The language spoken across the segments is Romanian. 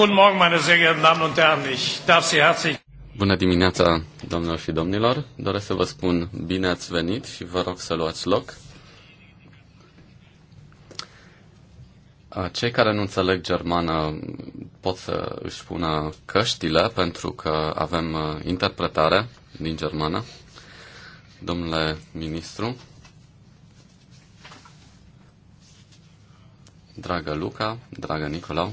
Guten Morgen, meine sehr geehrten Damen und Herren. Ich darf Sie herzlich. Bună dimineața, domnilor și domnilor. Doresc să vă spun bine ați venit și vă rog să luați loc. Cei care nu înțeleg germană pot să își pună căștile pentru că avem uh, interpretare din germană. Domnule ministru, dragă Luca, dragă Nicolau,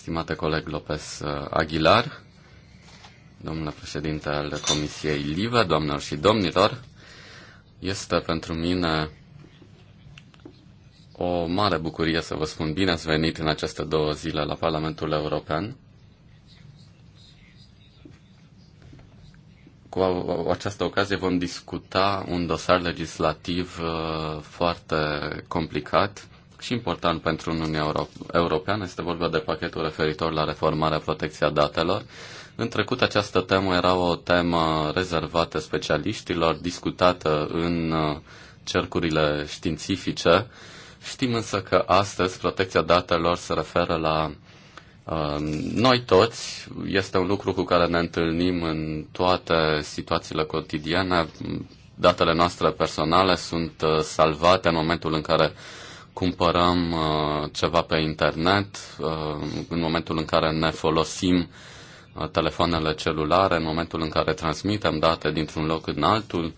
stimate coleg Lopez uh, Aguilar, domnule președinte al Comisiei LIVE, doamnelor și domnilor, este pentru mine o mare bucurie să vă spun bine ați venit în aceste două zile la Parlamentul European. Cu această ocazie vom discuta un dosar legislativ uh, foarte complicat și important pentru Uniunea Europeană. Este vorba de pachetul referitor la reformarea protecția datelor. În trecut această temă era o temă rezervată specialiștilor, discutată în uh, cercurile științifice. Știm însă că astăzi protecția datelor se referă la uh, noi toți, este un lucru cu care ne întâlnim în toate situațiile cotidiene. Datele noastre personale sunt uh, salvate în momentul în care cumpărăm uh, ceva pe internet, uh, în momentul în care ne folosim uh, telefoanele celulare, în momentul în care transmitem date dintr-un loc în altul,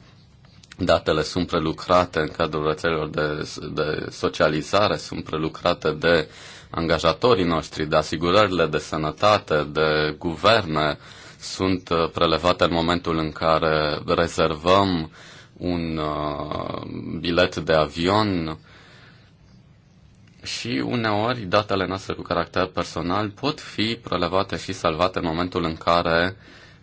datele sunt prelucrate în cadrul rețelelor de, de socializare, sunt prelucrate de angajatorii noștri, de asigurările de sănătate, de guverne, sunt prelevate în momentul în care rezervăm un uh, bilet de avion, și uneori datele noastre cu caracter personal pot fi prelevate și salvate în momentul în care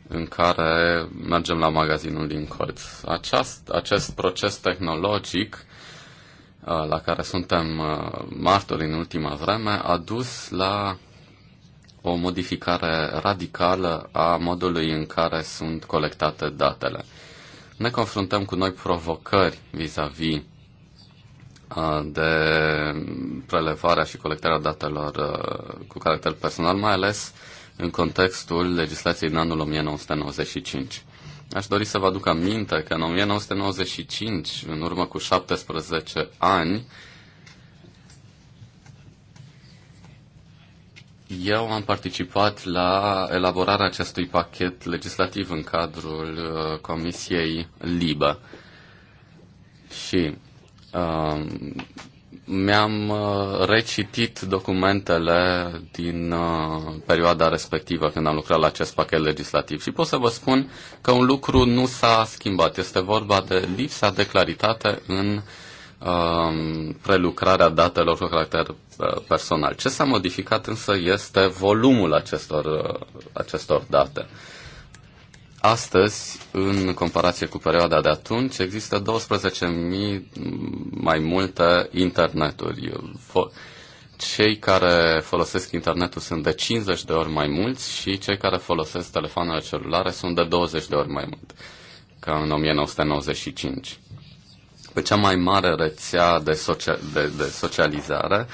în care mergem la magazinul din colț. Aceast, acest proces tehnologic uh, la care suntem uh, martori în ultima vreme a dus la o modificare radicală a modului în care sunt colectate datele. Ne confruntăm cu noi provocări vis-a-vis -vis de prelevarea și colectarea datelor uh, cu caracter personal, mai ales în contextul legislației din anul 1995. Aș dori să vă aduc aminte că în 1995, în urmă cu 17 ani, Eu am participat la elaborarea acestui pachet legislativ în cadrul uh, Comisiei LIBA Și Um, mi-am uh, recitit documentele din uh, perioada respectivă când am lucrat la acest pachet legislativ și pot să vă spun că un lucru nu s-a schimbat. Este vorba de lipsa de claritate în um, prelucrarea datelor cu caracter uh, personal. Ce s-a modificat însă este volumul acestor, acestor date. Astăzi, în comparație cu perioada de atunci, există 12.000 mai multe interneturi. Cei care folosesc internetul sunt de 50 de ori mai mulți și cei care folosesc telefoanele celulare sunt de 20 de ori mai mult, ca în 1995. Pe cea mai mare rețea de, socia- de, de socializare,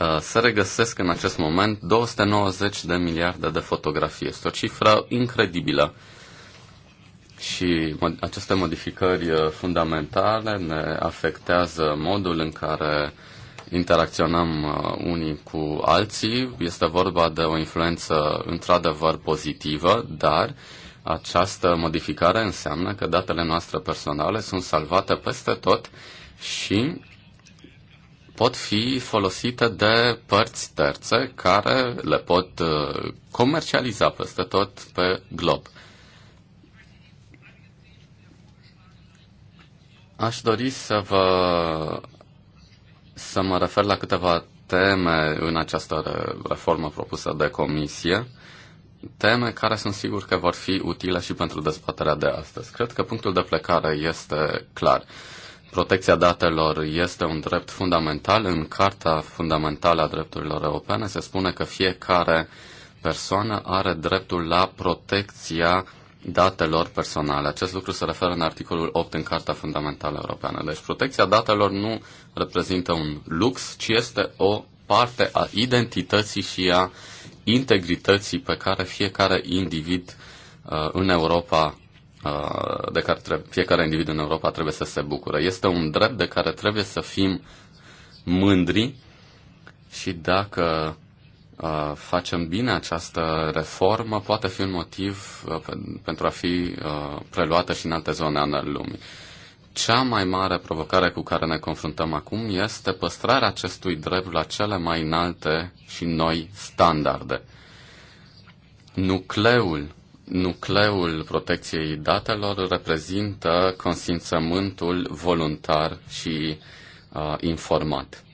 Uh, se regăsesc în acest moment 290 de miliarde de fotografii. Este o cifră incredibilă. Și aceste modificări uh, fundamentale ne afectează modul în care interacționăm uh, unii cu alții. Este vorba de o influență într-adevăr pozitivă, dar această modificare înseamnă că datele noastre personale sunt salvate peste tot și pot fi folosite de părți terțe care le pot uh, comercializa peste tot pe glob. Aș dori să vă să mă refer la câteva teme în această reformă propusă de comisie, teme care sunt sigur că vor fi utile și pentru dezbaterea de astăzi. Cred că punctul de plecare este clar. Uh, protecția datelor este un drept fundamental. În Carta Fundamentală a Drepturilor Europene se spune că fiecare persoană are dreptul la protecția datelor personale. Acest lucru se referă în articolul 8 în Carta Fundamentală Europeană. Deci protecția datelor nu reprezintă un lux, ci este o parte a identității și a integrității pe care fiecare individ uh, în Europa Uh, de care trebuie, fiecare individ în Europa trebuie să se bucure. Este un drept de care trebuie să fim mândri și dacă uh, facem bine această reformă, poate fi un motiv uh, pentru a fi preluată și în alte zone ale lumii. Cea mai mare provocare cu care ne confruntăm acum este păstrarea acestui drept la cele mai înalte și noi standarde. Nucleul Nucleul protecției datelor reprezintă consimțământul voluntar și uh, informat.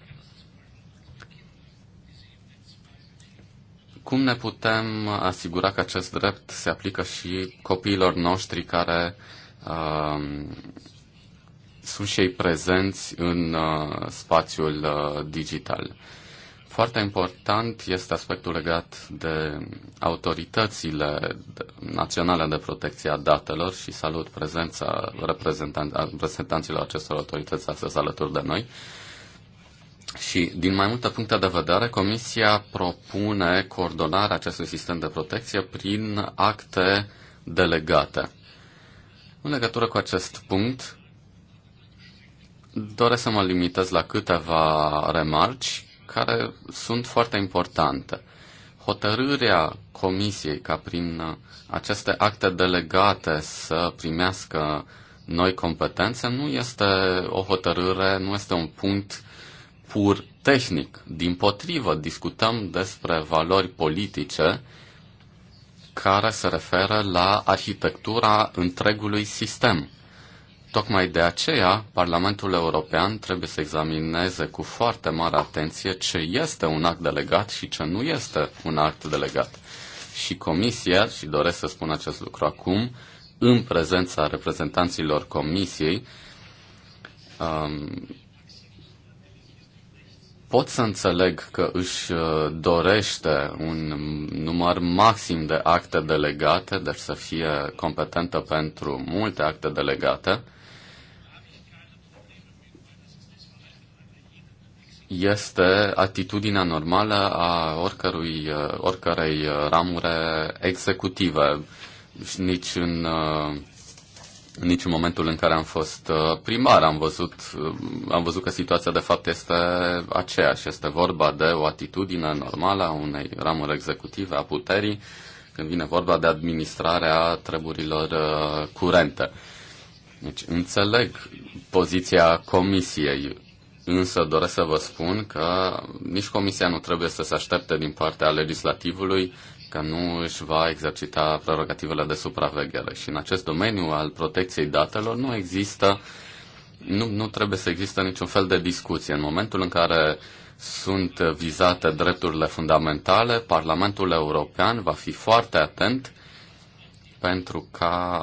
Cum ne putem asigura că acest drept se aplică și copiilor noștri care uh, sunt și ei prezenți în uh, spațiul uh, digital? Uh, foarte important este aspectul legat de autoritățile naționale de protecție a datelor și salut prezența reprezentanților acestor autorități astăzi alături de noi. Și din mai multe puncte de vedere, Comisia propune coordonarea acestui sistem de protecție prin acte delegate. În legătură cu acest punct, doresc să mă limitez la câteva remarci care sunt foarte importante. Hotărârea Comisiei ca prin uh, aceste acte delegate să primească noi competențe nu este o hotărâre, nu este un punct pur tehnic. Din potrivă, discutăm despre valori politice care se referă la arhitectura întregului sistem. Tocmai de aceea, Parlamentul European trebuie să examineze cu foarte mare atenție ce este un act delegat și ce nu este un act delegat. Și Comisia, și doresc să spun acest lucru acum, în prezența reprezentanților Comisiei, um, pot să înțeleg că își uh, dorește un număr maxim de acte delegate, deci să fie competentă pentru multe acte delegate, este atitudinea normală a oricărui, oricărei ramure executive. nici în, nici în momentul în care am fost uh, primar am văzut, uh, am văzut că situația de fapt este aceeași. Este vorba de o atitudine normală a unei ramuri executive a puterii când vine vorba de administrarea treburilor uh, curente. Deci înțeleg poziția comisiei Însă doresc să vă spun că nici Comisia nu trebuie să se aștepte din partea legislativului că nu își va exercita prerogativele de supraveghere. Și în acest domeniu al protecției datelor nu există, nu, nu trebuie să există niciun fel de discuție. În momentul în care sunt vizate drepturile fundamentale, Parlamentul European va fi foarte atent pentru, ca,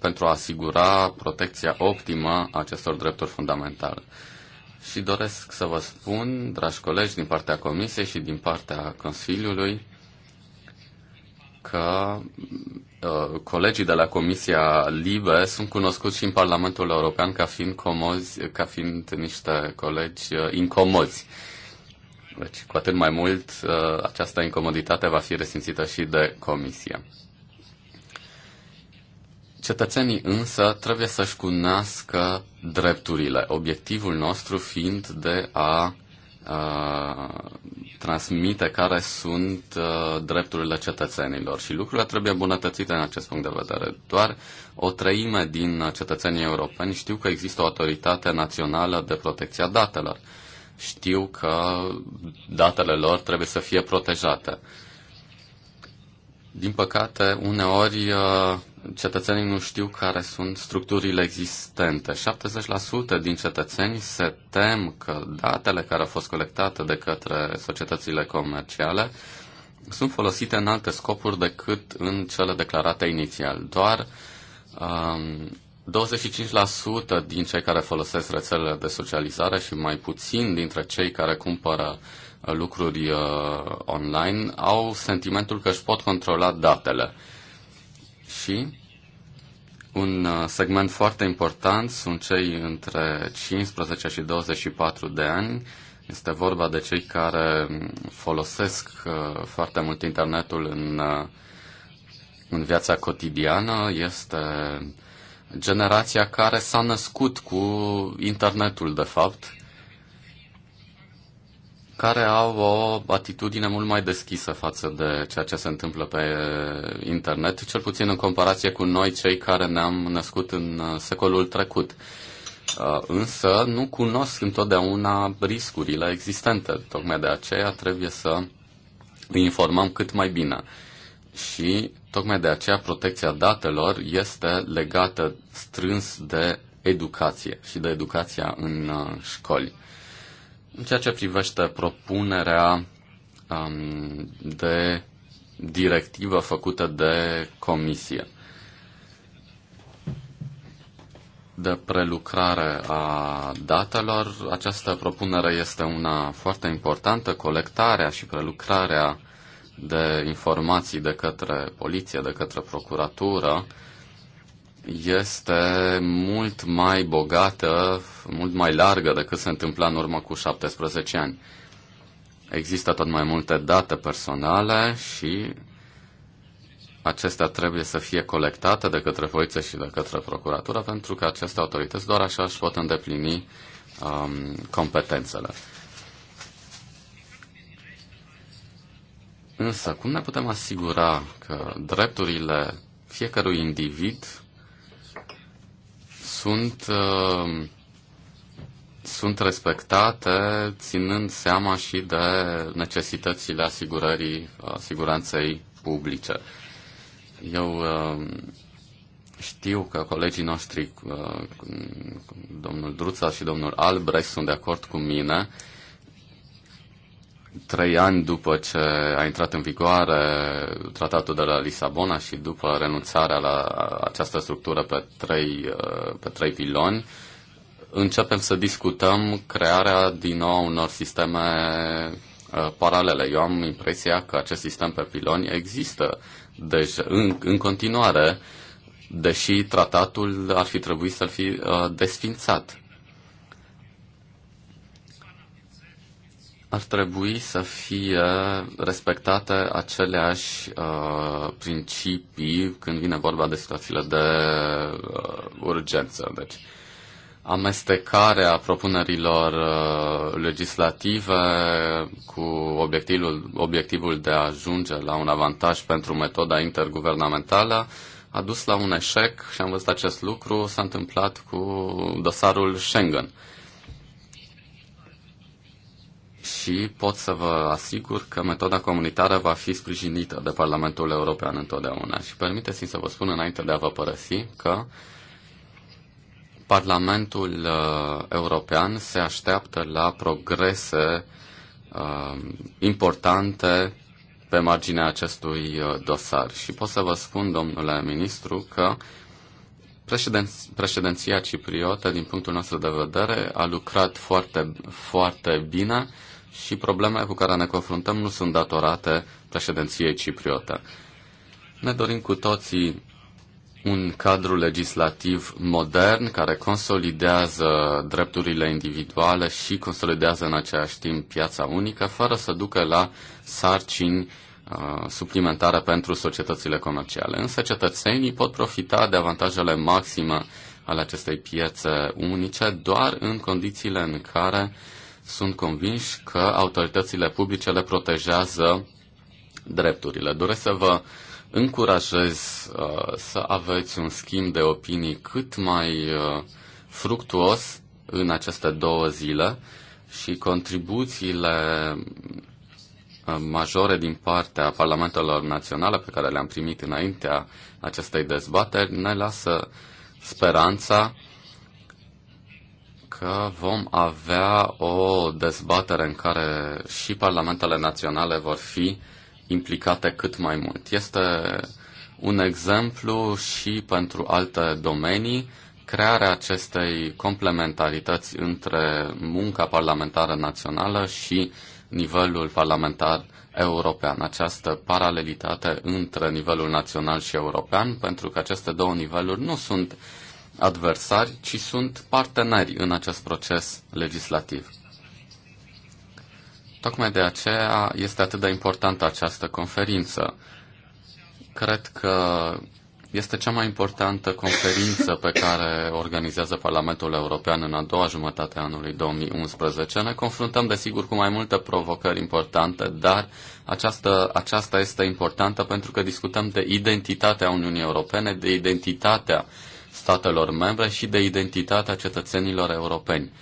pentru a asigura protecția optimă a acestor drepturi fundamentale. Și doresc să vă spun, dragi colegi, din partea Comisiei și din partea Consiliului, că uh, colegii de la Comisia Libe sunt cunoscuți și în Parlamentul European ca fiind, comozi, ca fiind niște colegi uh, incomozi. Deci, cu atât mai mult, uh, această incomoditate va fi resimțită și de Comisie. Cetățenii însă trebuie să-și cunoască drepturile, obiectivul nostru fiind de a transmite care sunt uh, drepturile cetățenilor și lucrurile trebuie îmbunătățite în acest punct de vedere. Doar o treime din cetățenii europeni știu că există o autoritate națională de protecție a datelor. Știu că datele lor trebuie să fie protejate. Din păcate, uneori cetățenii nu știu care sunt structurile existente. 70% din cetățeni se tem că datele care au fost colectate de către societățile comerciale sunt folosite în alte scopuri decât în cele declarate inițial. Doar um, 25% din cei care folosesc rețelele de socializare și mai puțin dintre cei care cumpără uh, lucruri uh, online au sentimentul că își pot controla datele. Uh, și un uh, segment foarte important sunt cei între 15 și 24 de ani. Este vorba de cei care um, folosesc uh, foarte mult internetul în, uh, în viața cotidiană. Este generația care s-a născut cu internetul, de fapt, care au o atitudine mult mai deschisă față de ceea ce se întâmplă pe internet, cel puțin în comparație cu noi, cei care ne-am născut în uh, secolul trecut. Uh, însă nu cunosc întotdeauna riscurile existente. Tocmai de aceea trebuie să îi informăm cât mai bine. Și tocmai de aceea protecția datelor este legată strâns de educație și de educația în uh, școli. În ceea ce privește propunerea um, de directivă făcută de comisie de prelucrare a datelor, această propunere este una foarte importantă, colectarea și prelucrarea de informații de către poliție, de către procuratură, este mult mai bogată, mult mai largă decât se întâmpla în urmă cu 17 ani. Există tot mai multe date personale și acestea trebuie să fie colectate de către voiță și de către procuratură pentru că aceste autorități doar așa își pot îndeplini um, competențele. Însă, cum ne putem asigura că drepturile fiecărui individ sunt, uh, sunt respectate ținând seama și de necesitățile asigurării, uh, siguranței publice. Eu uh, știu că colegii noștri, uh, domnul Druța și domnul Albrecht, sunt de acord cu mine uh, trei ani după ce a intrat în vigoare tratatul de la Lisabona și după renunțarea la această structură pe trei, uh, pe trei piloni, începem să discutăm crearea din nou unor sisteme uh, paralele. Eu am impresia că acest sistem pe piloni există deci, în, în continuare, deși tratatul ar fi trebuit să-l fi uh, desfințat. ar trebui să fie respectate aceleași uh, principii când vine vorba de situațiile de uh, urgență. Deci, amestecarea propunerilor uh, legislative cu obiectivul, obiectivul de a ajunge la un avantaj pentru metoda interguvernamentală a dus la un eșec și am văzut acest lucru, s-a întâmplat cu dosarul Schengen. Uh, și pot să vă asigur că metoda comunitară va fi sprijinită de Parlamentul European întotdeauna. Și permiteți-mi să vă spun înainte de a vă părăsi că Parlamentul uh, European se așteaptă la progrese uh, importante pe marginea acestui uh, dosar. Și pot să vă spun, domnule ministru, că președinția cipriotă, din punctul nostru de vedere, a lucrat foarte, foarte bine și problemele cu care ne confruntăm nu sunt datorate președinției cipriote. Ne dorim cu toții un cadru legislativ modern care consolidează drepturile individuale și consolidează în același timp piața unică, fără să ducă la sarcini uh, suplimentare pentru societățile comerciale. Însă cetățenii pot profita de avantajele maxime ale acestei piețe unice doar în condițiile în care uh, sunt convinși că autoritățile publice le protejează drepturile. Doresc să vă încurajez uh, să aveți un schimb de opinii cât mai uh, fructuos în aceste două zile și contribuțiile uh, majore din partea parlamentelor naționale pe care le-am primit înaintea acestei dezbateri ne lasă speranța că vom avea o dezbatere în care și parlamentele naționale vor fi implicate cât mai mult. Este un exemplu și pentru alte domenii, crearea acestei complementarități între munca parlamentară națională și nivelul parlamentar european, această paralelitate între nivelul național și european, pentru că aceste două niveluri nu sunt uh, adversari, ci sunt parteneri în acest proces legislativ. Tocmai de aceea este atât de importantă această conferință. Cred că este cea mai importantă conferință pe care organizează Parlamentul European în a doua jumătate a anului 2011. Ne confruntăm, desigur, cu mai multe provocări importante, dar aceasta, aceasta este importantă pentru că discutăm de identitatea Uniunii Europene, de identitatea uh, statelor membre și de identitatea cetățenilor europeni.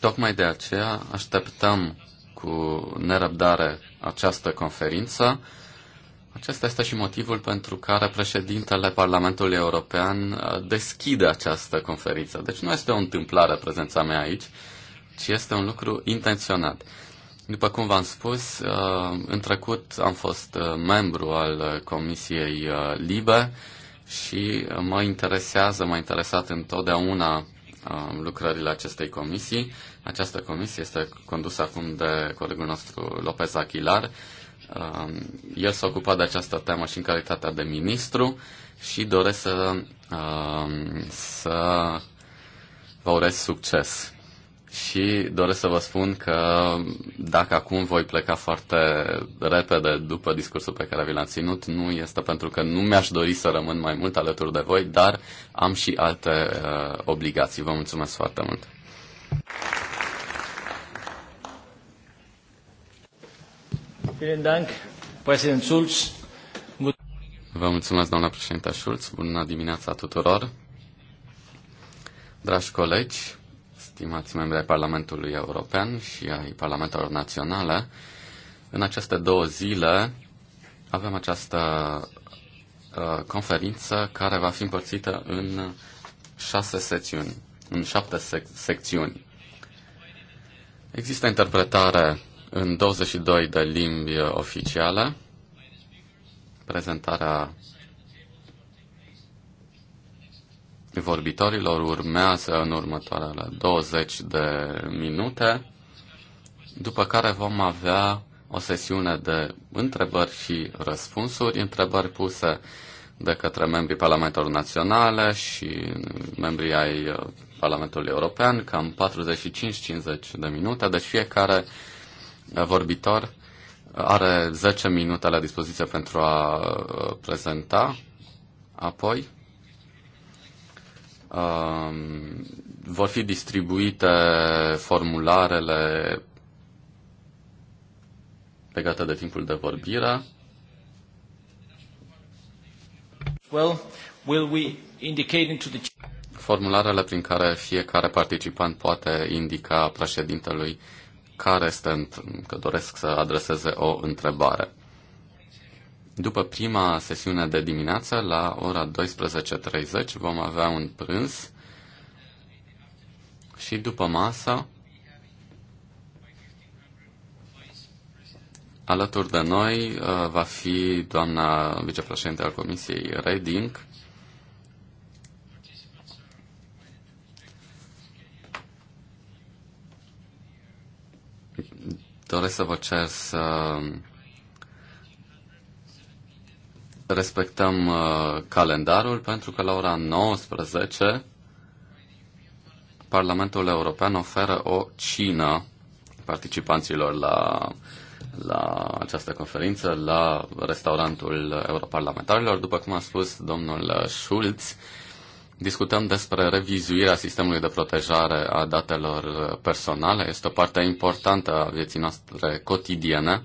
Tocmai de aceea așteptăm cu nerăbdare această conferință. Acesta este și motivul pentru care președintele Parlamentului European uh, deschide această conferință. Deci nu este o întâmplare prezența mea aici, ci este un lucru intenționat. După cum v-am spus, uh, în trecut am fost uh, membru al uh, Comisiei Libe și mă interesează, m-a interesat întotdeauna lucrările acestei comisii. Această comisie este condusă acum de colegul nostru Lopez Achilar. El s-a ocupat de această temă și în calitatea de ministru și doresc să, să vă urez succes și doresc să vă spun că dacă acum voi pleca foarte repede după discursul pe care vi l-am ținut, nu este pentru că nu mi-aș dori să rămân mai mult alături de voi, dar am și alte uh, obligații. Vă mulțumesc foarte mult! Vă mulțumesc, doamna președinte Schulz. Bună dimineața tuturor! Dragi colegi, stimați membri ai Parlamentului European și ai Parlamentelor Naționale, în aceste două zile avem această uh, conferință care va fi împărțită în șase secțiuni, în șapte sec- secțiuni. Există interpretare în 22 de limbi oficiale, prezentarea vorbitorilor urmează în următoarele 20 de minute, după care vom avea o sesiune de întrebări și răspunsuri, întrebări puse de către membrii Parlamentelor Naționale și membrii ai uh, Parlamentului European, cam 45-50 de minute, deci fiecare uh, vorbitor uh, are 10 minute la dispoziție pentru a prezenta, apoi Um, vor fi distribuite formularele legate de timpul de vorbire. Well, will we indicate into the... Formularele prin care fiecare participant poate indica președintelui care este, că doresc să adreseze o întrebare. După prima sesiune de dimineață, la ora 12.30, vom avea un prânz și după masă, alături de noi uh, va fi doamna vicepreședinte al Comisiei Reding, Doresc să vă cer să respectăm uh, calendarul pentru că la ora 19 Parlamentul European oferă o cină participanților la, la această conferință, la restaurantul europarlamentarilor. După cum a spus domnul Schulz, discutăm despre revizuirea sistemului de protejare a datelor personale. Este o parte importantă a vieții noastre cotidiene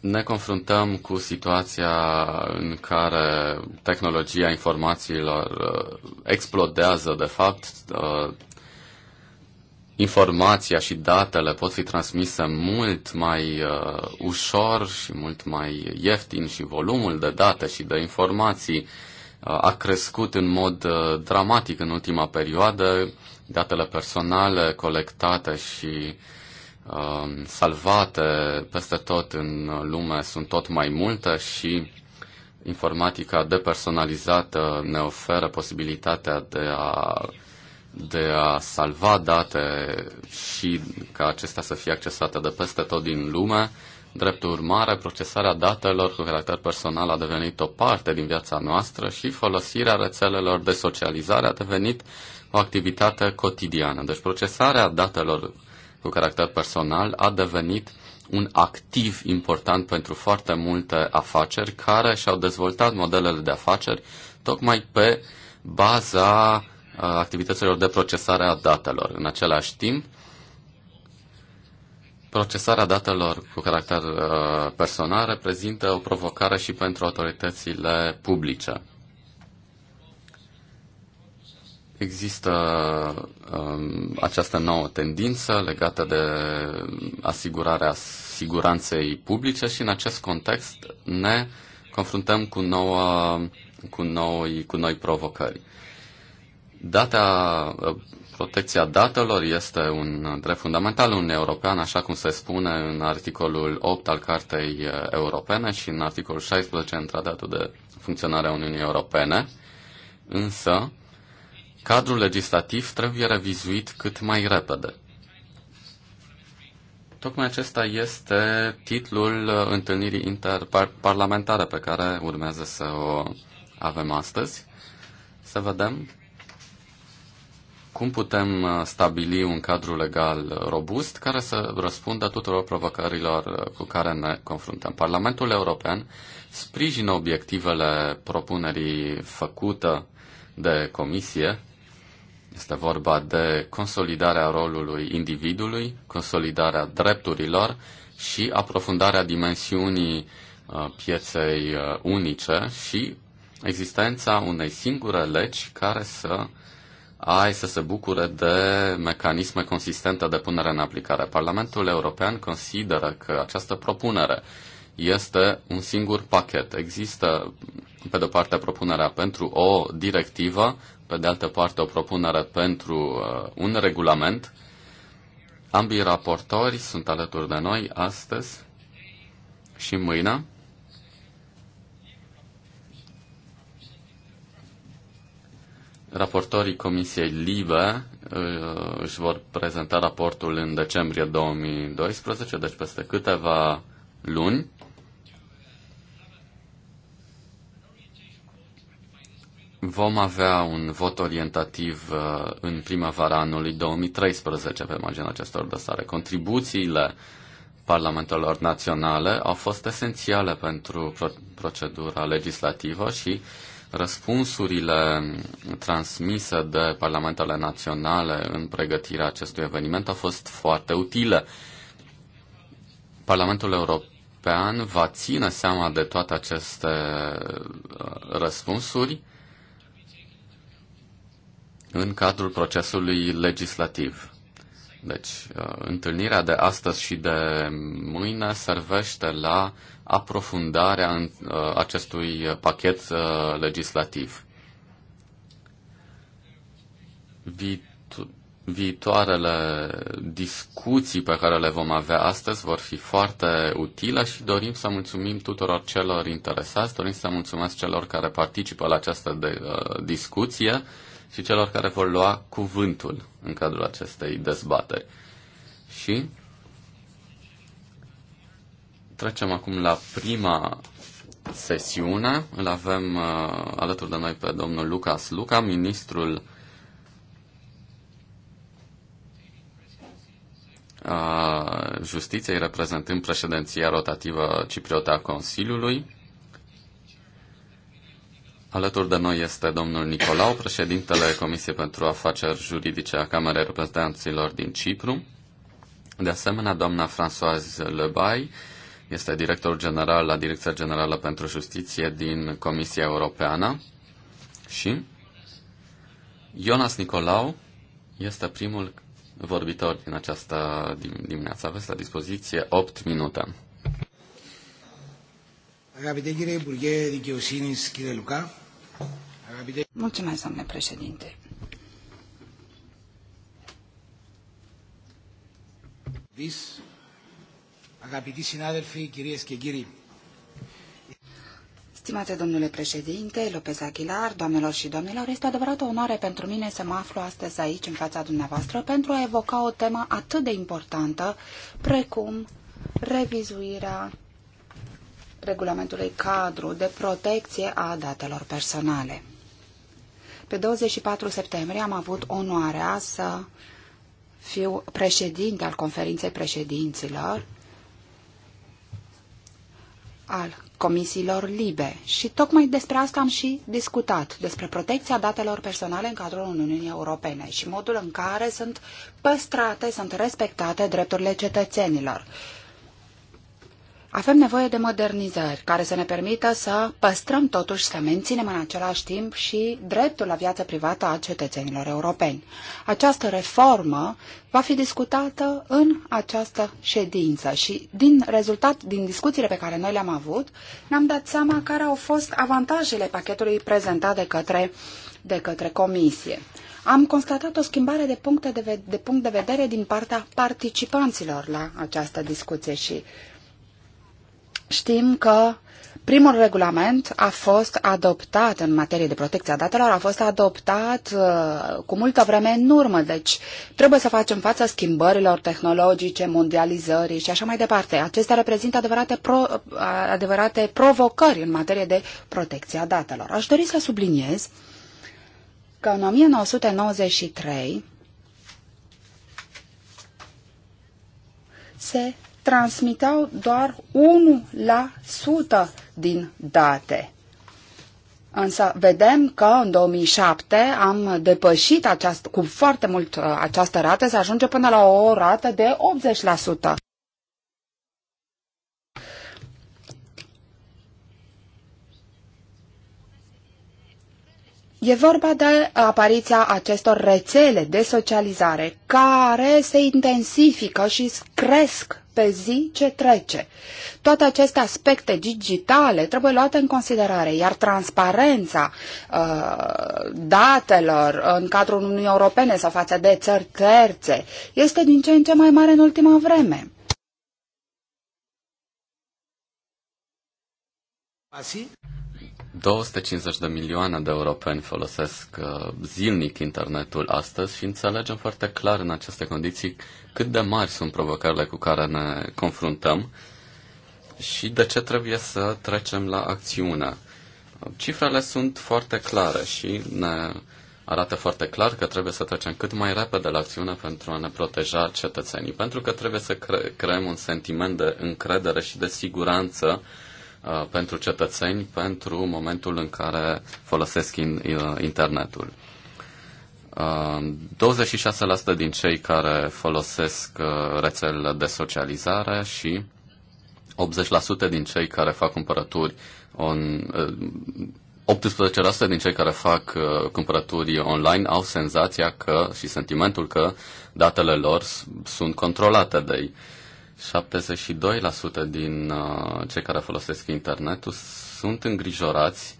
ne confruntăm cu situația în care tehnologia informațiilor uh, explodează, de fapt, uh, informația și datele pot fi transmise mult mai uh, ușor și mult mai ieftin și volumul de date și de informații uh, a crescut în mod uh, dramatic în ultima perioadă. Datele personale colectate și Um, salvate peste tot în lume sunt tot mai multe și informatica depersonalizată ne oferă posibilitatea de a, de a salva date și ca acestea să fie accesate de peste tot din lume. Drept urmare, procesarea datelor cu caracter personal a devenit o parte din viața noastră și folosirea rețelelor de socializare a devenit o activitate cotidiană. Deci procesarea datelor cu caracter personal a devenit un activ important pentru foarte multe afaceri care și-au dezvoltat modelele de afaceri tocmai pe baza uh, activităților de procesare a datelor. În același timp, procesarea datelor cu caracter uh, personal reprezintă o provocare și pentru autoritățile publice. Există um, această nouă tendință legată de asigurarea siguranței publice și în acest context ne confruntăm cu, nouă, cu, noi, cu noi provocări. Data, protecția datelor este un drept fundamental în european, așa cum se spune în articolul 8 al Cartei Europene și în articolul 16 în Tratatul de Funcționare a Uniunii Europene. Însă, cadrul legislativ trebuie revizuit cât mai repede. Tocmai acesta este titlul întâlnirii interparlamentare pe care urmează să o avem astăzi. Să vedem cum putem stabili un cadru legal robust care să răspundă tuturor provocărilor cu care ne confruntăm. Parlamentul European sprijină obiectivele propunerii făcută de comisie este vorba de consolidarea rolului individului, consolidarea drepturilor și aprofundarea dimensiunii uh, pieței uh, unice și existența unei singure legi care să ai să se bucure de mecanisme consistente de punere în aplicare. Parlamentul European consideră că această propunere este un singur pachet. Există, pe de-o parte, propunerea pentru o directivă pe de altă parte, o propunere pentru uh, un regulament. Ambii raportori sunt alături de noi astăzi și mâine. Raportorii Comisiei Libe uh, își vor prezenta raportul în decembrie 2012, deci peste câteva luni. Vom avea un vot orientativ uh, în primăvara anului 2013 pe marginea acestor dosare. Contribuțiile parlamentelor naționale au fost esențiale pentru procedura legislativă și răspunsurile transmise de parlamentele naționale în pregătirea acestui eveniment au fost foarte utile. Parlamentul European va ține seama de toate aceste uh, răspunsuri în cadrul procesului legislativ. Deci, uh, întâlnirea de astăzi și de mâine servește la aprofundarea uh, acestui pachet uh, legislativ. Viitoarele discuții pe care le vom avea astăzi vor fi foarte utile și dorim să mulțumim tuturor celor interesați, dorim să mulțumesc celor care participă la această de, discuție și celor care vor lua cuvântul în cadrul acestei dezbateri. Și trecem acum la prima sesiune. Îl avem uh, alături de noi pe domnul Lucas Luca, ministrul uh, justiției, reprezentând președinția rotativă cipriota a Consiliului. Alături de noi este domnul Nicolau, președintele Comisiei pentru Afaceri Juridice a Camerei Reprezentanților din Cipru. De asemenea, doamna Françoise Lebai este director general la Direcția Generală pentru Justiție din Comisia Europeană și Jonas Nicolau este primul vorbitor din această dimineață. Aveți la dispoziție 8 minute. Αγαπητέ κύριε Υπουργέ Δικαιοσύνης, κύριε Λουκά. Αγαπητέ... Mulțumesc, domnule președinte. Vis, αγαπητοί συνάδελφοι, κυρίες και κύριοι. Stimate domnule președinte, Lopez Aguilar, doamnelor și domnilor, este adevărat o onoare pentru mine să mă aflu astăzi aici, în fața dumneavoastră, pentru a evoca o temă atât de importantă, precum revizuirea regulamentului cadru de protecție a datelor personale. Pe 24 septembrie am avut onoarea să fiu președinte al conferinței președinților al comisiilor libe și tocmai despre asta am și discutat, despre protecția datelor personale în cadrul Uniunii Europene și modul în care sunt păstrate, sunt respectate drepturile cetățenilor. Uh, avem nevoie de modernizări care să ne permită să păstrăm totuși, să menținem în același timp și dreptul la viață privată a cetățenilor europeni. Această reformă va fi discutată în această ședință și din rezultat, din discuțiile pe care noi le-am avut, ne-am dat seama care au fost avantajele pachetului prezentat de către, de către comisie am constatat o schimbare de, puncte de, de punct de vedere din partea participanților la această discuție și Știm că primul regulament a fost adoptat în materie de protecție a datelor, a fost adoptat uh, cu multă vreme în urmă, deci trebuie să facem față schimbărilor tehnologice, mondializării și așa mai departe. Acestea reprezintă adevărate, pro, uh, adevărate provocări în materie de protecție a datelor. Aș dori să subliniez că în 1993 se transmiteau doar 1% din date. Însă vedem că în 2007 am depășit aceast, cu foarte mult uh, această rată, se ajunge până la o rată de 80%. E vorba de apariția acestor rețele de socializare care se intensifică și cresc pe zi ce trece. Toate aceste aspecte digitale trebuie luate în considerare, iar transparența uh, datelor în cadrul Uniunii Europene sau față de țări terțe este din ce în ce mai mare în ultima vreme. Asi? 250 de milioane de europeni folosesc uh, zilnic internetul astăzi și înțelegem foarte clar în aceste condiții cât de mari sunt provocările cu care ne confruntăm și de ce trebuie să trecem la acțiune. Cifrele sunt foarte clare și ne arată foarte clar că trebuie să trecem cât mai repede la acțiune pentru a ne proteja cetățenii, pentru că trebuie să cre- creăm un sentiment de încredere și de siguranță uh, Uh, pentru cetățeni pentru momentul în care folosesc uh, internetul. 26% uh, din cei care folosesc rețelele de socializare și 80% din cei care fac cumpărături on, 18% din cei care fac cumpărături online au senzația că și sentimentul că datele lor sunt controlate de ei. 72% din uh, cei care folosesc internetul sunt îngrijorați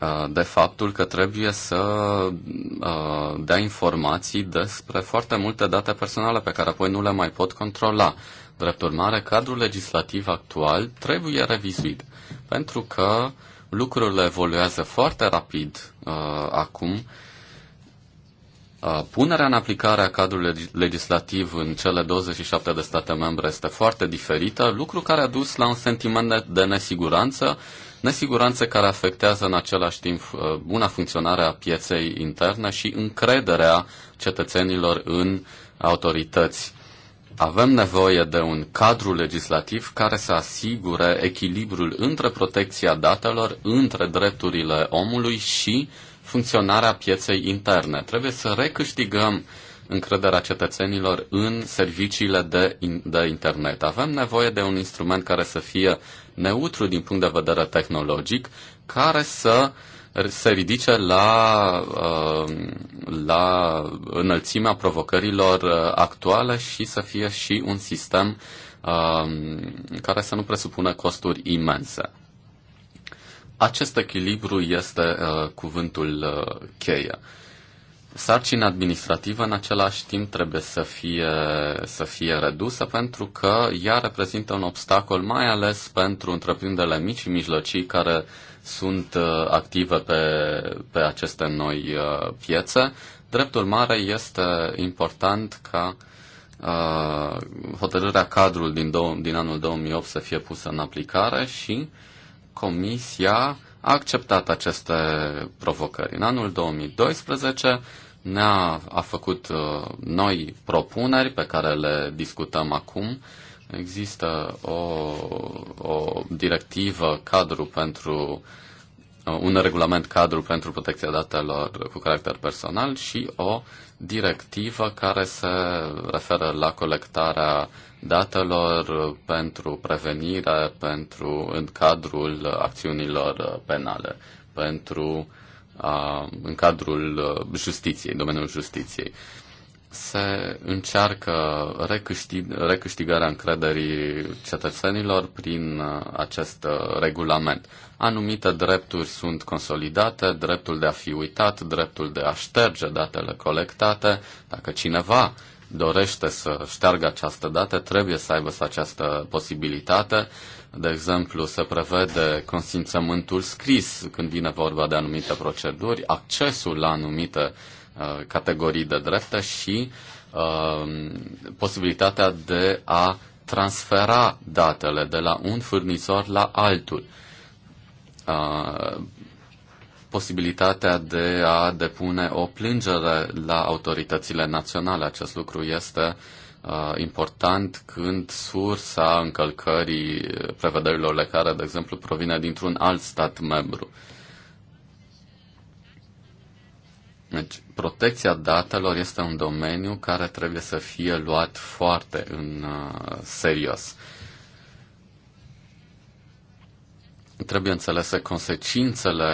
uh, de faptul că trebuie să uh, dea informații despre foarte multe date personale pe care apoi nu le mai pot controla. Drept urmare, cadrul legislativ actual trebuie revizuit, pentru că lucrurile evoluează foarte rapid acum Punerea în aplicare a cadrului legislativ în cele 27 de state membre este foarte diferită, lucru care a dus la un sentiment de nesiguranță, nesiguranță care afectează în același timp uh, buna funcționare a pieței interne și încrederea cetățenilor în autorități. Avem nevoie de un cadru legislativ care să asigure echilibrul între protecția datelor, între drepturile omului și uh, funcționarea pieței interne. Trebuie să recâștigăm încrederea cetățenilor în serviciile de, de internet. Avem nevoie de un instrument care să fie neutru din punct de vedere tehnologic, care să se ridice la, uh, la înălțimea provocărilor uh, actuale și să fie și un sistem uh, care să nu presupună costuri imense. Acest echilibru este uh, cuvântul uh, cheie. Sarcina administrativă în același timp trebuie să fie, să fie redusă pentru că ea reprezintă un obstacol mai ales pentru întreprinderile mici și mijlocii care sunt uh, active pe, pe aceste noi uh, piețe. Drept urmare, este important ca uh, hotărârea cadrul din, dou- din anul 2008 să fie pusă în aplicare și uh, Comisia a acceptat aceste provocări. În anul 2012 ne-a a făcut uh, noi propuneri pe care le discutăm acum. Există o, o directivă cadru pentru uh, un regulament cadru pentru protecția datelor cu caracter personal și o directivă care se referă la colectarea datelor pentru prevenire, pentru în cadrul acțiunilor penale, pentru a, în cadrul justiției, domeniul justiției. Se încearcă recâștig, recâștigarea încrederii cetățenilor prin acest regulament anumite drepturi sunt consolidate, dreptul de a fi uitat, dreptul de a șterge datele colectate. Dacă cineva dorește să șteargă această dată, trebuie să aibă să această posibilitate. De exemplu, se prevede consimțământul scris când vine vorba de anumite proceduri, accesul la anumite uh, categorii de drepte și uh, posibilitatea de a transfera datele de la un furnizor la altul. Uh, Uh, posibilitatea de a depune o plângere la autoritățile naționale. Acest lucru este uh, important când sursa încălcării prevederilor care, de exemplu, provine dintr-un alt stat membru. Deci, protecția datelor este un domeniu care trebuie să fie luat foarte în uh, serios. Uh, trebuie înțelese consecințele,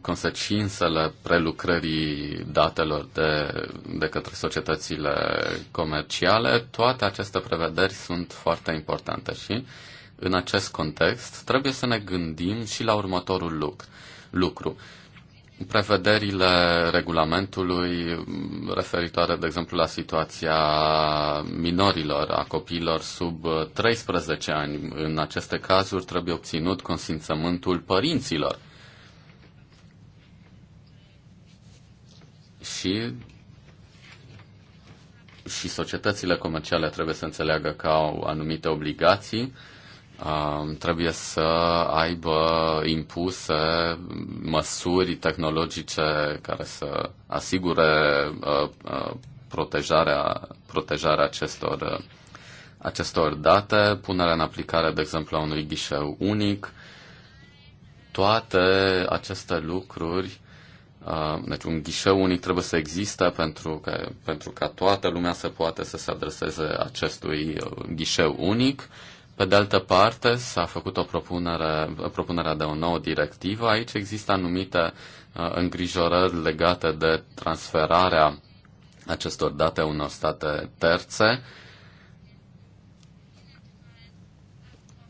consecințele prelucrării datelor de, de către societățile comerciale. Toate aceste prevederi sunt foarte importante și în acest context trebuie să ne gândim și la următorul lucru. lucru prevederile regulamentului referitoare, de exemplu, la situația minorilor, a copiilor sub 13 ani. În aceste cazuri trebuie obținut consimțământul părinților. Și și societățile comerciale trebuie să înțeleagă că au anumite obligații Um, trebuie să aibă impuse măsuri tehnologice care să asigure uh, uh, protejarea, protejarea acestor, uh, acestor date, punerea în aplicare, de exemplu, a unui ghișeu unic. Toate aceste lucruri deci un ghișeu unic trebuie să existe pentru, că, pentru ca toată lumea să poată să se adreseze acestui ghișeu unic pe de altă parte, s-a făcut o propunere, propunerea de o nouă directivă. Aici există anumite uh, îngrijorări legate de transferarea acestor date unor state terțe.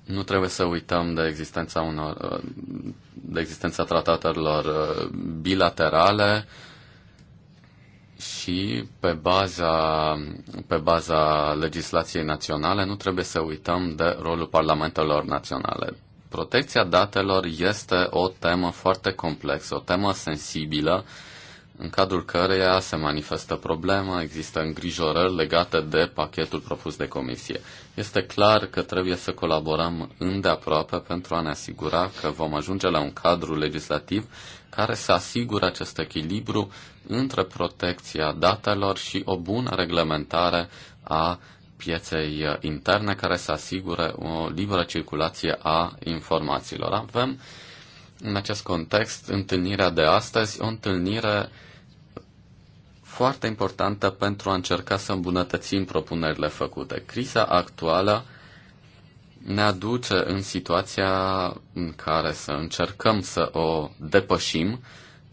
Nu trebuie să uităm de existența unor uh, de existența tratatelor uh, bilaterale, și pe baza, pe baza legislației naționale nu trebuie să uităm de rolul parlamentelor naționale. Protecția datelor este o temă foarte complexă, o temă sensibilă, în cadrul căreia se manifestă problema, există îngrijorări legate de pachetul propus de comisie. Este clar că trebuie să colaborăm îndeaproape pentru a ne asigura că vom ajunge la un cadru legislativ care să asigure acest echilibru între protecția datelor și o bună reglementare a pieței interne care să asigure o liberă circulație a informațiilor. Avem în acest context întâlnirea de astăzi, o întâlnire foarte importantă pentru a încerca să îmbunătățim propunerile făcute. Criza actuală ne aduce în situația în care să încercăm să o depășim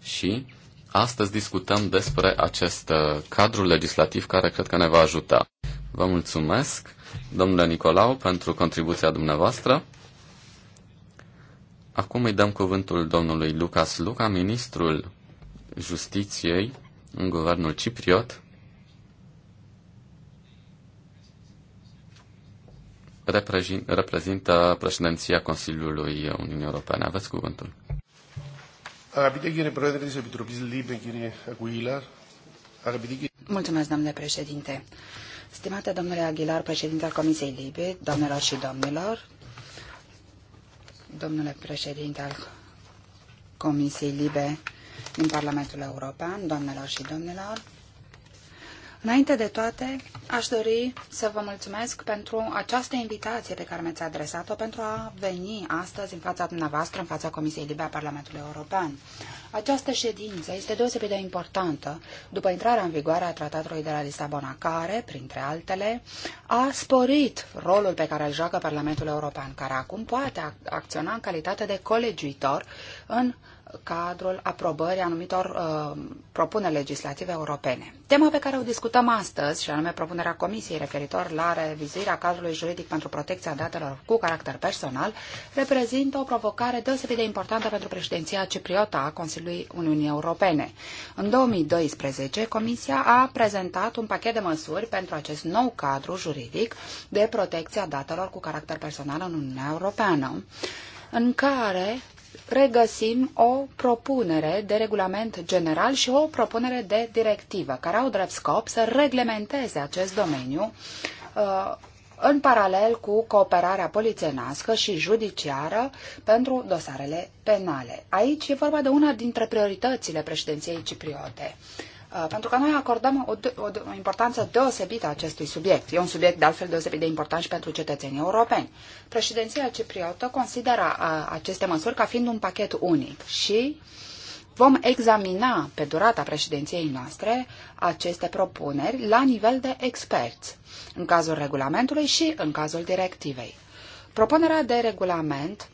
și Astăzi discutăm despre acest uh, cadru legislativ care cred că ne va ajuta. Vă mulțumesc, domnule Nicolau, pentru contribuția dumneavoastră. Acum îi dăm cuvântul domnului Lucas Luca, ministrul justiției în guvernul cipriot. reprezintă președinția Consiliului Uniunii Europene. Aveți cuvântul. Αγαπητέ κύριε Πρόεδρε της Επιτροπής ΛΥΜΠΕ, κύριε Ακουίλα, αγαπητή κύριε... Mulțumesc, domnule președinte. Stimate domnule Aguilar, președinte al Comisiei Libe, domnilor și domnilor, domnule președinte al Comisiei Libe din Parlamentul European, doamnelor și domnilor, Înainte de toate, aș dori să vă mulțumesc pentru această invitație pe care mi-ați adresat-o pentru a veni astăzi în fața dumneavoastră, în fața Comisiei Libe a Parlamentului European. Această ședință este deosebit de importantă după intrarea în vigoare a Tratatului de la Lisabona, care, printre altele, a sporit rolul pe care îl joacă Parlamentul European, care acum poate acționa în calitate de colegiuitor în cadrul aprobării anumitor uh, propuneri legislative europene. Tema pe care o discutăm astăzi, și anume propunerea Comisiei referitor la revizuirea cadrului juridic pentru protecția datelor cu caracter personal, reprezintă o provocare deosebit de importantă pentru președinția cipriotă a Consiliului Uniunii Europene. În 2012, Comisia a prezentat un pachet de măsuri pentru acest nou cadru juridic de protecția datelor cu caracter personal în Uniunea Europeană în care regăsim o propunere de regulament general și o propunere de directivă, care au drept scop să reglementeze acest domeniu uh, în paralel cu cooperarea polițienească și judiciară pentru dosarele penale. Aici e vorba de una dintre prioritățile președinției cipriote. Uh, pentru că noi acordăm o, o, o importanță deosebită acestui subiect. E un subiect de altfel deosebit de important și pentru cetățenii europeni. Președinția cipriotă consideră a, uh, aceste măsuri ca fiind un pachet unic și vom examina pe durata președinției noastre aceste propuneri la nivel de experți, în cazul regulamentului și în cazul directivei. Propunerea de regulament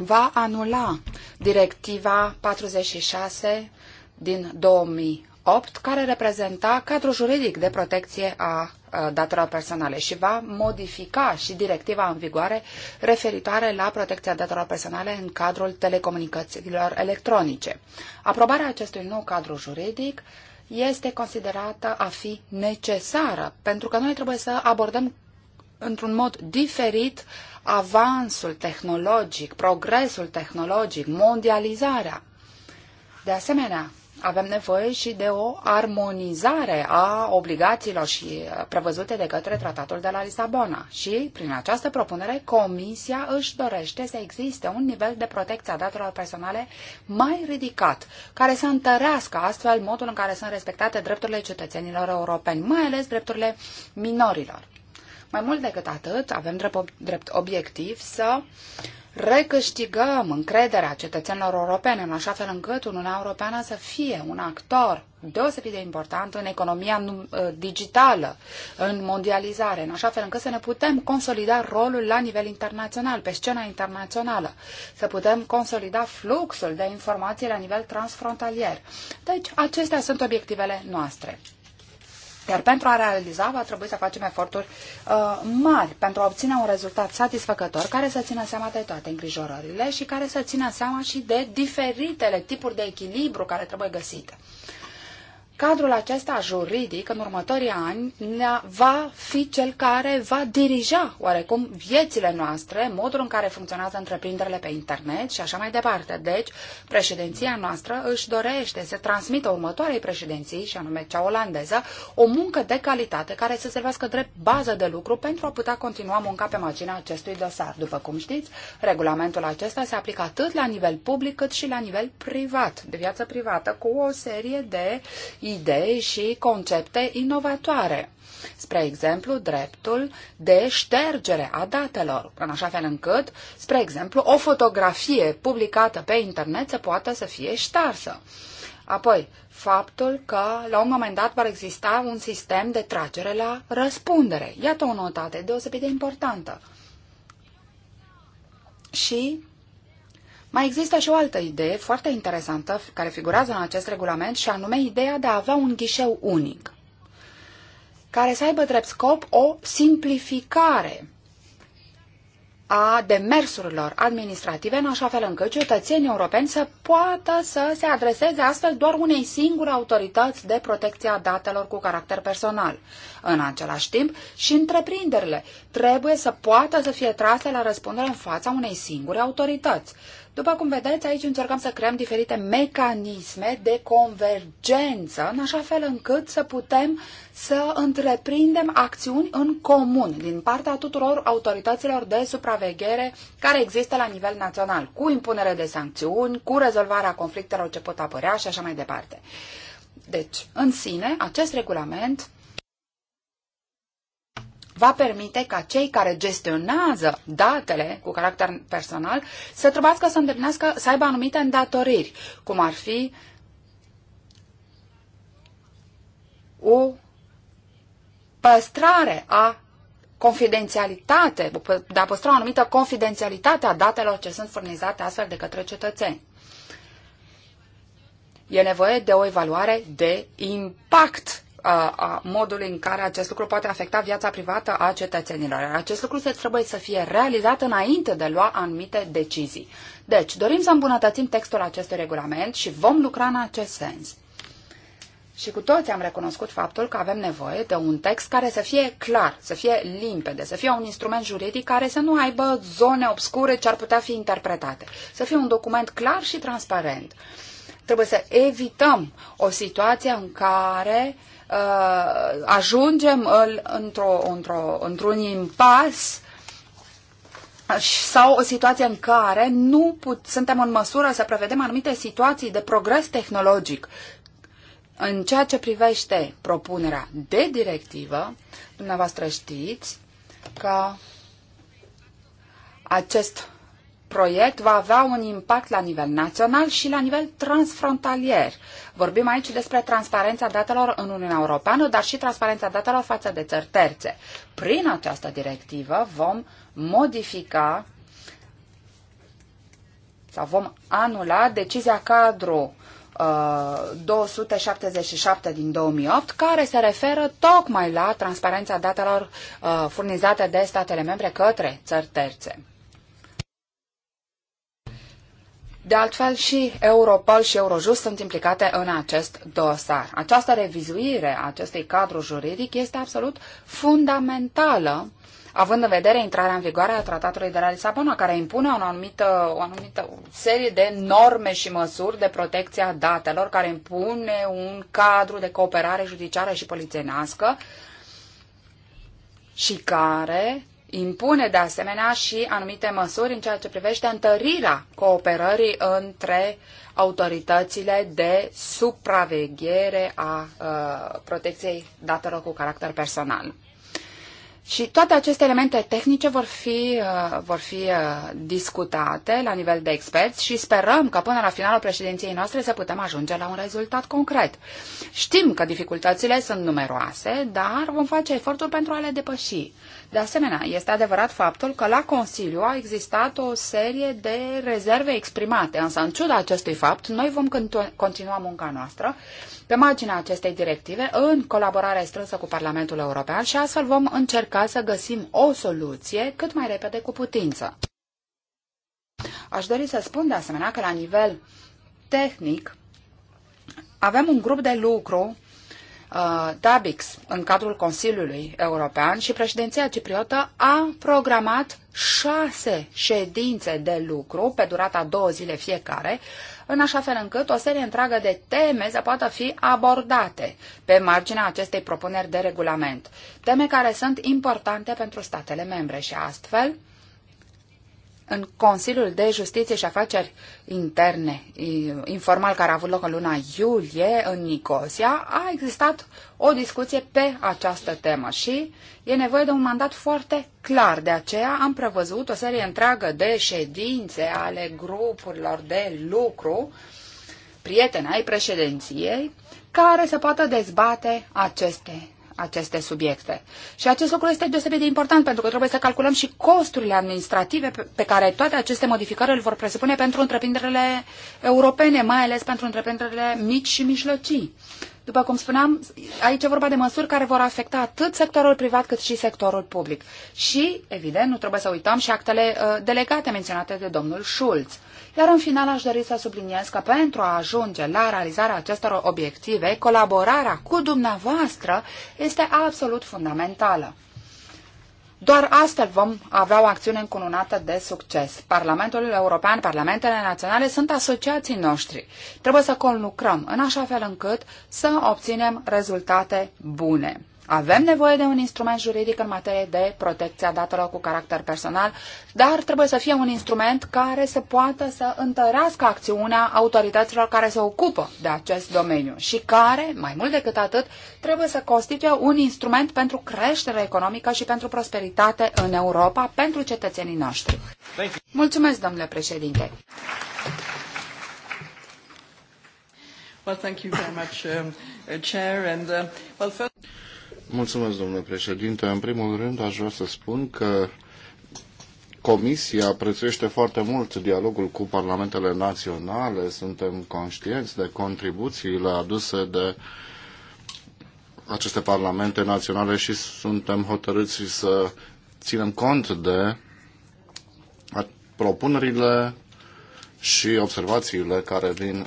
va anula directiva 46 din 2008, care reprezenta cadrul juridic de protecție a datelor personale și va modifica și directiva în vigoare referitoare la protecția datelor personale în cadrul telecomunicațiilor electronice. Aprobarea acestui nou cadru juridic este considerată a fi necesară, pentru că noi trebuie să abordăm într-un mod diferit avansul tehnologic, progresul tehnologic, mondializarea. De asemenea, avem nevoie și de o armonizare a obligațiilor și uh, prevăzute de către tratatul de la Lisabona. Și prin această propunere, Comisia își dorește să existe un nivel de protecție a datelor personale mai ridicat, care să întărească astfel modul în care sunt respectate drepturile cetățenilor europeni, mai ales drepturile minorilor. Mai mult decât atât, avem drept, drept obiectiv să uh, recâștigăm încrederea cetățenilor europeni în așa fel încât Uniunea Europeană să fie un actor deosebit de important în economia uh, digitală, în mondializare, în așa fel încât să ne putem consolida rolul la nivel internațional, pe scena internațională, să putem consolida fluxul de informații la nivel transfrontalier. Deci, acestea sunt obiectivele noastre. Iar pentru a realiza va trebui să facem eforturi uh, mari pentru a obține un rezultat satisfăcător care să țină seama de toate îngrijorările și care să țină seama și de diferitele tipuri de echilibru care trebuie găsite cadrul acesta juridic în următorii ani va fi cel care va dirija oarecum viețile noastre, modul în care funcționează întreprinderile pe internet și așa mai departe. Deci, președinția noastră își dorește să transmită următoarei președinții, și anume cea olandeză, o muncă de calitate care să servească drept bază de lucru pentru a putea continua munca pe marginea acestui dosar. După cum știți, regulamentul acesta se aplică atât la nivel public cât și la nivel privat, de viață privată, cu o serie de idei și concepte inovatoare. Spre exemplu, dreptul de ștergere a datelor, în așa fel încât, spre exemplu, o fotografie publicată pe internet să poată să fie ștarsă. Apoi, faptul că la un moment dat va exista un sistem de tragere la răspundere. Iată o notate deosebit de importantă. Și mai există și o altă idee foarte interesantă care figurează în acest regulament și anume ideea de a avea un ghișeu unic care să aibă drept scop o simplificare a demersurilor administrative în așa fel încât cetățenii europeni să poată să se adreseze astfel doar unei singure autorități de protecție a datelor cu caracter personal. În același timp, și întreprinderile trebuie să poată să fie trase la răspundere în fața unei singure autorități. După cum vedeți, aici încercăm să creăm diferite mecanisme de convergență, în așa fel încât să putem să întreprindem acțiuni în comun din partea tuturor autorităților de supraveghere care există la nivel național, cu impunere de sancțiuni, cu rezolvarea conflictelor ce pot apărea și așa mai departe. Deci, în sine, acest regulament va permite ca cei care gestionează datele cu caracter personal să trebuiască să îndeplinească, să aibă anumite îndatoriri, cum ar fi o păstrare a confidențialitate, de a păstra o anumită confidențialitate a datelor ce sunt furnizate astfel de către cetățeni. E nevoie de o evaluare de impact a modului în care acest lucru poate afecta viața privată a cetățenilor. acest lucru se trebuie să fie realizat înainte de lua anumite decizii. Deci, dorim să îmbunătățim textul acestui regulament și vom lucra în acest sens. Și cu toți am recunoscut faptul că avem nevoie de un text care să fie clar, să fie limpede, să fie un instrument juridic care să nu aibă zone obscure ce ar putea fi interpretate, să fie un document clar și transparent. Trebuie să evităm o situație în care uh, uh, ajungem îl într-o, într-o, într-un impas sau o situație în care nu put, suntem în măsură să prevedem anumite situații de progres tehnologic. În ceea ce privește propunerea de directivă, dumneavoastră știți că acest proiect va avea un impact la nivel național și la nivel transfrontalier. Vorbim aici despre transparența datelor în Uniunea Europeană, dar și transparența datelor față de țări terțe. Prin această directivă vom modifica sau vom anula decizia cadru 277 uh, din 2008, care se referă tocmai la transparența datelor uh, furnizate de statele membre către țări terțe. De altfel, și Europol și Eurojust sunt implicate în acest dosar. Această revizuire a acestui cadru juridic este absolut fundamentală având în vedere intrarea în vigoare a tratatului de la Lisabona, care impune o anumită, o anumită serie de norme și măsuri de protecție a datelor, care impune un cadru de cooperare judiciară și polițienească și care impune de asemenea și anumite măsuri în ceea ce privește întărirea cooperării între autoritățile de supraveghere a uh, protecției datelor cu caracter personal. Și toate aceste elemente tehnice vor fi, uh, vor fi uh, discutate la nivel de experți și sperăm că până la finalul președinției noastre să putem ajunge la un rezultat concret. Știm că dificultățile sunt numeroase, dar vom face efortul pentru a le depăși. Uh, de asemenea, este adevărat faptul că la Consiliu a existat o serie de rezerve exprimate, însă în ciuda acestui fapt, noi vom continua munca noastră pe marginea acestei directive în colaborare strânsă cu Parlamentul European și astfel vom încerca să găsim o soluție cât mai repede cu putință. Aș dori să spun de asemenea că la nivel tehnic avem un grup de lucru uh, DABIX în cadrul Consiliului European și președinția cipriotă a programat șase ședințe de lucru pe durata două zile fiecare, în așa fel încât o serie întreagă de teme să poată fi abordate pe marginea acestei propuneri de regulament. Teme care sunt importante pentru statele membre și astfel în Consiliul de Justiție și Afaceri Interne, informal care a avut loc în luna iulie în Nicosia, a existat o discuție pe această temă și e nevoie de un mandat foarte clar. De aceea am prevăzut o serie întreagă de ședințe ale grupurilor de lucru, prieteni ai președinției, care să poată dezbate aceste aceste subiecte. Și acest lucru este deosebit de important pentru că trebuie să calculăm și costurile administrative pe care toate aceste modificări îl vor presupune pentru întreprinderile europene, mai ales pentru întreprinderile mici și mijlocii. După cum spuneam, aici e vorba de măsuri care vor afecta atât sectorul privat cât și sectorul public. Și, evident, nu trebuie să uităm și actele uh, delegate menționate de domnul Schulz. Iar în final aș dori să subliniez că pentru a ajunge la realizarea acestor obiective, colaborarea cu dumneavoastră este absolut fundamentală. Doar astfel vom avea o acțiune încununată de succes. Parlamentul European, Parlamentele Naționale sunt asociații noștri. Trebuie să conlucrăm în așa fel încât să obținem rezultate bune. Avem nevoie de un instrument juridic în materie de protecția datelor cu caracter personal, dar trebuie să fie un instrument care să poată să întărească acțiunea autorităților care se ocupă de acest domeniu și care, mai mult decât atât, trebuie să constituie un instrument pentru creștere economică și pentru prosperitate în Europa pentru cetățenii noștri. Mulțumesc, domnule președinte! Well, thank you very much, um, uh, Chair. And, uh, well, first... Mulțumesc, domnule președinte. În primul rând, aș vrea să spun că Comisia prețuiește foarte mult dialogul cu parlamentele naționale. Suntem conștienți de contribuțiile aduse de aceste parlamente naționale și suntem hotărâți să ținem cont de propunerile și observațiile care vin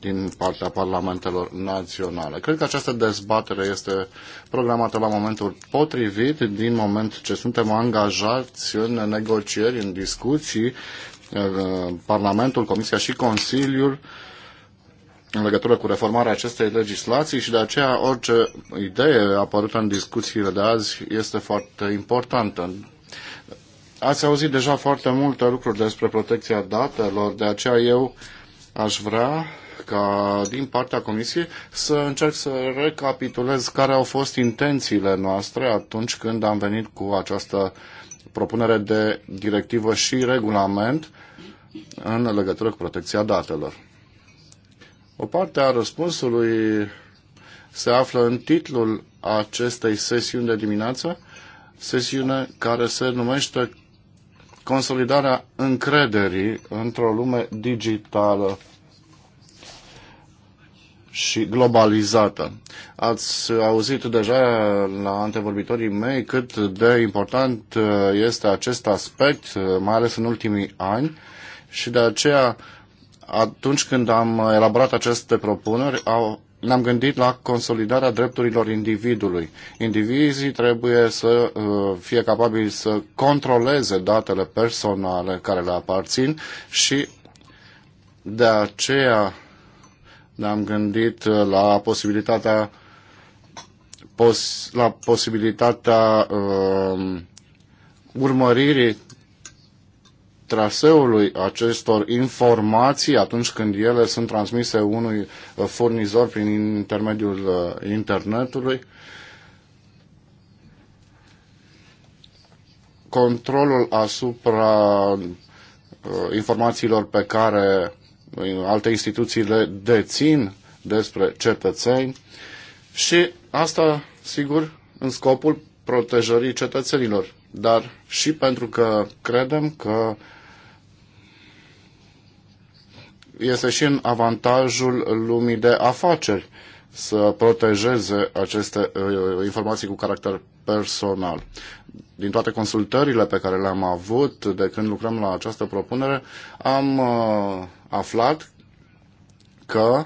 din partea parlamentelor naționale. Cred că această dezbatere este programată la momentul potrivit, din moment ce suntem angajați în negocieri, în discuții, uh, Parlamentul, Comisia și Consiliul în legătură cu reformarea acestei legislații și de aceea orice idee apărută în discuțiile de azi este foarte importantă. Ați auzit deja foarte multe lucruri despre protecția datelor, de aceea eu aș vrea ca din partea Comisiei să încerc să recapitulez care au fost intențiile noastre atunci când am venit cu această propunere de directivă și regulament în legătură cu protecția datelor. O parte a răspunsului se află în titlul acestei sesiuni de dimineață, sesiune care se numește Consolidarea încrederii într-o lume digitală și globalizată. Ați auzit deja la antevorbitorii mei cât de important uh, este acest aspect, uh, mai ales în ultimii ani, și de aceea atunci când am elaborat aceste propuneri, au, ne-am gândit la consolidarea drepturilor individului. Indivizii trebuie să uh, fie capabili să controleze datele personale care le aparțin și de aceea ne-am gândit uh, la posibilitatea pos, la posibilitatea uh, urmăririi traseului acestor informații atunci când ele sunt transmise unui uh, furnizor prin intermediul uh, internetului. Controlul asupra informațiilor pe care alte instituții le dețin despre cetățeni și asta, sigur, în scopul protejării cetățenilor, dar și pentru că credem că este și în avantajul lumii de afaceri să protejeze aceste uh, informații cu caracter personal. Din toate consultările pe care le-am avut de când lucrăm la această propunere, am uh, aflat că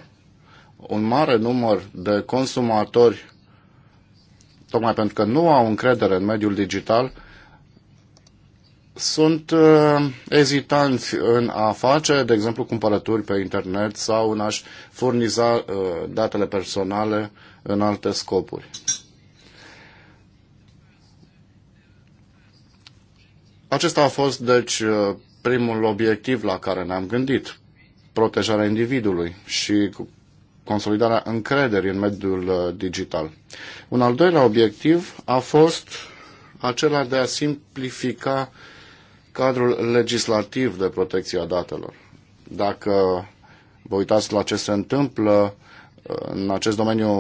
un mare număr de consumatori, tocmai pentru că nu au încredere în mediul digital, sunt uh, ezitanți în a face, de exemplu, cumpărături pe internet sau în a-și furniza uh, datele personale în alte scopuri. Acesta a fost, deci, uh, primul obiectiv la care ne-am gândit protejarea individului și consolidarea încrederii în mediul uh, digital. Un al doilea obiectiv a fost acela de a simplifica cadrul legislativ de protecție a datelor. Dacă vă uitați la ce se întâmplă uh, în acest domeniu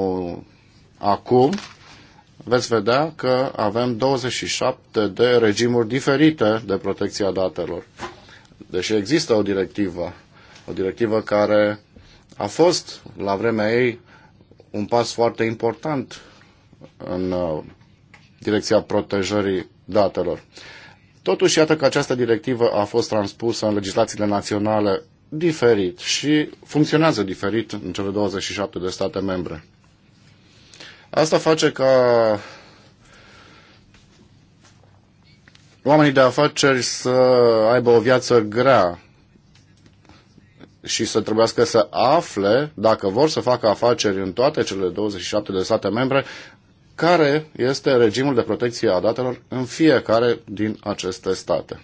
acum, veți vedea că avem 27 de regimuri diferite de protecție a datelor. Deși există o directivă o directivă care a fost la vremea ei un pas foarte important în uh, direcția protejării datelor. Totuși, iată că această directivă a fost transpusă în legislațiile naționale diferit și funcționează diferit în cele 27 de state membre. Asta face ca oamenii de afaceri să aibă o viață grea și să trebuiască să afle, dacă vor să facă afaceri în toate cele 27 de state membre, care este regimul de protecție a datelor în fiecare din aceste state.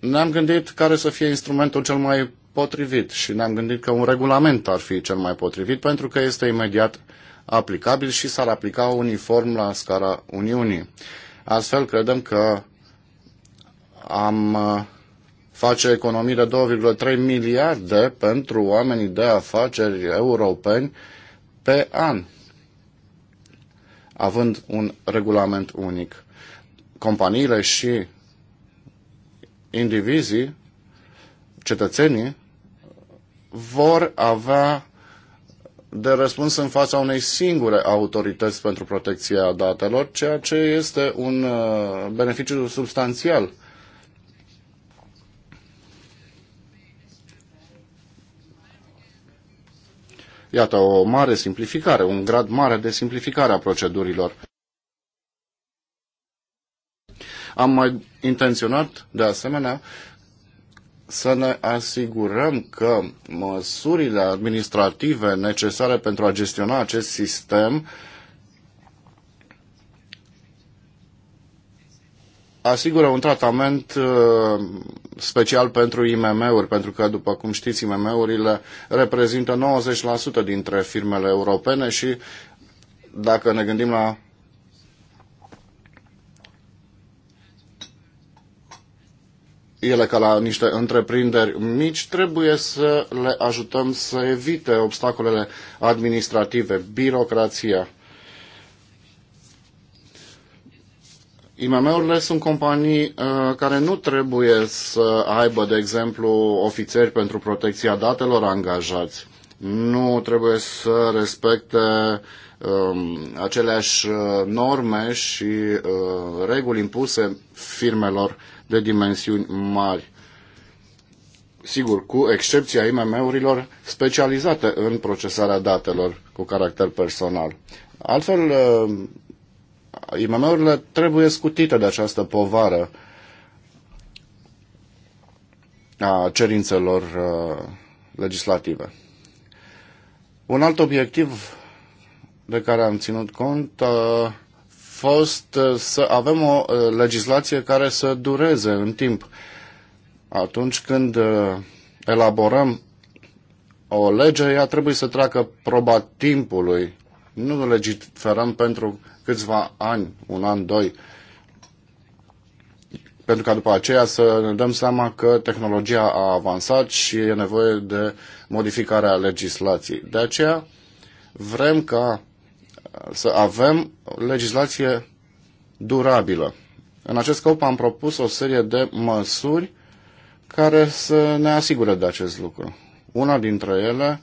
Ne-am gândit care să fie instrumentul cel mai potrivit și ne-am gândit că un regulament ar fi cel mai potrivit pentru că este imediat aplicabil și s-ar aplica uniform la scara Uniunii. Astfel, credem că am uh, face economii de 2,3 miliarde pentru oamenii de afaceri europeni pe an, având un regulament unic. Companiile și indivizii, cetățenii, vor avea de răspuns în fața unei singure autorități pentru protecția datelor, ceea ce este un uh, beneficiu substanțial Iată, o mare simplificare, un grad mare de simplificare a procedurilor. Am mai intenționat, de asemenea, să ne asigurăm că măsurile administrative necesare pentru a gestiona acest sistem uh, asigură un tratament uh, special pentru IMM-uri, pentru că, după cum știți, IMM-urile reprezintă 90% dintre firmele europene și dacă ne gândim la ele ca la niște întreprinderi mici, trebuie să le ajutăm să evite obstacolele administrative, birocrația. IMM-urile sunt companii uh, care nu trebuie să aibă, de exemplu, ofițeri pentru protecția datelor angajați. Nu trebuie să respecte um, uh, aceleași norme și uh, reguli impuse firmelor de dimensiuni mari. Sigur, cu excepția IMM-urilor specializate în procesarea datelor cu caracter personal. Altfel, uh, IMM-urile trebuie scutite de această povară a cerințelor uh, legislative. Un alt obiectiv de care am ținut cont a uh, fost uh, să avem o legislație care să dureze în timp. Atunci când elaborăm o lege, ea trebuie să treacă proba timpului. Nu legiferăm pentru câțiva ani, un an, doi, pentru ca după aceea să ne dăm seama că tehnologia a avansat și e nevoie de modificarea legislației. De aceea vrem ca să avem legislație durabilă. În acest scop am propus o serie de măsuri care să ne asigure de acest lucru. Una dintre ele,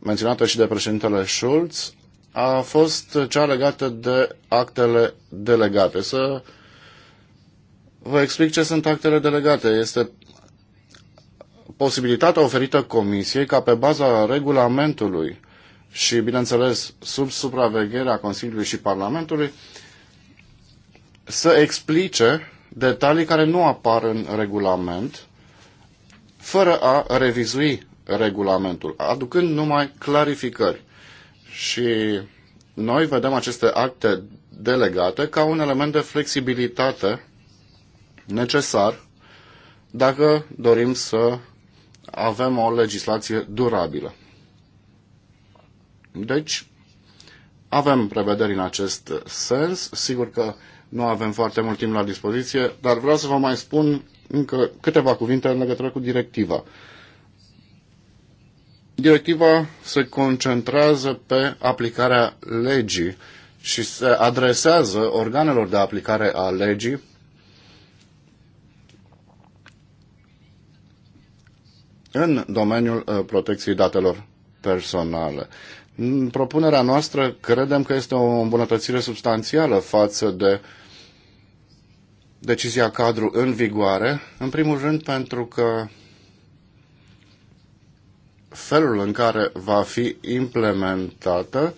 menționată și de președintele Schulz, a fost cea legată de actele delegate. Să vă explic ce sunt actele delegate. Este posibilitatea oferită Comisiei ca pe baza regulamentului și, bineînțeles, sub supravegherea Consiliului și Parlamentului, să explice detalii care nu apar în regulament, fără a revizui regulamentul, aducând numai clarificări. Și noi vedem aceste acte delegate ca un element de flexibilitate necesar dacă dorim să avem o legislație durabilă. Deci, avem prevederi în acest sens. Sigur că nu avem foarte mult timp la dispoziție, dar vreau să vă mai spun încă câteva cuvinte în legătură cu directiva. Directiva se concentrează pe aplicarea legii și se adresează organelor de aplicare a legii în domeniul uh, protecției datelor personale. În propunerea noastră credem că este o îmbunătățire substanțială față de decizia cadru în vigoare, în primul rând pentru că felul în care va fi implementată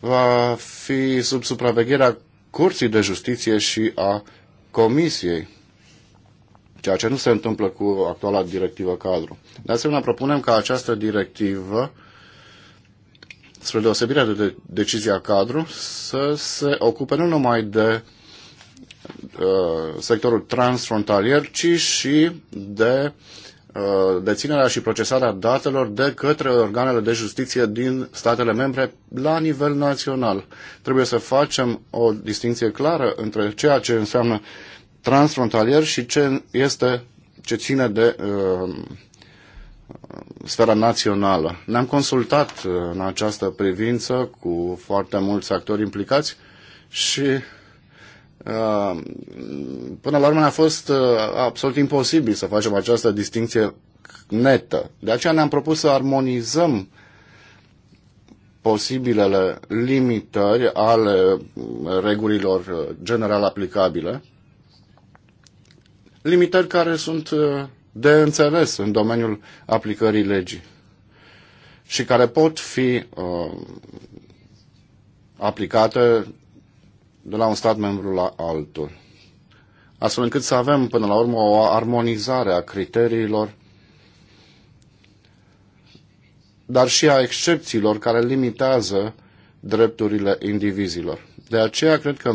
va fi sub supravegherea Curții de Justiție și a Comisiei, ceea ce nu se întâmplă cu actuala directivă cadru. De asemenea, propunem ca această directivă, spre deosebire de, decizia cadru, să se ocupe nu numai de uh, sectorul transfrontalier, ci și de uh, Uh, deținerea și procesarea datelor de către organele de justiție din statele membre la nivel național. Trebuie să facem o distinție clară între ceea ce înseamnă transfrontalier și ce este ce ține de uh, sfera națională. Ne-am consultat uh, în această privință cu foarte mulți actori implicați și Uh, până la urmă a fost uh, absolut imposibil să facem această distinție netă. De aceea ne-am propus să armonizăm posibilele limitări ale uh, regulilor general aplicabile, limitări care sunt de înțeles în domeniul aplicării legii și care pot fi uh, aplicate de la un stat membru la altul. Astfel încât să avem până la urmă o armonizare a criteriilor, dar și a excepțiilor care limitează drepturile indivizilor. De aceea cred că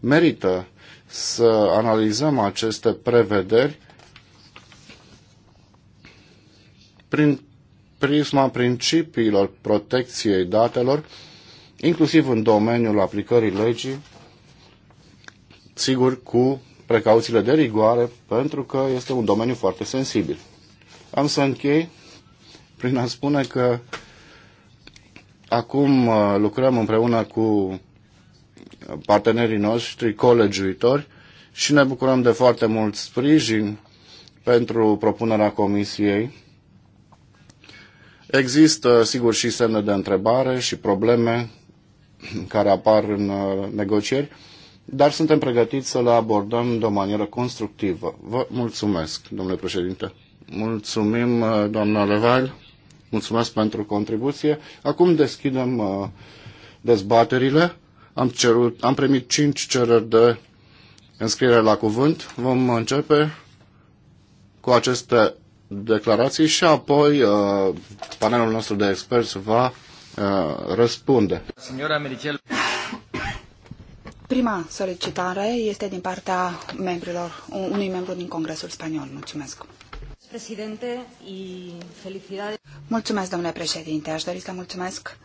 merită să analizăm aceste prevederi prin prisma principiilor protecției datelor inclusiv în domeniul aplicării legii, sigur cu precauțiile de rigoare, pentru că este un domeniu foarte sensibil. Am să închei prin a spune că acum uh, lucrăm împreună cu partenerii noștri, colegiuitori, și ne bucurăm de foarte mult sprijin pentru propunerea Comisiei. Există, sigur, și semne de întrebare și probleme care apar în uh, negocieri, dar suntem pregătiți să le abordăm de o manieră constructivă. Vă mulțumesc, domnule președinte. Mulțumim, uh, doamna Leval. Mulțumesc pentru contribuție. Acum deschidem uh, dezbaterile. Am, cerut, am primit cinci cereri de înscriere la cuvânt. Vom începe cu aceste declarații și apoi panelul nostru de experți va Uh, răspundă. Signora Mericel. Prima solicitare este din partea membrilor, unui membru din Congresul Spaniol. Mulțumesc. Președinte, Mulțumesc, domnule președinte. Aș dori să mulțumesc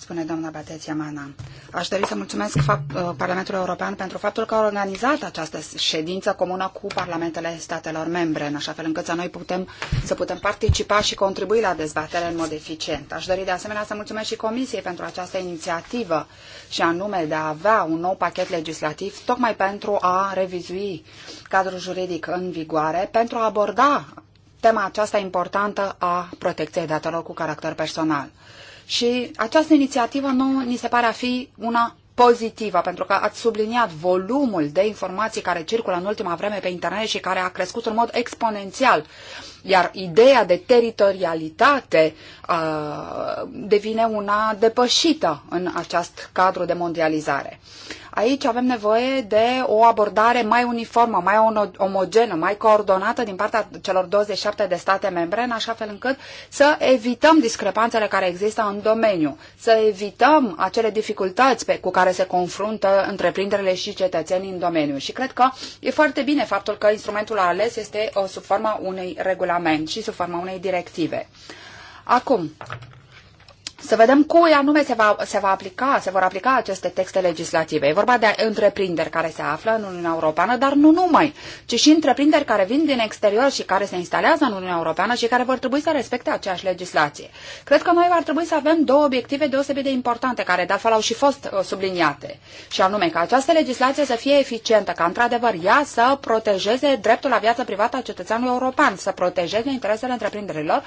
spune doamna Bateția Mana. Aș dori să mulțumesc uh, Parlamentul European pentru faptul că a organizat această ședință comună cu parlamentele statelor membre, în așa fel încât să noi putem să putem participa și contribui la dezbatere în mod eficient. Aș dori de asemenea să mulțumesc și Comisiei pentru această inițiativă și anume de a avea un nou pachet legislativ tocmai pentru a revizui cadrul juridic în vigoare, pentru a aborda tema aceasta importantă a protecției datelor cu caracter personal. Și această inițiativă nu ni se pare a fi una pozitivă, pentru că ați subliniat volumul de informații care circulă în ultima vreme pe internet și care a crescut în mod exponențial. Iar ideea de teritorialitate uh, devine una depășită în acest cadru de mondializare. Aici avem nevoie de o abordare mai uniformă, mai omogenă, mai coordonată din partea celor 27 de state membre, în așa fel încât să evităm discrepanțele care există în domeniu, să evităm acele dificultăți pe, cu care se confruntă întreprinderile și cetățenii în domeniu. Și cred că e foarte bine faptul că instrumentul ales este uh, sub forma unui regulament și sub forma unei directive. Acum, să vedem cui anume se, va, se, va aplica, se vor aplica aceste texte legislative. E vorba de întreprinderi care se află în Uniunea Europeană, dar nu numai, ci și întreprinderi care vin din exterior și care se instalează în Uniunea Europeană și care vor trebui să respecte aceeași legislație. Cred că noi ar trebui să avem două obiective deosebit de importante, care de altfel au și fost uh, subliniate, și anume că această legislație să fie eficientă, ca într-adevăr ea să protejeze dreptul la viață privată a cetățeanului european, să protejeze interesele întreprinderilor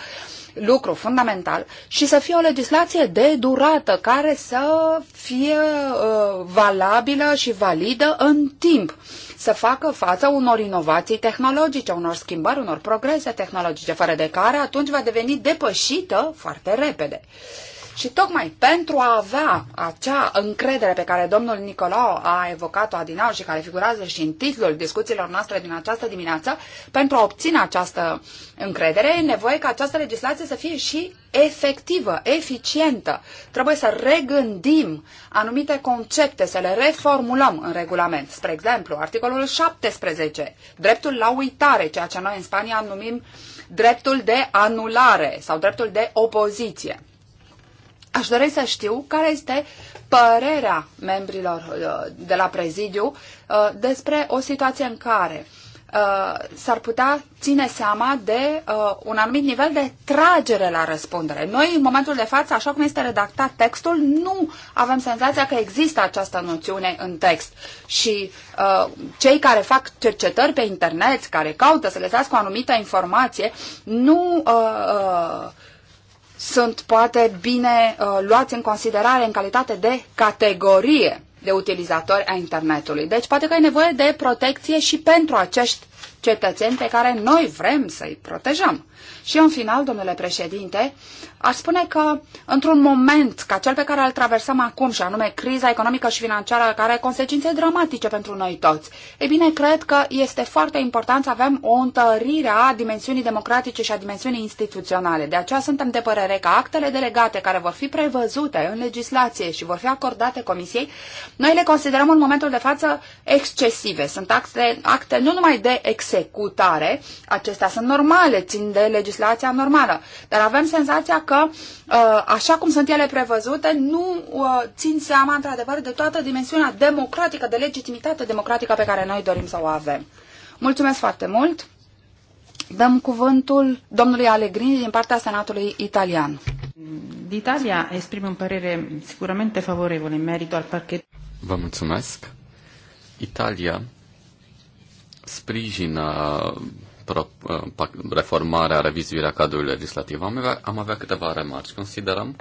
lucru fundamental, și să fie o legislație de durată care să fie uh, valabilă și validă în timp, să facă față unor inovații tehnologice, unor schimbări, unor progrese tehnologice, fără de care atunci va deveni depășită foarte repede. Uh, și tocmai pentru a avea acea încredere pe care domnul Nicolau a evocat-o adinau și care figurează și în titlul discuțiilor noastre din această dimineață, pentru a obține această încredere e nevoie ca această legislație să fie și efectivă, eficientă. Trebuie să regândim anumite concepte, să le reformulăm în regulament. Spre exemplu, articolul 17, dreptul la uitare, ceea ce noi în Spania numim dreptul de anulare sau dreptul de opoziție. Aș dori să știu care este părerea membrilor uh, de la prezidiu uh, despre o situație în care uh, s-ar putea ține seama de uh, un anumit nivel de tragere la răspundere. Noi, în momentul de față, așa cum este redactat textul, nu avem senzația că există această noțiune în text. Și uh, cei care fac cercetări pe internet, care caută să găsească o anumită informație, nu uh, uh, sunt poate bine uh, luați în considerare în calitate de categorie de utilizatori a internetului. Deci poate că ai nevoie de protecție și pentru acești cetățeni pe care noi vrem să-i protejăm. Și în final, domnule președinte, aș spune că într-un moment ca cel pe care îl traversăm acum, și anume criza economică și financiară, care are consecințe dramatice pentru noi toți, e bine, cred că este foarte important să avem o întărire a dimensiunii democratice și a dimensiunii instituționale. De aceea suntem de părere că actele delegate care vor fi prevăzute în legislație și vor fi acordate Comisiei, noi le considerăm în momentul de față excesive. Sunt acte, acte nu numai de executare, acestea sunt normale, țin de legislația normală. Dar avem senzația că, uh, așa cum sunt ele prevăzute, nu uh, țin seama, într-adevăr, de toată dimensiunea democratică, de legitimitate democratică pe care noi dorim să o avem. Mulțumesc foarte mult! Dăm cuvântul domnului Alegrini din partea Senatului Italian. D'Italia exprimă un părere sigurament favorevole în merito al parchet. Vă mulțumesc. Italia sprijină Uh, reformarea, revizuirea cadrului legislativ, am avea, am avea câteva remarci. Considerăm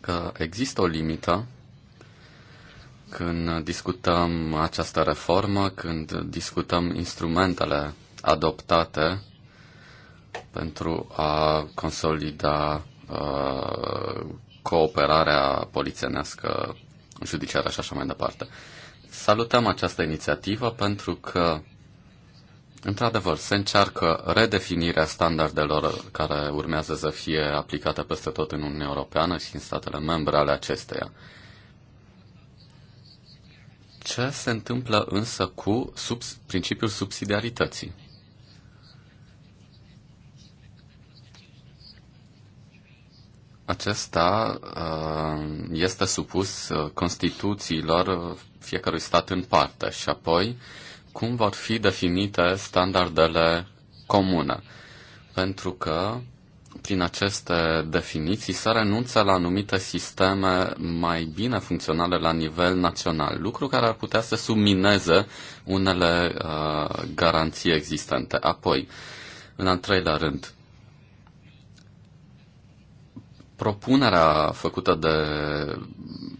că există o limită când discutăm această reformă, când discutăm instrumentele adoptate pentru a consolida uh, cooperarea polițienească, judiciară și așa mai departe. Salutăm această inițiativă pentru că Într-adevăr, se încearcă redefinirea standardelor care urmează să fie aplicate peste tot în Uniunea Europeană și în statele membre ale acesteia. Ce se întâmplă însă cu sub, principiul subsidiarității? Acesta uh, este supus uh, Constituțiilor fiecărui stat în parte și apoi cum vor fi definite standardele comune. Pentru că prin aceste definiții se renunță la anumite sisteme mai bine funcționale la nivel național, lucru care ar putea să submineze unele uh, garanții existente. Apoi, în al treilea rând, propunerea făcută de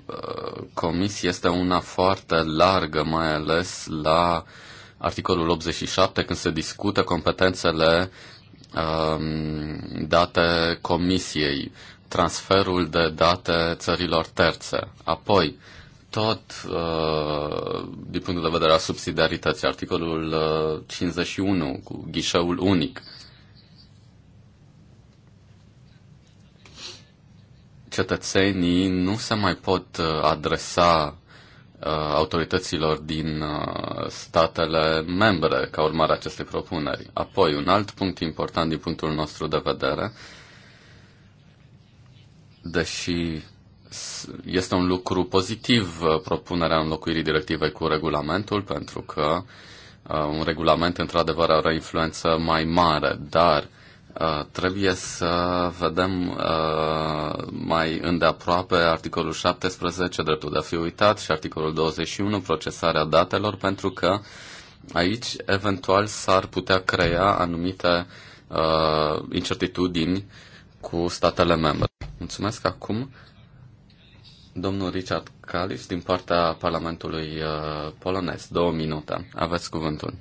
uh, comisie este una foarte largă, mai ales la uh, articolul 87 când se discută competențele um, date comisiei, transferul de date țărilor terțe. Apoi, tot uh, din punctul de vedere al subsidiarității, articolul uh, 51 cu ghișeul unic. Cetățenii nu se mai pot uh, adresa Uh, autorităților din uh, statele membre ca urmare acestei propuneri. Apoi, un alt punct important din punctul nostru de vedere, deși este un lucru pozitiv uh, propunerea înlocuirii directivei cu regulamentul, pentru că un regulament într-adevăr are o influență mai mare, dar Uh, trebuie să vedem uh, mai îndeaproape articolul 17, dreptul de a fi uitat, și articolul 21, procesarea datelor, pentru că aici eventual s-ar putea crea anumite uh, incertitudini cu statele membre. Mulțumesc acum domnul Richard Kalis din partea Parlamentului polonez. Două minute. Aveți cuvântul.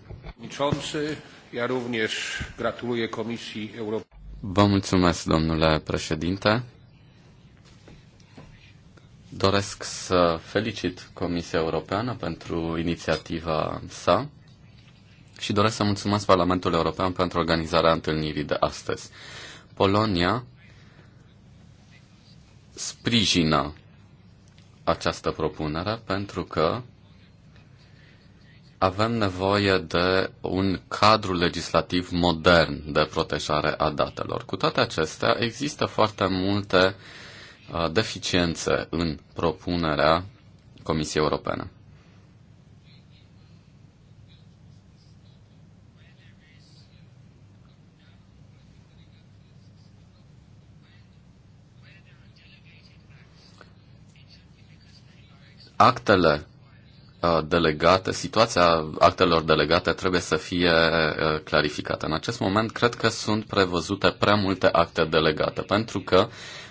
Ja również gratuluję Komisji Europejskiej. Vă mulțumesc, domnule președinte. Doresc să felicit Comisia Europeană pentru inițiativa sa și doresc să mulțumesc Parlamentul European pentru organizarea întâlnirii de astăzi. Polonia sprijină această propunere pentru că avem nevoie de un cadru legislativ modern de protejare a datelor. Cu toate acestea, există foarte multe uh, deficiențe în propunerea Comisiei Europene. Actele Uh, delegate, situația actelor delegate trebuie să fie uh, clarificată. În acest moment cred că sunt prevăzute prea multe acte delegate, pentru că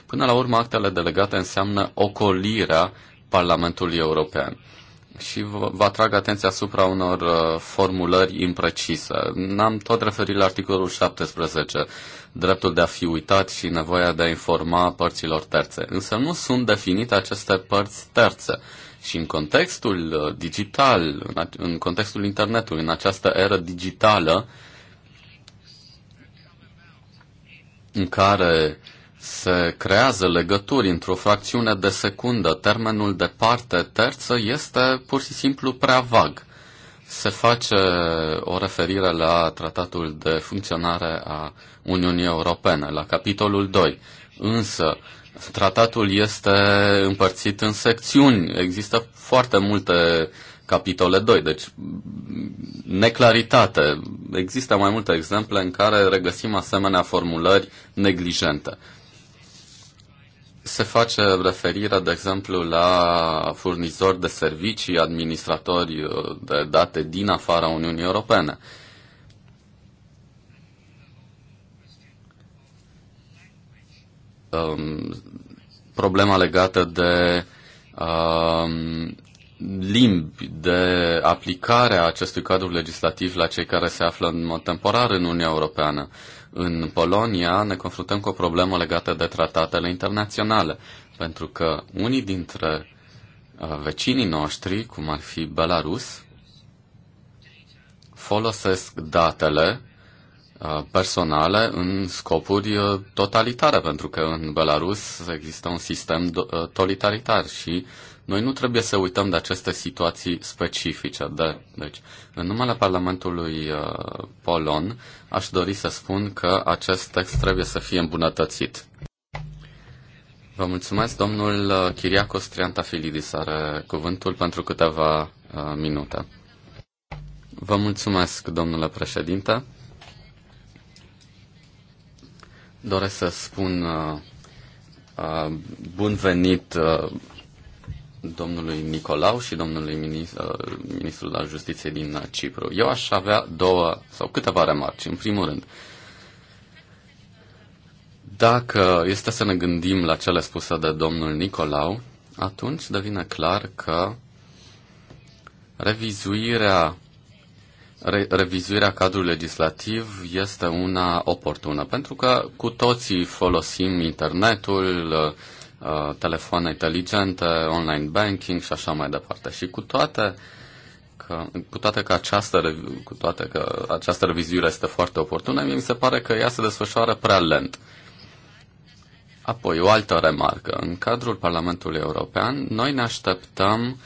până la urmă actele delegate înseamnă ocolirea Parlamentului European. Și vă atrag atenția asupra unor uh, formulări imprecise. N-am tot referit la articolul 17, dreptul de a fi uitat și nevoia de a informa părților terțe. Însă nu sunt definite aceste părți terțe. Uh, și în contextul uh, digital, în contextul internetului, în această eră digitală, în care se creează legături într-o fracțiune de secundă, termenul de parte terță este pur și simplu prea vag. Se face o referire la tratatul de funcționare a Uniunii Europene, la capitolul 2. Însă, Tratatul este împărțit în secțiuni. Există foarte multe capitole 2, deci neclaritate. Există mai multe exemple în care regăsim asemenea formulări neglijente. Se face referire, de exemplu, la furnizori de servicii, administratori uh, de date din afara Uniunii Europene. Uh, um, problema legată de um, limbi, de aplicarea acestui cadru legislativ la cei care se află în mod temporar în Uniunea Europeană. În Polonia ne confruntăm cu o problemă legată de tratatele internaționale, pentru că unii dintre uh, vecinii noștri, cum ar fi Belarus, folosesc datele Uh, personale în scopuri uh, totalitare, pentru că în Belarus există un sistem uh, totalitar și noi nu trebuie să uităm de aceste situații specifice. De, deci, în numele Parlamentului Polon, aș dori să spun că acest text trebuie să fie îmbunătățit. Vă mulțumesc, domnul Chiriacos Triantafilidis are cuvântul pentru câteva minute. Vă mulțumesc, domnule președinte. doresc să spun uh, uh, bun venit uh, domnului Nicolau și domnului minist, uh, ministrul al justiției din uh, Cipru. Eu aș avea două sau câteva remarci. În primul rând, dacă este să ne gândim la cele spuse de domnul Nicolau, atunci devine clar că revizuirea re- revizuirea cadrului legislativ este una oportună, pentru că cu toții folosim internetul, uh, telefoane inteligente, online banking și așa mai departe. Și cu toate că, cu toate că această, cu toate că această revizuire este foarte oportună, mie mi se pare că ea se desfășoară prea lent. Apoi, o altă remarcă. În cadrul Parlamentului European, noi ne așteptăm uh,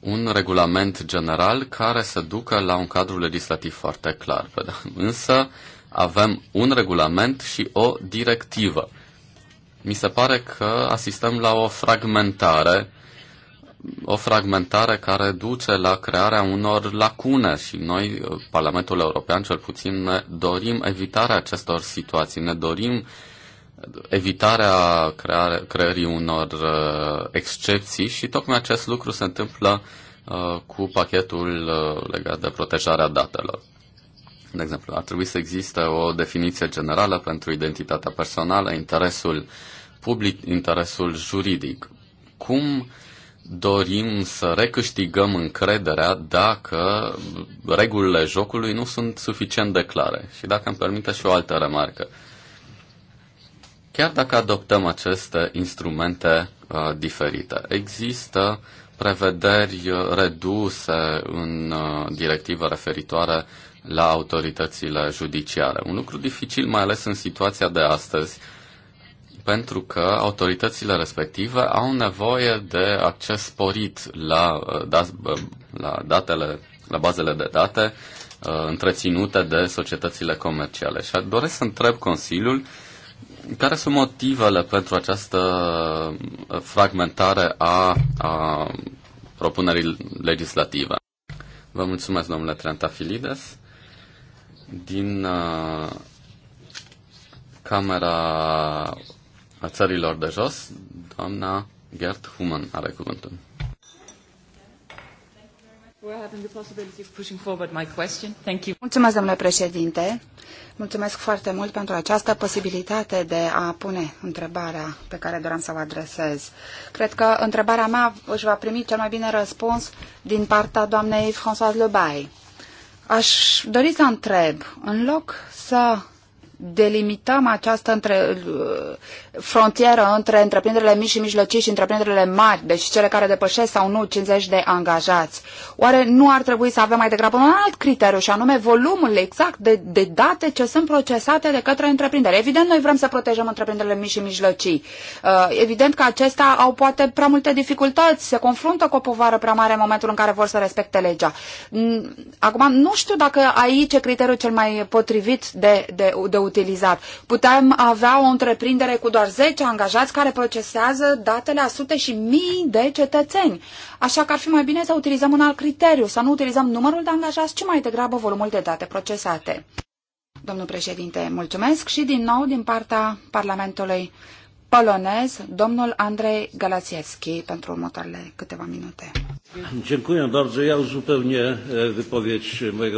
un regulament general care să ducă la un cadru legislativ foarte clar. Însă avem un regulament și o directivă. Mi se pare că asistăm la o fragmentare, o fragmentare care duce la crearea unor lacune și noi, Parlamentul European, cel puțin, ne dorim evitarea acestor situații, ne dorim uh, evitarea creare, creării unor uh, excepții și tocmai acest lucru se întâmplă uh, cu pachetul uh, legat de protejarea datelor. De exemplu, ar trebui să existe o definiție generală pentru identitatea personală, interesul public, interesul juridic. Cum dorim să recâștigăm încrederea dacă regulile jocului nu sunt suficient de clare? Și dacă îmi permite și o altă remarcă. Uh, Chiar dacă adoptăm aceste instrumente uh, diferite, există prevederi uh, reduse în uh, directivă referitoare la autoritățile judiciare. Un lucru dificil, mai ales în situația de astăzi, pentru că autoritățile respective au nevoie de acces sporit la, uh, da, uh, la datele, la bazele de date întreținute de societățile comerciale. Și doresc să întreb Consiliul uh, care sunt motivele pentru această uh, fragmentare a, a propunerii legislative? Vă mulțumesc, domnule Trentafilides. Din uh, Camera a Țărilor de Jos, doamna Gert Human are cuvântul. Mulțumesc, domnule președinte. Mulțumesc foarte mult pentru această posibilitate de a pune întrebarea pe care doream să o adresez. Cred că întrebarea mea își va primi cel mai bine răspuns din partea doamnei Françoise Lebai. Aș dori să întreb, în loc să delimităm această între, frontieră între întreprinderile mici și mijlocii și întreprinderile mari, deci cele care depășesc sau nu 50 de angajați. Oare nu ar trebui să avem mai degrabă un alt criteriu și anume volumul exact de, de date ce sunt procesate de către întreprindere? Evident, noi vrem să protejăm întreprinderile mici și mijlocii. Uh, evident că acestea au poate prea multe dificultăți, se confruntă cu o povară prea mare în momentul în care vor să respecte legea. Acum, nu știu dacă aici e criteriul cel mai potrivit de, de, de utilizat. Putem avea o întreprindere cu doar 10 angajați care procesează datele a sute și mii de cetățeni. Așa că ar fi mai bine să utilizăm un alt criteriu, să nu utilizăm numărul de angajați, ci mai degrabă volumul de date procesate. Domnul președinte, mulțumesc și din nou din partea Parlamentului polonez, domnul Andrei Galasiewski, pentru următoarele câteva minute.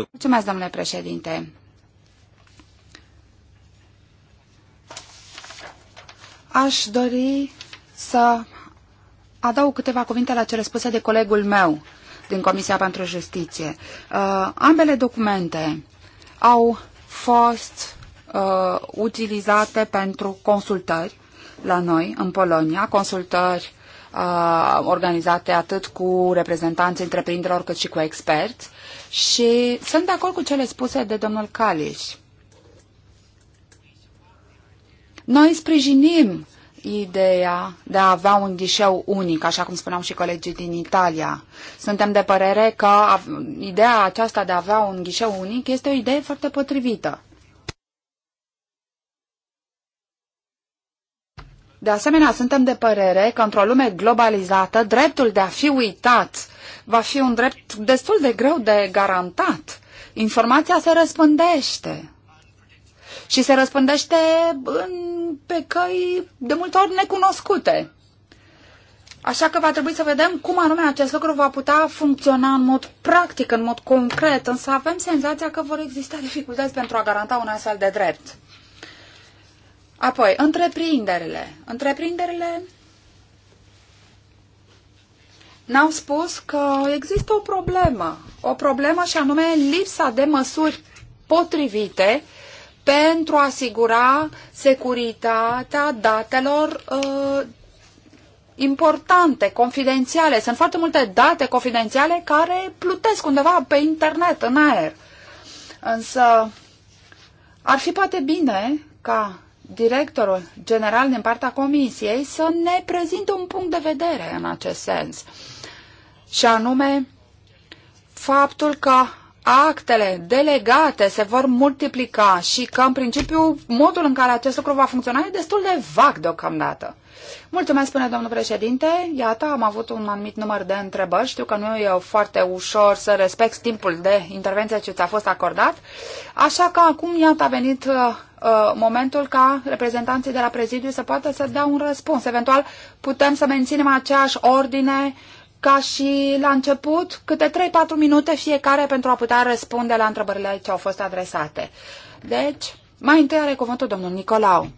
Mulțumesc, domnule președinte. Aș dori să adaug câteva cuvinte la cele spuse de colegul meu din Comisia pentru Justiție. Uh, ambele documente au fost uh, utilizate pentru consultări la noi, în Polonia, consultări uh, organizate atât cu reprezentanții întreprinderilor cât și cu experți și sunt de acord cu cele spuse de domnul Caliș. Noi sprijinim ideea de a avea un ghișeu unic, așa cum spuneau și colegii din Italia. Suntem de părere că ideea aceasta de a avea un ghișeu unic este o idee foarte potrivită. De asemenea, suntem de părere că într-o lume globalizată, dreptul de a fi uitat va fi un drept destul de greu de garantat. Informația se răspândește și se răspândește în, pe căi de multe ori necunoscute. Așa că va trebui să vedem cum anume acest lucru va putea funcționa în mod practic, în mod concret, însă avem senzația că vor exista dificultăți pentru a garanta un astfel de drept. Apoi, întreprinderile. Întreprinderile n au spus că există o problemă. O problemă și anume lipsa de măsuri potrivite uh, pentru a asigura securitatea datelor uh, importante, confidențiale. Sunt foarte multe date confidențiale care plutesc undeva pe internet, în aer. Însă ar fi poate bine ca directorul general din partea comisiei să ne prezinte un punct de vedere în acest sens. Și anume faptul că actele delegate se vor multiplica și că, în principiu, modul în care acest lucru va funcționa e destul de vag deocamdată. Mulțumesc, spune domnul președinte. Iată, am avut un anumit număr de întrebări. Știu că nu e foarte ușor să respecti timpul de intervenție ce ți-a fost acordat. Așa că acum, iată, a venit uh, uh momentul ca reprezentanții de la prezidiu să poată să dea un răspuns. Eventual, putem să menținem aceeași ordine ca și la început, câte 3-4 minute fiecare pentru a putea răspunde la întrebările ce au fost adresate. Deci, mai întâi are cuvântul domnul Nicolau.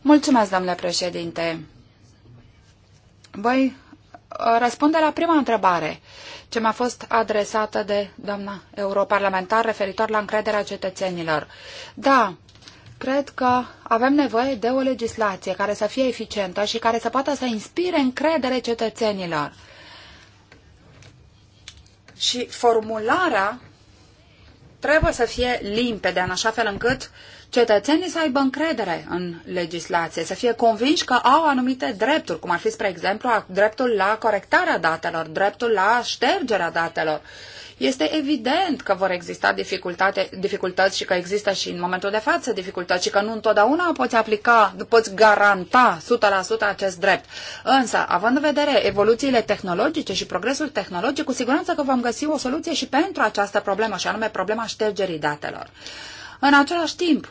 Mulțumesc, domnule președinte. Voi uh, răspunde la prima întrebare ce mi-a fost adresată de doamna europarlamentar referitor la încrederea cetățenilor. Da, cred că avem nevoie de o legislație care să fie eficientă și care să poată să inspire încredere cetățenilor și formularea trebuie să fie limpede, în așa fel încât cetățenii să aibă încredere în legislație, să fie convinși că au anumite drepturi, cum ar fi, spre exemplu, dreptul la corectarea datelor, dreptul la ștergerea datelor este evident că vor exista dificultate, dificultăți și că există și în momentul de față dificultăți și că nu întotdeauna poți aplica, poți garanta 100% acest drept. Însă, având în vedere evoluțiile tehnologice și progresul tehnologic, cu siguranță că vom găsi o soluție și pentru această problemă, și anume problema ștergerii datelor. În același timp,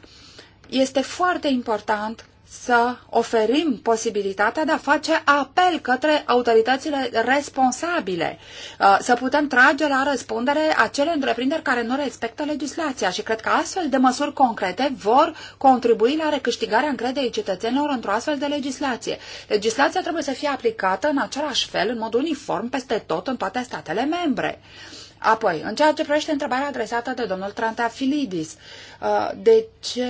este foarte important să oferim posibilitatea de a face apel către autoritățile responsabile, uh, să putem trage la răspundere acele întreprinderi care nu respectă legislația și cred că astfel de măsuri concrete vor contribui la recâștigarea încrederii cetățenilor într-o astfel de legislație. Legislația trebuie să fie aplicată în același fel, în mod uniform, peste tot în toate statele membre. Apoi, în ceea ce privește întrebarea adresată de domnul Trantafilidis, uh, de ce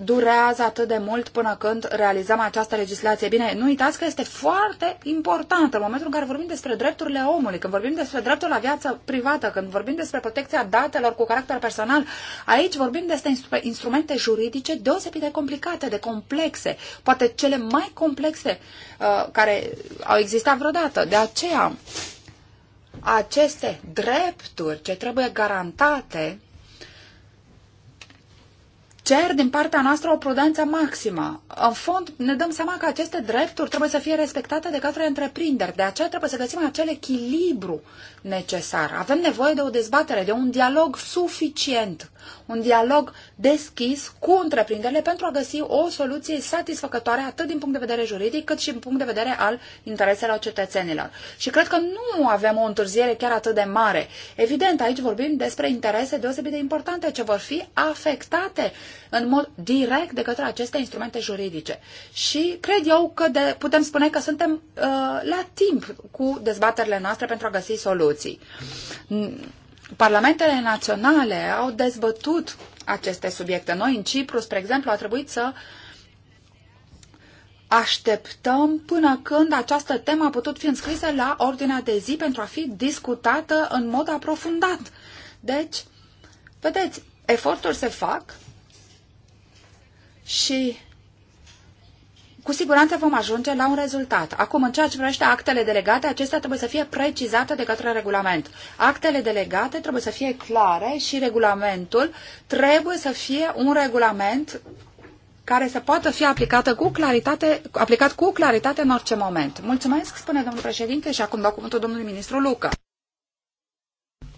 durează atât de mult până când realizăm această legislație. Bine, nu uitați că este foarte importantă în momentul în care vorbim despre drepturile omului, când vorbim despre dreptul la viață privată, când vorbim despre protecția datelor cu caracter personal. Aici vorbim despre instrumente juridice deosebit de complicate, de complexe, poate cele mai complexe uh, care au existat vreodată. De aceea, aceste drepturi ce trebuie garantate cer din partea noastră o prudență maximă. În fond, ne dăm seama că aceste drepturi trebuie să fie respectate de către întreprinderi. De aceea trebuie să găsim acel echilibru necesar. Avem nevoie de o dezbatere, de un dialog suficient un dialog deschis cu întreprinderile pentru a găsi o soluție satisfăcătoare atât din punct de vedere juridic cât și din punct de vedere al intereselor cetățenilor. Și cred că nu avem o întârziere chiar atât de mare. Evident, aici vorbim despre interese deosebit de importante ce vor fi afectate în mod direct de către aceste instrumente juridice. Și cred eu că de, putem spune că suntem uh, la timp cu dezbaterile noastre pentru a găsi soluții. Parlamentele naționale au dezbătut aceste subiecte. Noi, în Cipru, spre exemplu, a trebuit să așteptăm până când această temă a putut fi înscrisă la ordinea de zi pentru a fi discutată în mod aprofundat. Deci, vedeți, eforturi se fac și cu siguranță vom ajunge la un rezultat. Acum, în ceea ce privește actele delegate, acestea trebuie să fie precizate de către regulament. Actele delegate trebuie să fie clare și regulamentul trebuie să fie un regulament care să poată fi aplicată cu claritate, aplicat cu claritate în orice moment. Mulțumesc, spune domnul președinte, și acum dau cuvântul domnului ministru Lucă.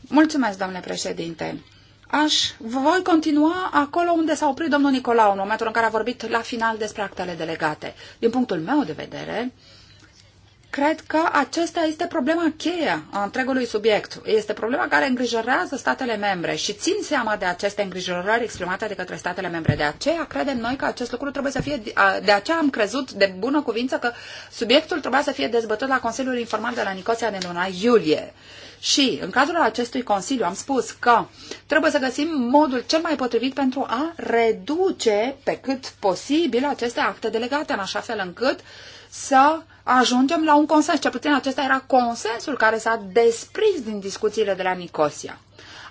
Mulțumesc, domnule președinte aș, voi continua acolo unde s-a oprit domnul Nicolau în momentul în care a vorbit la final despre actele delegate. Din punctul meu de vedere, cred că acesta este problema cheie a întregului subiect. Este problema care îngrijorează statele membre și țin seama de aceste îngrijorări exprimate de către statele membre. De aceea credem noi că acest lucru trebuie să fie, de aceea am crezut de bună cuvință că subiectul trebuia să fie dezbătut la Consiliul Informal de la Nicosia de luna iulie. Și în cadrul acestui Consiliu am spus că trebuie să găsim modul cel mai potrivit pentru a reduce pe cât posibil aceste acte delegate, în așa fel încât să ajungem la un consens. Cel puțin acesta era consensul care s-a desprins din discuțiile de la Nicosia.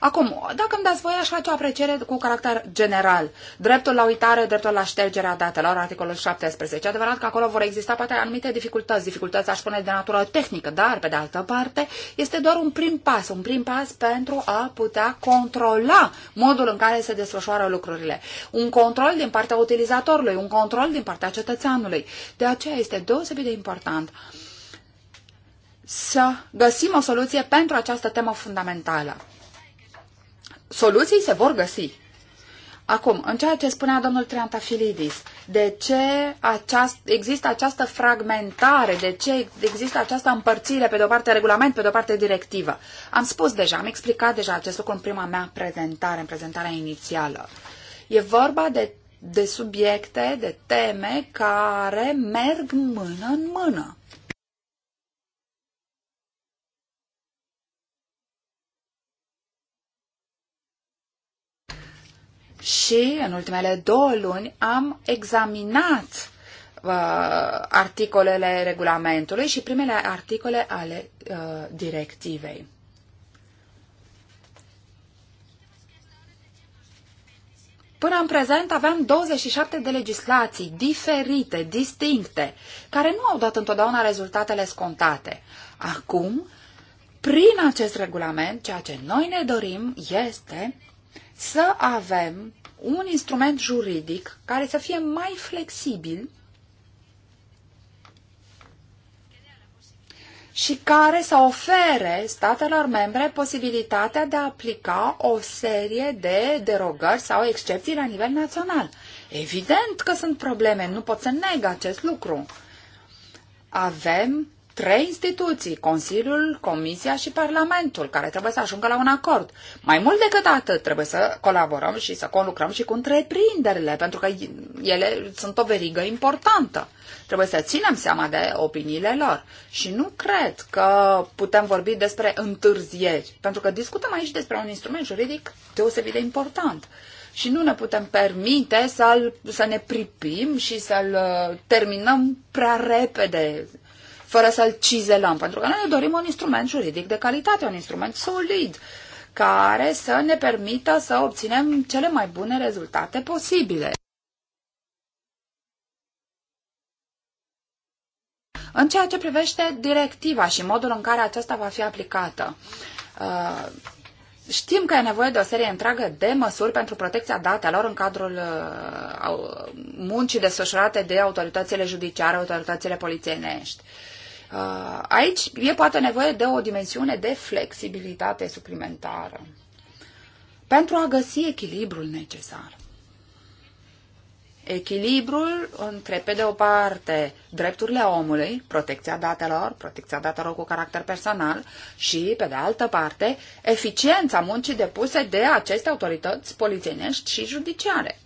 Acum, dacă îmi dați voie, aș face o apreciere cu caracter general. Dreptul la uitare, dreptul la ștergerea datelor, articolul 17. Adevărat că acolo vor exista poate anumite dificultăți, dificultăți aș spune de natură tehnică, dar pe de altă parte este doar un prim pas, un prim pas pentru a putea controla modul în care se desfășoară lucrurile. Un control din partea utilizatorului, un control din partea cetățeanului. De aceea este deosebit de important să găsim o soluție pentru această temă fundamentală soluții se vor găsi. Acum, în ceea ce spunea domnul Triantafilidis, de ce aceast, există această fragmentare, de ce există această împărțire, pe de-o parte regulament, pe de-o parte directivă? Am spus deja, am explicat deja acest lucru în prima mea prezentare, în prezentarea inițială. E vorba de, de subiecte, de teme care merg mână în mână. și în ultimele două luni am examinat uh, articolele regulamentului și primele articole ale uh, directivei. Până în prezent aveam 27 de legislații diferite, distincte, care nu au dat întotdeauna rezultatele scontate. Acum, prin acest regulament, ceea ce noi ne dorim este să avem un instrument juridic care să fie mai flexibil și care să ofere statelor membre posibilitatea de a aplica o serie de derogări sau excepții la nivel național. Evident că sunt probleme, nu pot să neg acest lucru. Avem trei instituții, Consiliul, Comisia și Parlamentul, care trebuie să ajungă la un acord. Mai mult decât atât, trebuie să colaborăm și să conlucrăm și cu întreprinderile, pentru că ele sunt o verigă importantă. Trebuie să ținem seama de opiniile lor. Și nu cred că putem vorbi despre întârzieri, pentru că discutăm aici despre un instrument juridic deosebit de important și nu ne putem permite să, să ne pripim și să-l uh, terminăm prea repede fără să-l cizelăm, pentru că noi ne dorim un instrument juridic de calitate, un instrument solid, care să ne permită să obținem cele mai bune rezultate posibile. În ceea ce privește directiva și modul în care aceasta va fi aplicată, uh, Știm că e nevoie de o serie întreagă de măsuri pentru protecția datelor în cadrul uh, muncii desfășurate de autoritățile judiciare, autoritățile polițienești. Uh, aici e poate nevoie de o dimensiune de flexibilitate suplimentară pentru a găsi echilibrul necesar. Echilibrul între, pe de o parte, drepturile omului, protecția datelor, protecția datelor cu caracter personal și, pe de altă parte, eficiența muncii depuse de aceste autorități polițienești și judiciare.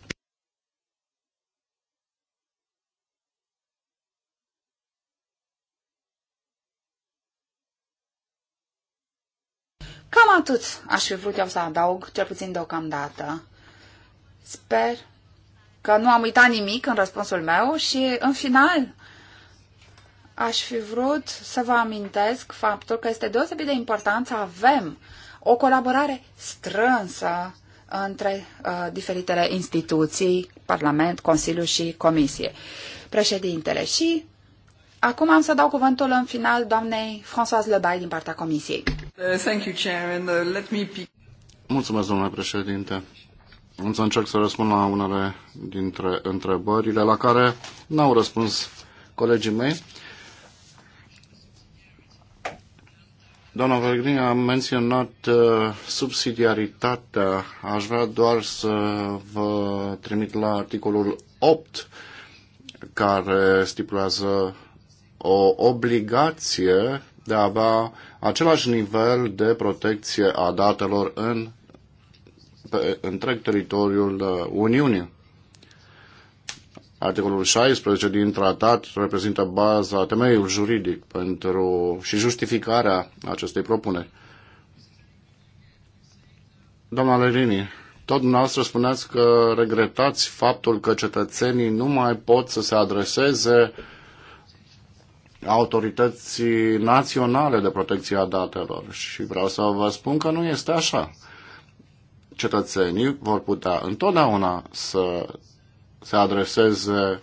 Cam atât aș fi vrut eu să adaug, cel puțin deocamdată. Sper că nu am uitat nimic în răspunsul meu și, în final, aș fi vrut să vă amintesc faptul că este deosebit de important să avem o colaborare strânsă între uh, diferitele instituții, Parlament, Consiliu și Comisie. Președintele și Acum am să dau cuvântul în final doamnei Françoise Lebai din partea Comisiei. Uh, thank you, Chair, and, uh, let me pick... Mulțumesc, domnule președinte. Am să încerc să răspund la unele dintre întrebările la care n-au răspuns colegii mei. Doamna Vergrini a menționat uh, subsidiaritatea. Aș vrea doar să vă trimit la articolul 8 care stipulează o obligație de a avea același nivel de protecție a datelor în pe întreg teritoriul uh, Uniunii. Articolul 16 din tratat reprezintă baza, temeiul juridic pentru și justificarea acestei propuneri. Doamna Lerini, tot dumneavoastră spuneați că regretați faptul că cetățenii nu mai pot să se adreseze uh, autorității naționale de protecție a datelor. Și vreau să vă spun că nu este așa. Cetățenii vor putea întotdeauna să se adreseze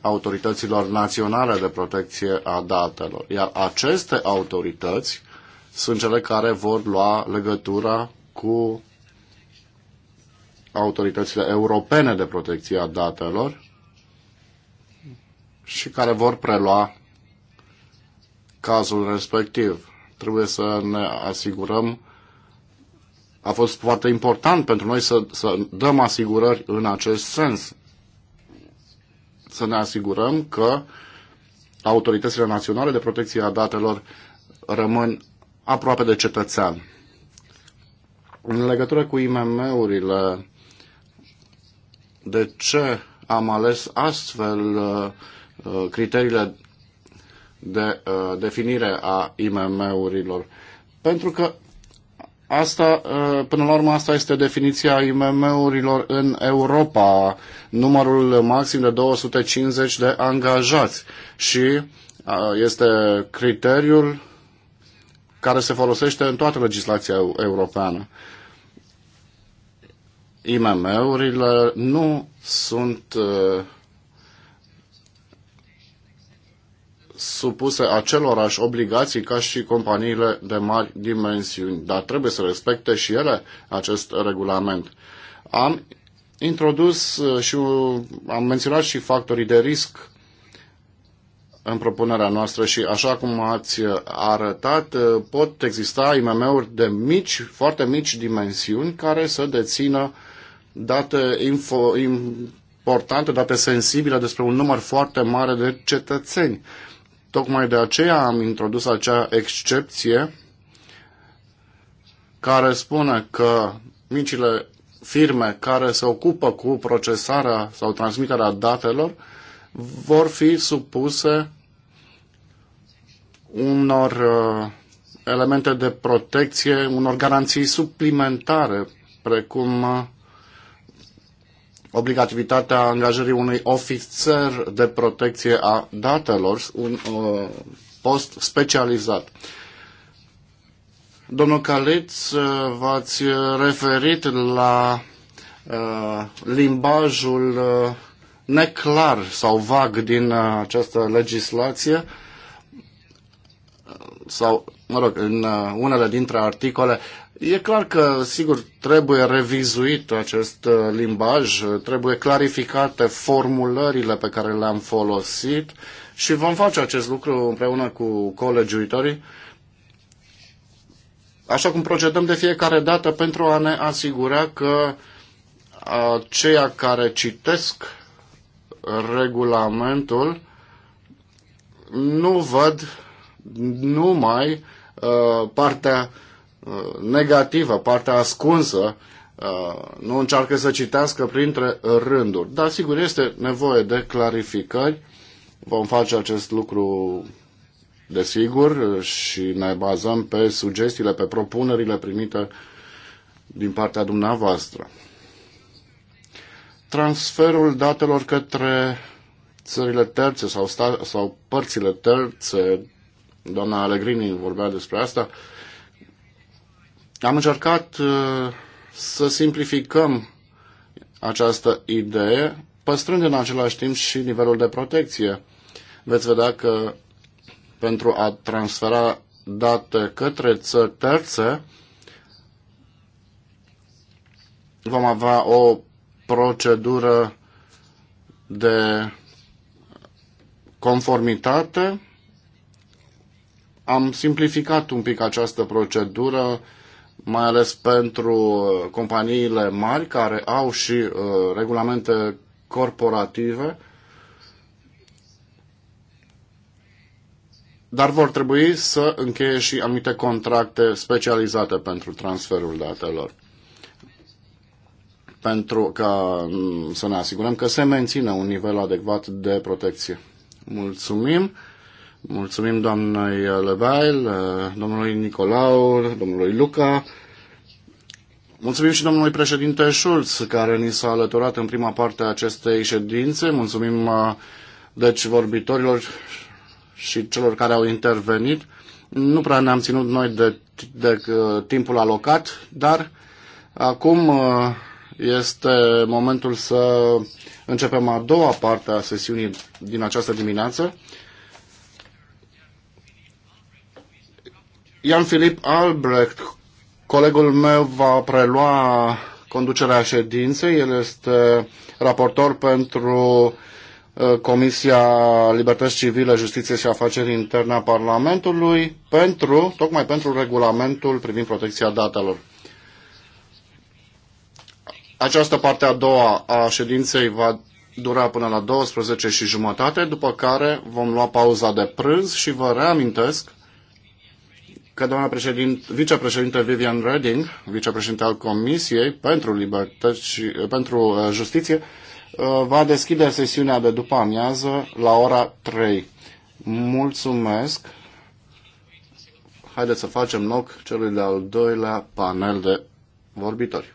autorităților naționale de protecție a datelor. Iar aceste autorități sunt cele care vor lua legătura cu autoritățile europene de protecție a datelor și care vor prelua cazul respectiv. Trebuie să ne asigurăm. A fost foarte important pentru noi să, să dăm asigurări în acest sens. Să ne asigurăm că autoritățile naționale de protecție a datelor rămân aproape de cetățean. În legătură cu IMM-urile, de ce am ales astfel uh, criteriile de uh, definire a IMM-urilor. Pentru că asta, uh, până la urmă, asta este definiția IMM-urilor în Europa, numărul maxim de 250 de angajați și uh, este criteriul care se folosește în toată legislația europeană. IMM-urile nu sunt uh, supuse acelorași obligații ca și companiile de mari dimensiuni, dar trebuie să respecte și ele acest regulament. Am introdus uh, și uh, am menționat și factorii de risc în propunerea noastră și așa cum ați uh, arătat, pot exista IMM-uri de mici, foarte mici dimensiuni care să dețină date info, importante, date sensibile despre un număr foarte mare de cetățeni. Tocmai de aceea am introdus acea excepție care spune că micile firme care se ocupă cu procesarea sau transmiterea datelor vor fi supuse unor uh, elemente de protecție, unor garanții suplimentare, precum uh, obligativitatea angajării unui ofițer de protecție a datelor, un uh, post specializat. Domnul Caliț, uh, v-ați referit la uh, limbajul uh, neclar sau vag din uh, această legislație sau, mă rog, în uh, unele dintre articole E clar că, sigur, trebuie revizuit acest uh, limbaj, uh, trebuie clarificate formulările pe care le-am folosit și vom face acest lucru împreună cu colegiuitorii, așa cum procedăm de fiecare dată pentru a ne asigura că uh, ceia care citesc regulamentul nu văd numai partea negativă, partea ascunsă, uh, nu încearcă să citească printre rânduri. Dar sigur este nevoie de clarificări. Vom face acest lucru desigur și ne bazăm pe sugestiile, pe propunerile primite din partea dumneavoastră. Transferul datelor către țările terțe sau, sta- sau părțile terțe, doamna Alegrini vorbea despre asta, uh, am încercat uh, să simplificăm această idee, păstrând în același timp și nivelul de protecție. Veți vedea că pentru a transfera date către țări terțe, vom avea o procedură de conformitate. Am simplificat un pic această procedură mai ales pentru uh, companiile mari care au și uh, regulamente corporative, dar vor trebui să încheie și anumite contracte specializate pentru transferul datelor. Pentru ca mm, să ne asigurăm că se menține un nivel adecvat de protecție. Mulțumim! Mulțumim doamnei Lebail, uh, domnului Nicolau, domnului Luca. Mulțumim și domnului președinte Schulz, care ni s-a alăturat în prima parte a acestei ședințe. Mulțumim uh, deci vorbitorilor și celor care au intervenit. Nu prea ne-am ținut noi de, de, de uh, timpul alocat, dar acum este momentul să începem a doua parte a sesiunii din această dimineață. Ian Filip Albrecht, colegul meu, va prelua conducerea ședinței. El este raportor pentru uh, Comisia Libertăți Civile, Justiție și Afaceri Interne a Parlamentului pentru, tocmai pentru regulamentul privind protecția datelor. Această parte a doua a ședinței va dura până la 12 și jumătate, după care vom lua pauza de prânz și vă reamintesc că doamna președint, vicepreședinte Vivian Redding, vicepreședinte al Comisiei pentru, libertăți și, uh, pentru uh, Justiție, uh, va deschide sesiunea de după amiază la ora 3. Mulțumesc! Haideți să facem loc celui de-al doilea panel de vorbitori.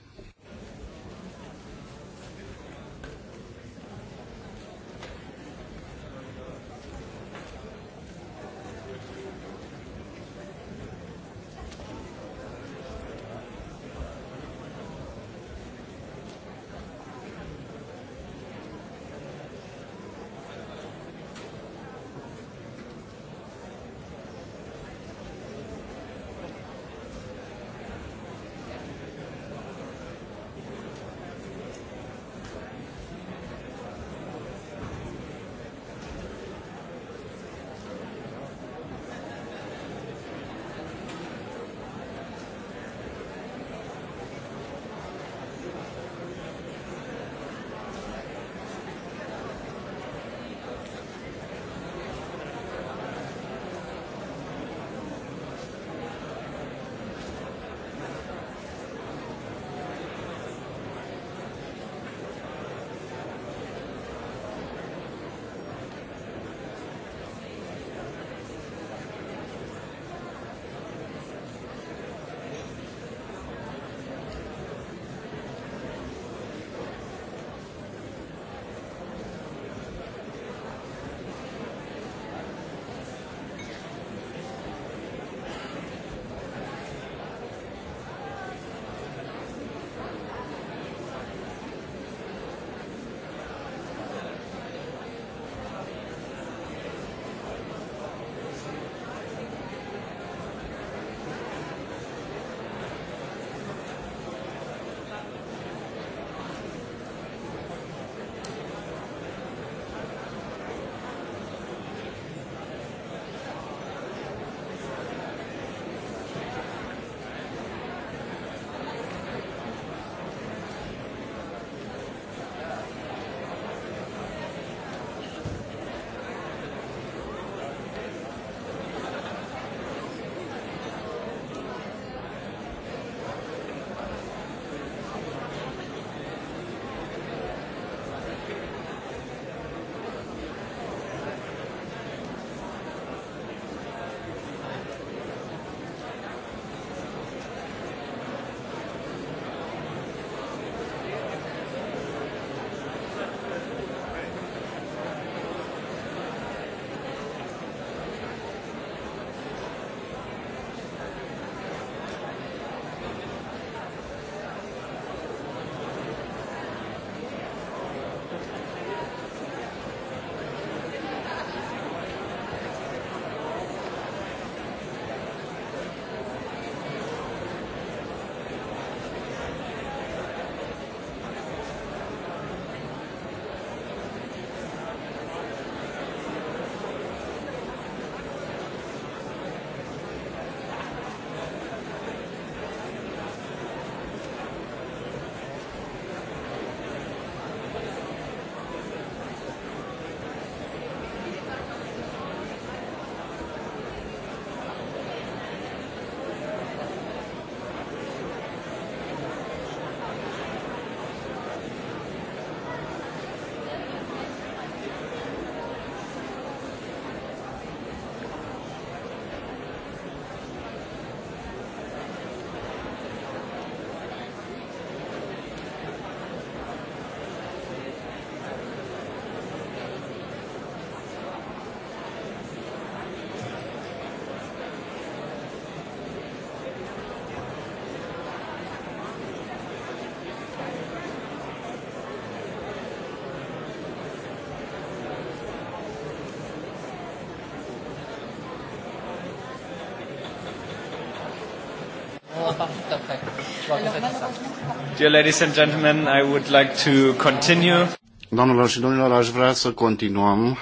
Dear ladies and gentlemen, I would like to continue. Doamnelor și domnilor, aș vrea să continuăm.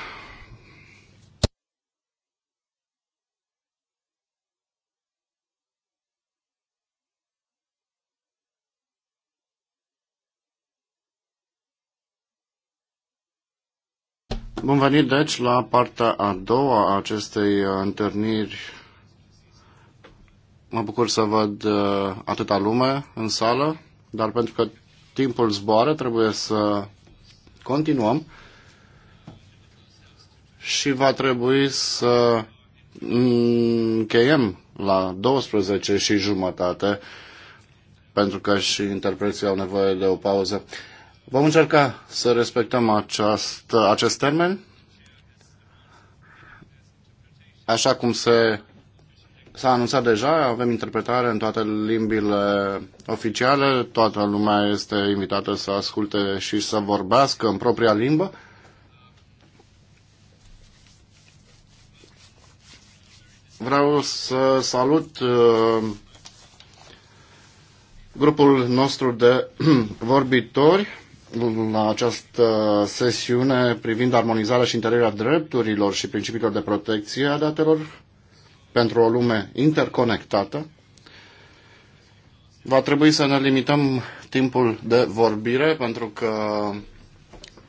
Bun venit, deci, la partea a doua a acestei întâlniri Mă bucur să văd uh, atâta lume în sală, dar pentru că timpul zboară, trebuie să continuăm și va trebui să încheiem la 12 și jumătate, pentru că și interpreții au nevoie de o pauză. Vom încerca să respectăm acest acest termen, așa cum se S-a anunțat deja, avem interpretare în toate limbile oficiale, toată lumea este invitată să asculte și să vorbească în propria limbă. Vreau să salut uh, grupul nostru de vorbitori la această sesiune privind armonizarea și întărirea drepturilor și principiilor de protecție a datelor pentru o lume interconectată, va trebui să ne limităm timpul de vorbire, pentru că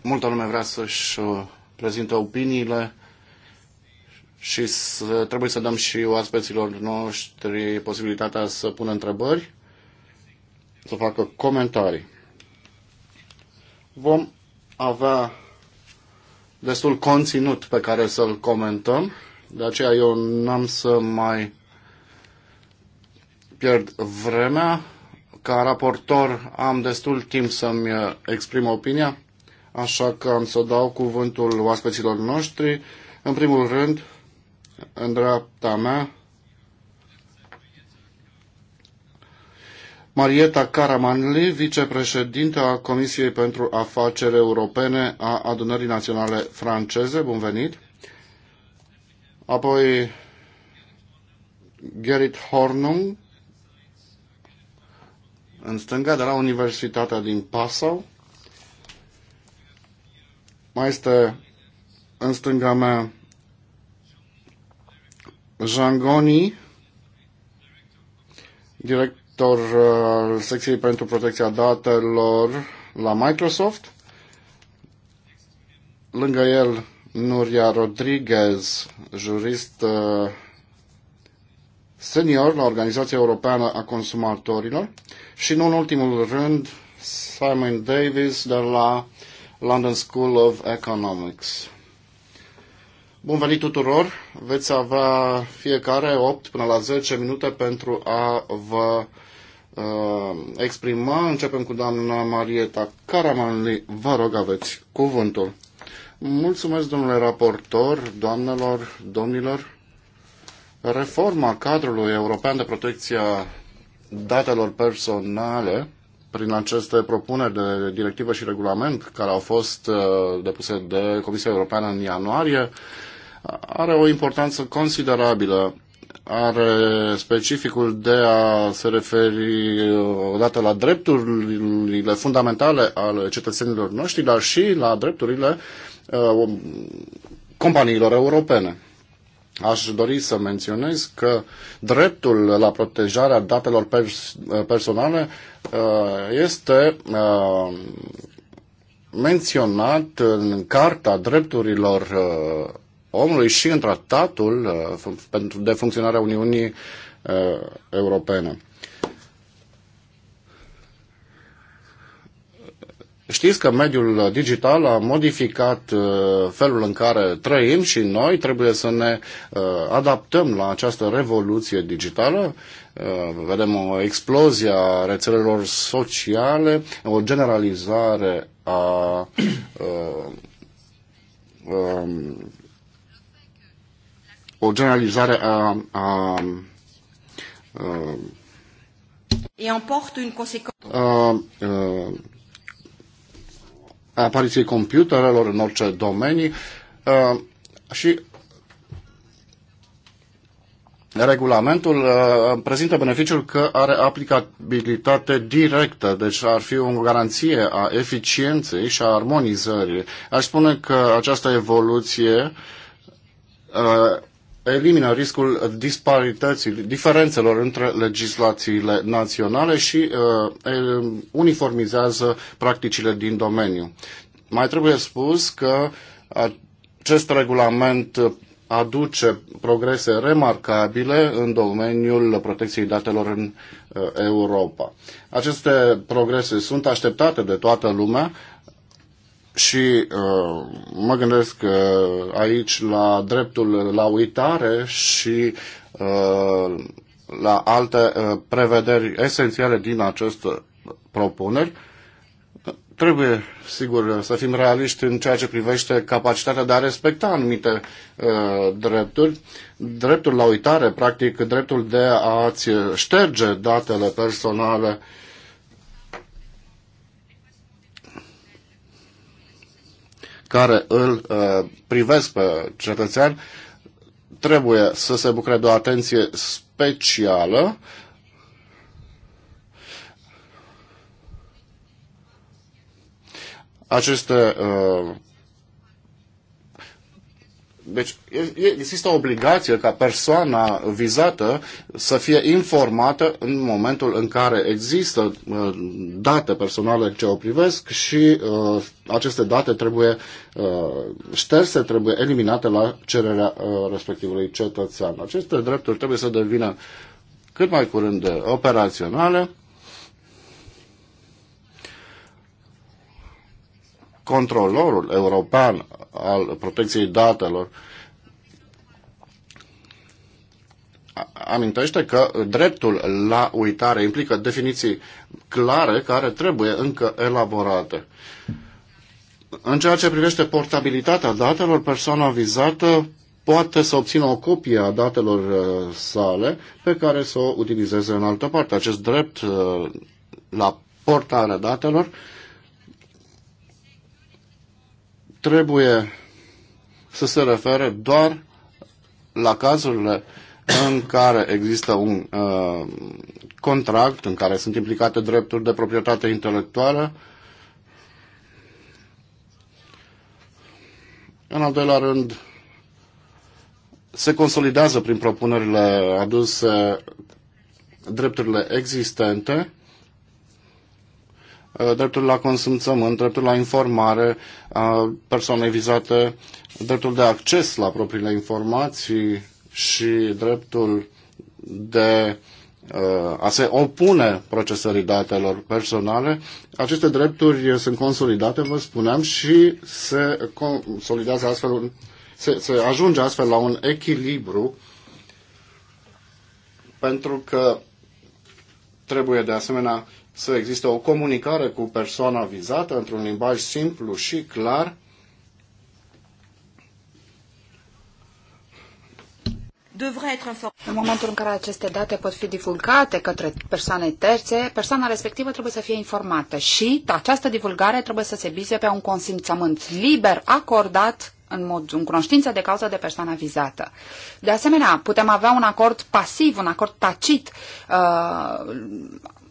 multă lume vrea să-și uh, prezinte opiniile și să, trebuie să dăm și oaspeților noștri posibilitatea să pună întrebări, să facă comentarii. Vom avea destul conținut pe care să-l comentăm. De aceea eu n-am să mai pierd vremea. Ca raportor am destul timp să-mi uh, exprim opinia, așa că am să dau cuvântul oaspeților noștri. În primul rând, în dreapta mea, Marieta Caramanli, vicepreședinte a Comisiei pentru Afaceri Europene a Adunării Naționale Franceze. Bun venit! Apoi Gerrit Hornung în stânga de la Universitatea din Passau. Mai este în stânga mea Jangoni, director uh, al secției pentru protecția datelor la Microsoft. Lângă el Nuria Rodriguez, jurist uh, senior la Organizația Europeană a Consumatorilor și, nu în ultimul rând, Simon Davis de la London School of Economics. Bun venit tuturor! Veți avea fiecare 8 până la 10 minute pentru a vă uh, exprima. Începem cu doamna Marieta Caramanli. Vă rog, aveți cuvântul. Mulțumesc, domnule raportor, doamnelor, domnilor. Reforma cadrului european de protecție a datelor personale prin aceste propuneri de directivă și regulament care au fost uh, depuse de Comisia Europeană în ianuarie are o importanță considerabilă. Are specificul de a se referi uh, odată la drepturile fundamentale ale cetățenilor noștri, dar și la drepturile uh, Uh, um, companiilor europene. Aș dori să menționez că dreptul la protejarea datelor pers- uh, personale uh, este menționat în Carta Drepturilor Omului și în Tratatul de funcționare a Uniunii Europene. Știți că mediul digital a modificat uh, felul în care trăim și noi trebuie să ne uh, adaptăm la această revoluție digitală. Uh, vedem o explozie a rețelelor sociale, o generalizare a, a, a um, o generalizare a, a, a, a apariției computerelor în orice domenii uh, și regulamentul uh, prezintă beneficiul că are aplicabilitate directă, deci ar fi o garanție a eficienței și a armonizării. Aș spune că această evoluție uh, elimină riscul disparității, diferențelor între legislațiile naționale și uh, uniformizează practicile din domeniu. Mai trebuie spus că acest regulament aduce progrese remarcabile în domeniul protecției datelor în uh, Europa. Aceste progrese sunt așteptate de toată lumea, și uh, mă gândesc uh, aici la dreptul la uitare și uh, la alte uh, prevederi esențiale din aceste propuneri. Trebuie, sigur, să fim realiști în ceea ce privește capacitatea de a respecta anumite uh, drepturi. Dreptul la uitare, practic, dreptul de a-ți șterge datele personale uh, care îl uh, privesc pe cetățean trebuie să se bucure de o atenție specială aceste uh, deci există o obligație ca persoana vizată să fie informată în momentul în care există uh, date personale ce o privesc și uh, aceste date trebuie uh, șterse, trebuie eliminate la cererea uh, respectivului cetățean. Aceste drepturi trebuie să devină cât mai curând operaționale controlorul european al protecției datelor amintește că dreptul la uitare implică definiții clare care trebuie încă elaborate. În ceea ce privește portabilitatea datelor, persoana vizată poate să obțină o copie a datelor uh, sale pe care să o utilizeze în altă parte. Acest drept uh, la portarea datelor trebuie să se refere doar la cazurile în care există un uh, contract, în care sunt implicate drepturi de proprietate intelectuală. În al doilea rând, se consolidează prin propunerile aduse drepturile existente Uh, dreptul la consimțământ, dreptul la informare a persoanei vizate, dreptul de acces la propriile informații și dreptul de uh, a se opune procesării datelor personale. Aceste drepturi sunt consolidate, vă spuneam, și se consolidează astfel, se, se ajunge astfel la un echilibru pentru că trebuie de asemenea să existe o comunicare cu persoana vizată într-un limbaj simplu și clar. În momentul în care aceste date pot fi divulgate către persoane terțe, persoana respectivă trebuie să fie informată și această divulgare trebuie să se bize pe un consimțământ liber acordat în, mod, în cunoștință de cauză de persoana vizată. De asemenea, putem avea un acord pasiv, un acord tacit uh,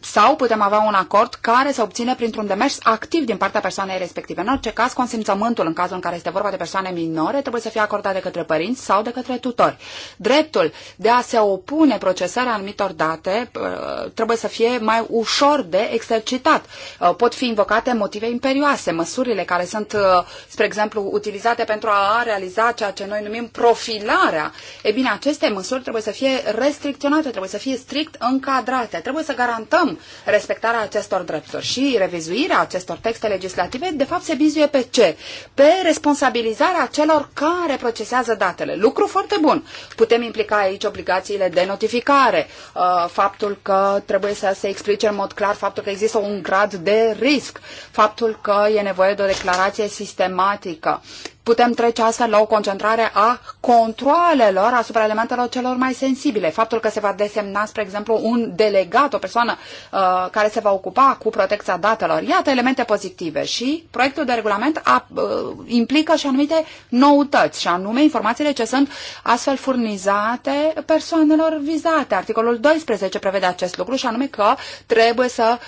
sau putem avea un acord care se obține printr-un demers activ din partea persoanei respective. În orice caz, consimțământul în cazul în care este vorba de persoane minore trebuie să fie acordat de către părinți sau de către tutori. Dreptul de a se opune procesarea anumitor date uh, trebuie să fie mai ușor de exercitat. Uh, pot fi invocate motive imperioase, măsurile care sunt, uh, spre exemplu, utilizate pentru a realiza ceea ce noi numim profilarea. E bine, aceste măsuri trebuie să fie restricționate, trebuie să fie strict încadrate, trebuie să garantăm respectarea acestor drepturi și revizuirea acestor texte legislative, de fapt se bizuie pe ce? Pe responsabilizarea celor care procesează datele. Lucru foarte bun. Putem implica aici obligațiile de notificare, uh, faptul că trebuie să se explice în mod clar faptul că există un grad de risc, faptul că e nevoie de o declarație sistematică, Putem trece astfel la o concentrare a controalelor asupra elementelor celor mai sensibile. Faptul că se va desemna, spre exemplu, un delegat, o persoană uh, care se va ocupa cu protecția datelor. Iată elemente pozitive și proiectul de regulament a, uh, implică și anumite noutăți, și anume informațiile ce sunt astfel furnizate persoanelor vizate. Articolul 12 prevede acest lucru și anume că trebuie să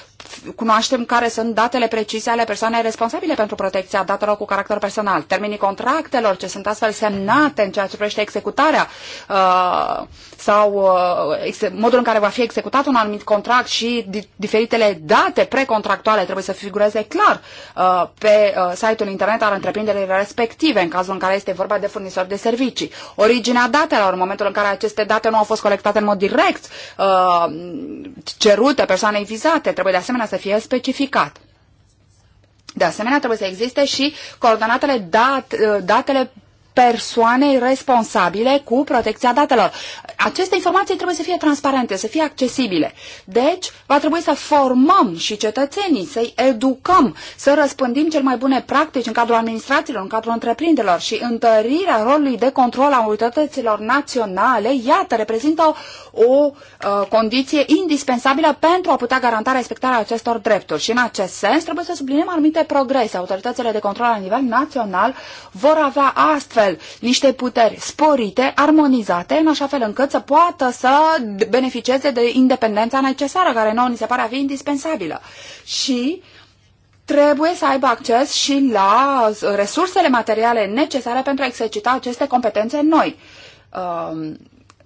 cunoaștem care sunt datele precise ale persoanei responsabile pentru protecția datelor cu caracter personal. Termenii contractelor ce sunt astfel semnate în ceea ce privește executarea uh, sau uh, modul în care va fi executat un anumit contract și di diferitele date precontractuale trebuie să figureze clar uh, pe uh, site-ul internet al întreprinderilor respective în cazul în care este vorba de furnizori de servicii. Originea datelor, în momentul în care aceste date nu au fost colectate în mod direct, uh, cerute persoanei vizate, trebuie de asemenea să fie specificat. De asemenea, trebuie să existe și coordonatele dat, eh, datele persoanei responsabile cu protecția datelor. Aceste informații trebuie să fie transparente, să fie accesibile. Deci, va trebui să formăm și cetățenii, să-i educăm, să răspândim cel mai bune practici în cadrul administrațiilor, în cadrul întreprinderilor și întărirea rolului de control a autorităților naționale, iată, reprezintă o, o uh, condiție indispensabilă pentru a putea garanta respectarea acestor drepturi. Și în acest sens trebuie să subliniem anumite progrese. Autoritățile de control la nivel național vor avea astfel fel niște puteri sporite, armonizate, în așa fel încât să poată să beneficieze de independența necesară, care nouă ni se pare a fi indispensabilă. Și trebuie să aibă acces și la uh, resursele materiale necesare pentru a exercita aceste competențe noi. Um,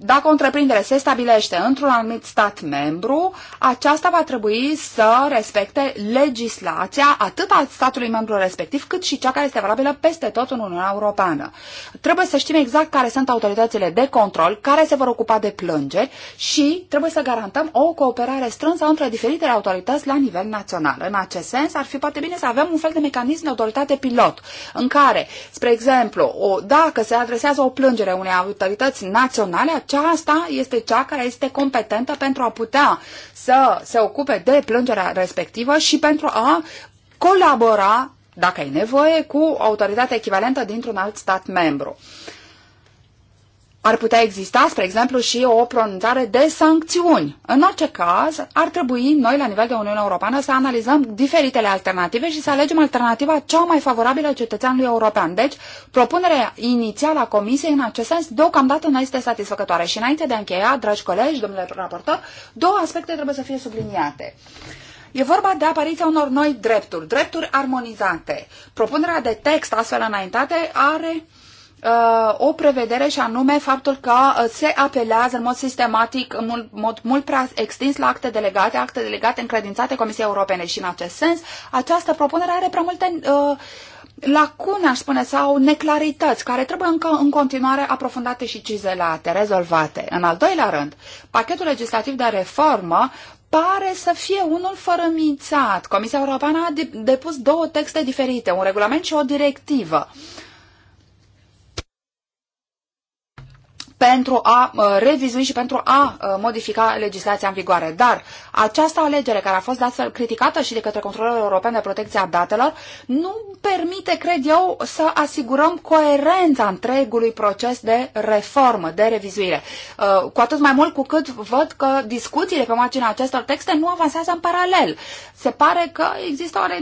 dacă o întreprindere se stabilește într-un anumit stat membru, aceasta va trebui să respecte legislația atât a statului membru respectiv, cât și cea care este valabilă peste tot în Uniunea Europeană. Trebuie să știm exact care sunt autoritățile de control, care se vor ocupa de plângeri și trebuie să garantăm o cooperare strânsă între diferitele autorități la nivel național. În acest sens, ar fi poate bine să avem un fel de mecanism de autoritate pilot, în care, spre exemplu, o, dacă se adresează o plângere unei autorități naționale, aceasta este cea care este competentă pentru a putea să se ocupe de plângerea respectivă și pentru a colabora dacă e nevoie, cu autoritatea echivalentă dintr-un alt stat membru ar putea exista, spre exemplu, și o pronunțare de sancțiuni. În orice caz, ar trebui noi, la nivel de Uniunea Europeană, să analizăm diferitele alternative și să alegem alternativa cea mai favorabilă cetățeanului european. Deci, propunerea inițială a Comisiei în acest sens deocamdată nu este satisfăcătoare. Și înainte de a încheia, dragi colegi, domnule raportor, două aspecte trebuie să fie subliniate. E vorba de apariția unor noi drepturi, drepturi armonizate. Propunerea de text astfel înaintate are Uh, o prevedere și anume faptul că uh, se apelează în mod sistematic, în mod mult prea extins la acte delegate, acte delegate încredințate Comisiei Europene și în acest sens această propunere are prea multe uh, lacune, aș spune, sau neclarități, care trebuie încă în continuare aprofundate și cizelate, rezolvate. În al doilea rând, pachetul legislativ de reformă pare să fie unul fără mințat. Comisia Europeană a depus două texte diferite, un regulament și o directivă. Uh, pentru a uh, revizui și pentru a uh, modifica legislația în vigoare. Dar această alegere care a fost dată criticată și de către Controlul European de Protecție a Datelor nu permite, cred eu, să asigurăm coerența întregului proces de reformă, de revizuire. Uh, cu atât mai mult cu cât văd că discuțiile pe marginea acestor texte nu avansează în paralel. Se pare că există oare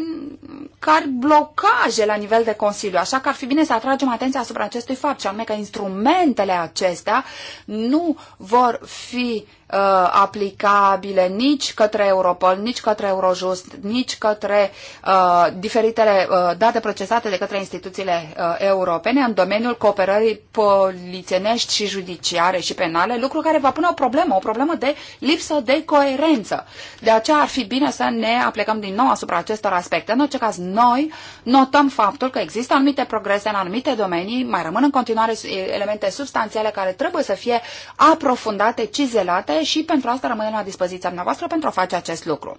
care blocaje la nivel de Consiliu, așa că ar fi bine să atragem atenția asupra acestui fapt, și anume că instrumentele acestea acestea nu vor fi uh, aplicabile nici către Europol, nici către Eurojust, nici către uh, diferitele uh, date procesate de către instituțiile uh, europene în domeniul cooperării polițienești și judiciare și penale, lucru care va pune o problemă, o problemă de lipsă de coerență. De aceea ar fi bine să ne aplicăm din nou asupra acestor aspecte. În orice caz, noi notăm faptul că există anumite progrese în anumite domenii, mai rămân în continuare elemente substanțiale care trebuie să fie aprofundate, cizelate și pentru asta rămânem la dispoziția noastră pentru a face acest lucru.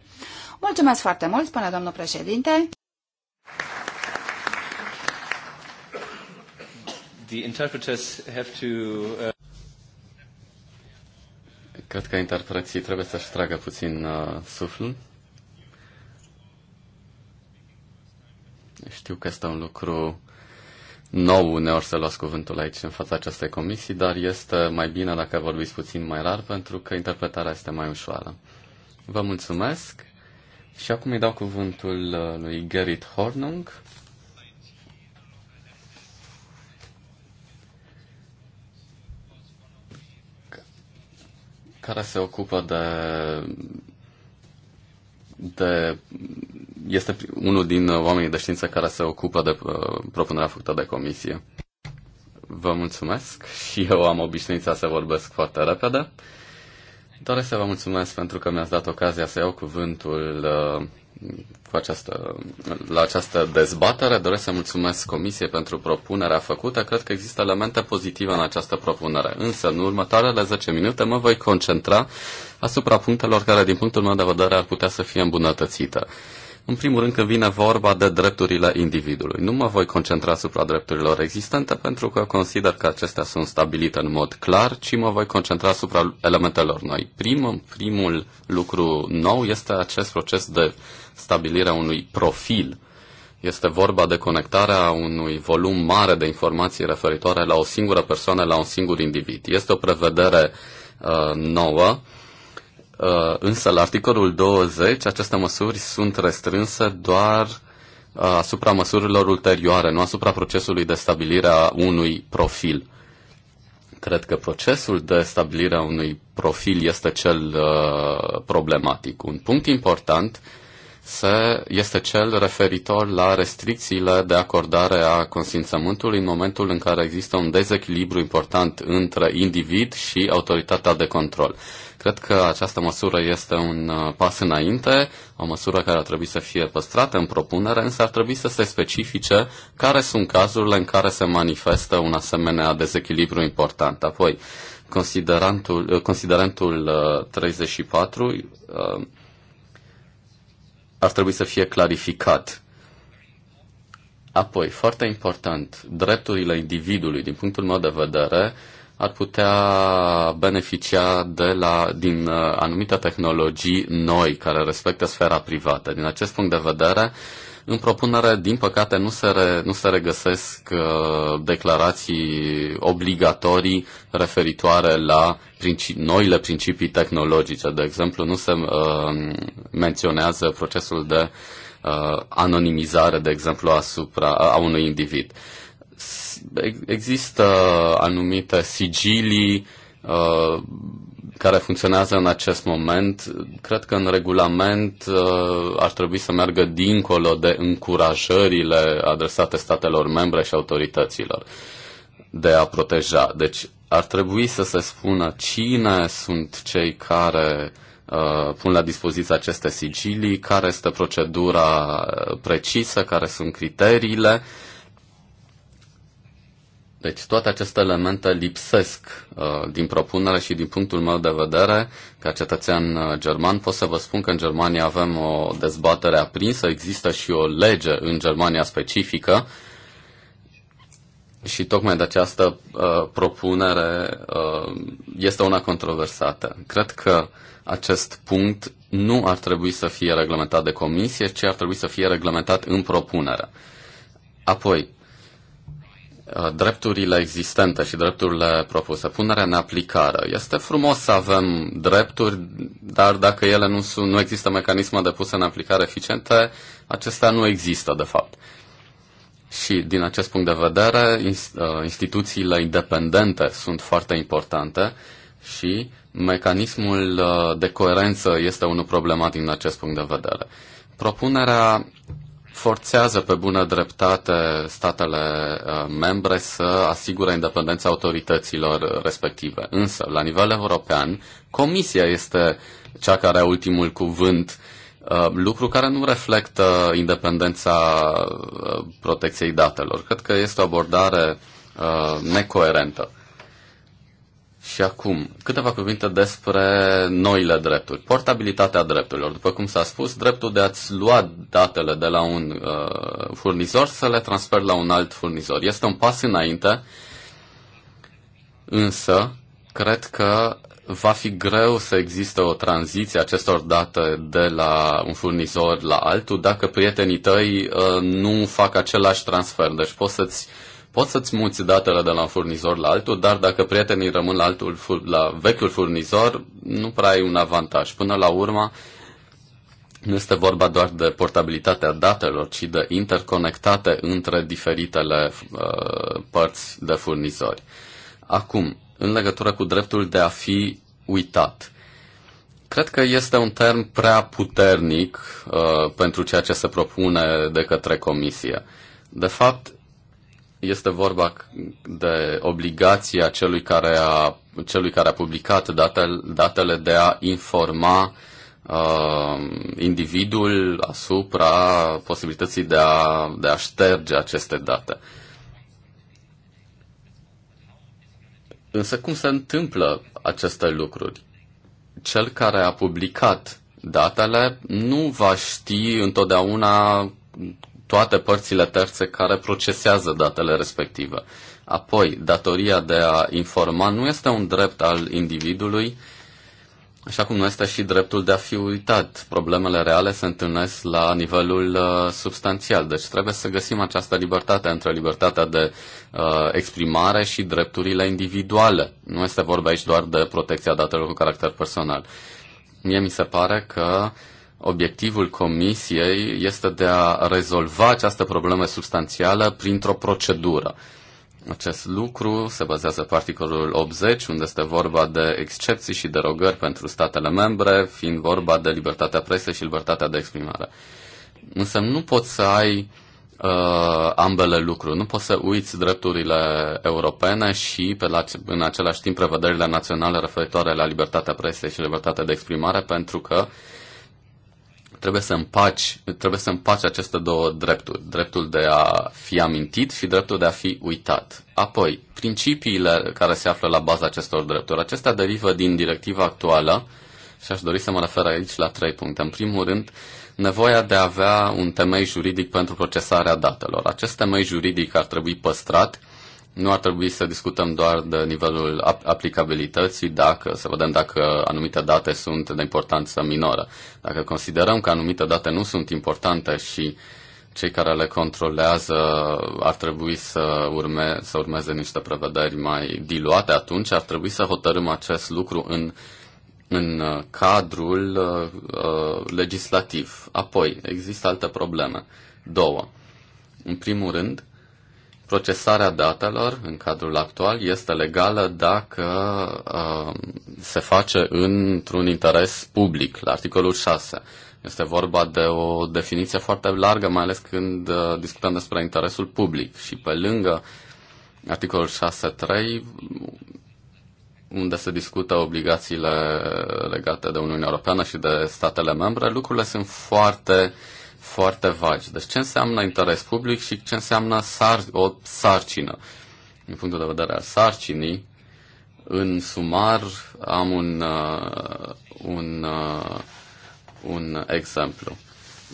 Mulțumesc foarte mult, spune domnul președinte. The interpreters have to, uh, Cred că interpreții trebuie să-și tragă puțin uh, suflul. Știu că este un lucru nou uneori să las cuvântul aici în fața acestei comisii, dar este mai bine dacă vorbiți puțin mai rar, pentru că interpretarea este mai ușoară. Vă mulțumesc și acum îi dau cuvântul uh, lui Gerrit Hornung. care se ocupă de de, este unul din uh, oamenii de știință care se ocupă de uh, propunerea făcută de comisie. Vă mulțumesc și eu am obișnuința să vorbesc foarte repede. Doresc să vă mulțumesc pentru că mi-ați dat ocazia să iau cuvântul uh, cu această, la această dezbatere. Doresc să mulțumesc comisie pentru propunerea făcută. Cred că există elemente pozitive în această propunere. Însă, în următoarele 10 minute mă voi concentra asupra punctelor care, din punctul meu de vedere, ar putea să fie îmbunătățită. În primul rând, când vine vorba de drepturile individului, nu mă voi concentra asupra drepturilor existente pentru că consider că acestea sunt stabilite în mod clar, ci mă voi concentra asupra elementelor noi. Primul, primul lucru nou este acest proces de stabilire a unui profil. Este vorba de conectarea unui volum mare de informații referitoare la o singură persoană, la un singur individ. Este o prevedere uh, nouă Uh, însă, la articolul 20, aceste măsuri sunt restrânse doar uh, asupra măsurilor ulterioare, nu asupra procesului de stabilire a unui profil. Cred că procesul de stabilire a unui profil este cel uh, problematic. Un punct important se, este cel referitor la restricțiile de acordare a consimțământului în momentul în care există un dezechilibru important între individ și autoritatea de control. Uh, Cred că această măsură este un uh, pas înainte, o măsură care ar trebui să fie păstrată în propunere, însă ar trebui să se specifice care sunt cazurile în care se manifestă un asemenea dezechilibru important. Apoi, considerantul, uh, considerantul 34 uh, ar trebui să fie clarificat. Apoi, foarte important, drepturile individului, din punctul meu de vedere, uh, ar putea beneficia de la, din uh, anumite tehnologii noi care respectă sfera privată. Din acest punct de vedere, în propunere, din păcate, nu se, re, nu se regăsesc uh, declarații obligatorii referitoare la princi- noile principii tehnologice. De exemplu, nu se uh, menționează procesul de uh, anonimizare, de exemplu, asupra a unui individ. Uh, există anumite sigilii uh, care funcționează în acest moment. Cred că în regulament uh, ar trebui să meargă dincolo de încurajările adresate statelor membre și autorităților de a proteja. Deci ar trebui să se spună cine sunt cei care uh, pun la dispoziție aceste sigilii, care este procedura uh, precisă, care sunt criteriile uh, deci toate aceste elemente lipsesc uh, din propunere și din punctul meu de vedere, ca cetățean uh, german, pot să vă spun că în Germania avem o dezbatere aprinsă, există și o lege în Germania specifică și tocmai de această uh, propunere uh, este una controversată. Cred că acest punct nu ar trebui să fie reglementat de comisie, ci ar trebui să fie reglementat în propunere. Apoi, Uh, drepturile existente și drepturile propuse, punerea în aplicare. Este frumos să avem drepturi, dar dacă ele nu, sunt, nu există mecanisme de pus în aplicare eficiente, acestea nu există, de fapt. Și din acest punct de vedere, uh, instituțiile independente sunt foarte importante și mecanismul uh, de coerență este unul problematic din acest punct de vedere. Propunerea forțează pe bună dreptate statele uh, membre să asigure independența autorităților respective. Însă, la nivel european, Comisia este cea care are ultimul cuvânt, uh, lucru care nu reflectă independența uh, protecției datelor. Cred că este o abordare necoerentă. Și acum, câteva cuvinte despre noile drepturi. Portabilitatea drepturilor. După cum s-a spus, dreptul de a-ți lua datele de la un uh, furnizor să le transferi la un alt furnizor. Este un pas înainte, însă cred că va fi greu să existe o tranziție acestor date de la un furnizor la altul dacă prietenii tăi uh, nu fac același transfer. Deci poți să-ți uh, Poți să-ți muți datele de la un furnizor la altul, dar dacă prietenii rămân la, altul, la vechiul furnizor, nu prea ai un avantaj. Până la urmă, nu este vorba doar de portabilitatea datelor, ci de interconectate între diferitele uh, părți de furnizori. Acum, în legătură cu dreptul de a fi uitat. Cred că este un term prea puternic uh, pentru ceea ce se propune de către comisie. De fapt, este vorba de obligația celui care a, celui care a publicat datele, datele de a informa uh, individul asupra posibilității de a, de a șterge aceste date. Însă cum se întâmplă aceste lucruri? Cel care a publicat datele nu va ști întotdeauna toate părțile terțe care procesează datele respective. Apoi, datoria de a informa nu este un drept al individului, așa cum nu este și dreptul de a fi uitat. Problemele reale se întâlnesc la nivelul uh, substanțial, deci trebuie să găsim această libertate între libertatea de uh, exprimare și drepturile individuale. Nu este vorba aici doar de protecția datelor cu caracter personal. Mie mi se pare că uh, obiectivul Comisiei este de a rezolva această problemă substanțială printr-o procedură. Acest lucru se bazează pe articolul 80, unde este vorba de excepții și derogări pentru statele membre, fiind vorba de libertatea presei și libertatea de exprimare. Însă nu poți să ai uh, ambele lucruri. Nu poți să uiți drepturile europene și pe la, în același timp prevederile naționale referitoare la libertatea presei și libertatea de exprimare, pentru că uh, trebuie să împaci, trebuie să împaci aceste două drepturi, dreptul de a fi amintit și dreptul de a fi uitat. Apoi, principiile care se află la baza acestor drepturi, acestea derivă din directiva actuală și aș dori să mă refer aici la trei puncte. În primul rând, nevoia de a avea un temei juridic pentru procesarea datelor. Acest temei juridic ar trebui păstrat nu ar trebui să discutăm doar de nivelul aplicabilității, dacă, să vedem dacă anumite date sunt de importanță minoră. Dacă considerăm că anumite date nu sunt importante și cei care le controlează ar trebui să, urme, să urmeze niște prevederi mai diluate, atunci ar trebui să hotărâm acest lucru în, în uh, cadrul uh, uh, legislativ. Apoi, există alte probleme. Două. În primul rând, procesarea datelor în cadrul actual este legală dacă uh, se face într-un interes public, la articolul 6. Este vorba de o definiție foarte largă, mai ales când uh, discutăm despre interesul public. Și pe lângă articolul 6.3, unde se discută obligațiile legate de Uniunea Europeană și de statele membre, lucrurile sunt foarte uh, foarte vagi. Deci ce înseamnă interes public și ce înseamnă sar- o sarcină. Din punctul de vedere al sarcinii, în sumar am un, uh, un, uh, un exemplu.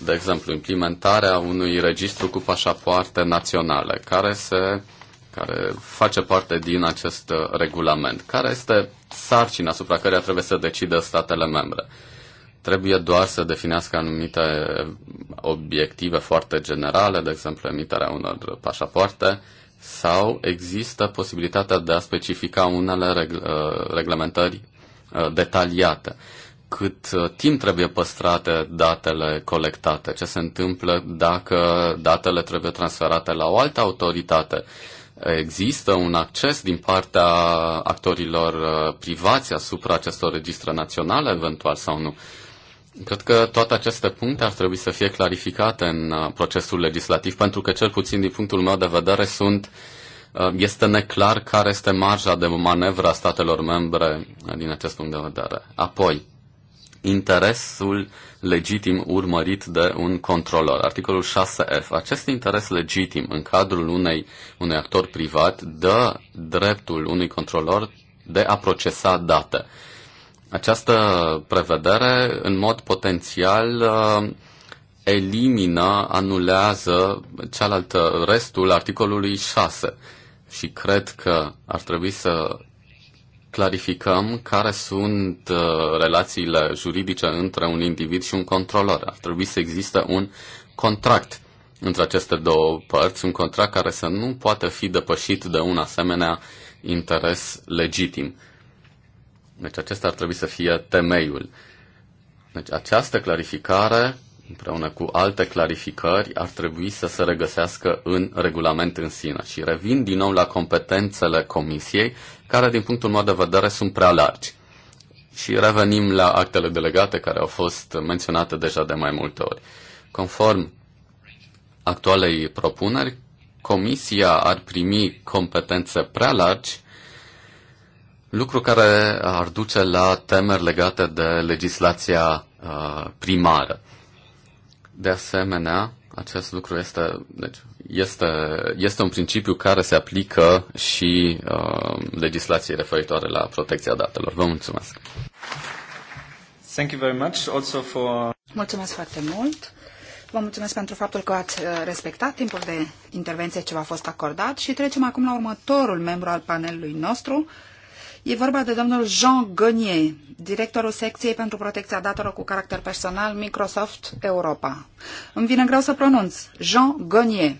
De exemplu, implementarea unui registru cu pașapoarte naționale, care, se, care face parte din acest uh, regulament, care este sarcina asupra căreia trebuie să decidă statele membre. Uh, trebuie doar să definească anumite obiective foarte generale, de exemplu emiterea unor pașapoarte, sau există posibilitatea de a specifica unele regl- uh, reglementări uh, detaliate. Cât uh, timp trebuie păstrate datele colectate? Ce se întâmplă dacă datele trebuie transferate la o altă autoritate? Există un acces din partea actorilor privați asupra acestor registre naționale, eventual sau nu? Cred că toate aceste puncte ar trebui să fie clarificate în uh, procesul legislativ, pentru că, cel puțin din punctul meu de vedere, sunt, uh, este neclar care este marja de manevră a statelor membre uh, din acest punct de vedere. Apoi, interesul legitim urmărit de un controlor. Articolul 6F. Acest interes legitim în cadrul unei, unui actor privat dă dreptul unui controlor de a procesa date. Această prevedere, în mod potențial, uh, elimină, anulează cealaltă, restul articolului 6. Și cred că ar trebui să clarificăm care sunt uh, relațiile juridice între un individ și un controlor. Ar trebui să existe un contract între aceste două părți, un contract care să nu poată fi depășit de un asemenea interes legitim. Deci acesta ar trebui să fie temeiul. Deci această clarificare, împreună cu alte clarificări, ar trebui să se regăsească în regulament în sine. Și revin din nou la competențele comisiei, care din punctul meu de vedere sunt prea largi. Și revenim la actele delegate care au fost menționate deja de mai multe ori. Conform actualei propuneri, Comisia ar primi competențe prea largi lucru care ar duce la temeri legate de legislația uh, primară. De asemenea, acest lucru este, deci, este, este un principiu care se aplică și uh, legislației referitoare la protecția datelor. Vă mulțumesc! Thank you very much also for... Mulțumesc foarte mult! Vă mulțumesc pentru faptul că ați uh, respectat timpul de intervenție ce v-a fost acordat și trecem acum la următorul membru al panelului nostru, E vorba de domnul Jean Gonier, directorul secției pentru protecția datelor cu caracter personal Microsoft Europa. Îmi vine greu să pronunț. Jean Gonier.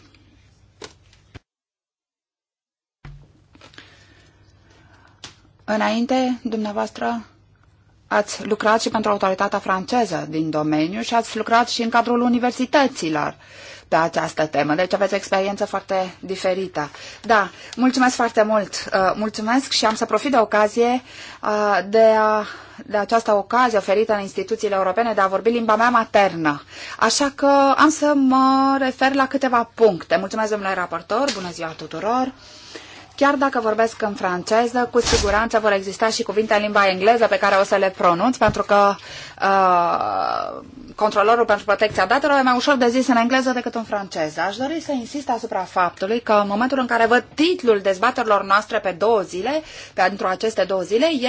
Înainte, dumneavoastră, ați lucrat și pentru autoritatea franceză din domeniu și ați lucrat și în cadrul universităților pe această temă. Deci aveți o experiență foarte diferită. Da, mulțumesc foarte mult. Uh, mulțumesc și am să profit de ocazie uh, de, a, de această ocazie oferită în instituțiile europene de a vorbi limba mea maternă. Așa că am să mă refer la câteva puncte. Mulțumesc, domnule raportor. Bună ziua tuturor. Chiar dacă vorbesc în franceză, cu siguranță vor exista și cuvinte în limba engleză pe care o să le pronunț, pentru că uh, controlorul pentru protecția datelor e mai ușor de zis în engleză decât în franceză. Aș dori să insist asupra faptului că în momentul în care văd titlul dezbaterilor noastre pe două zile, pentru aceste două zile, e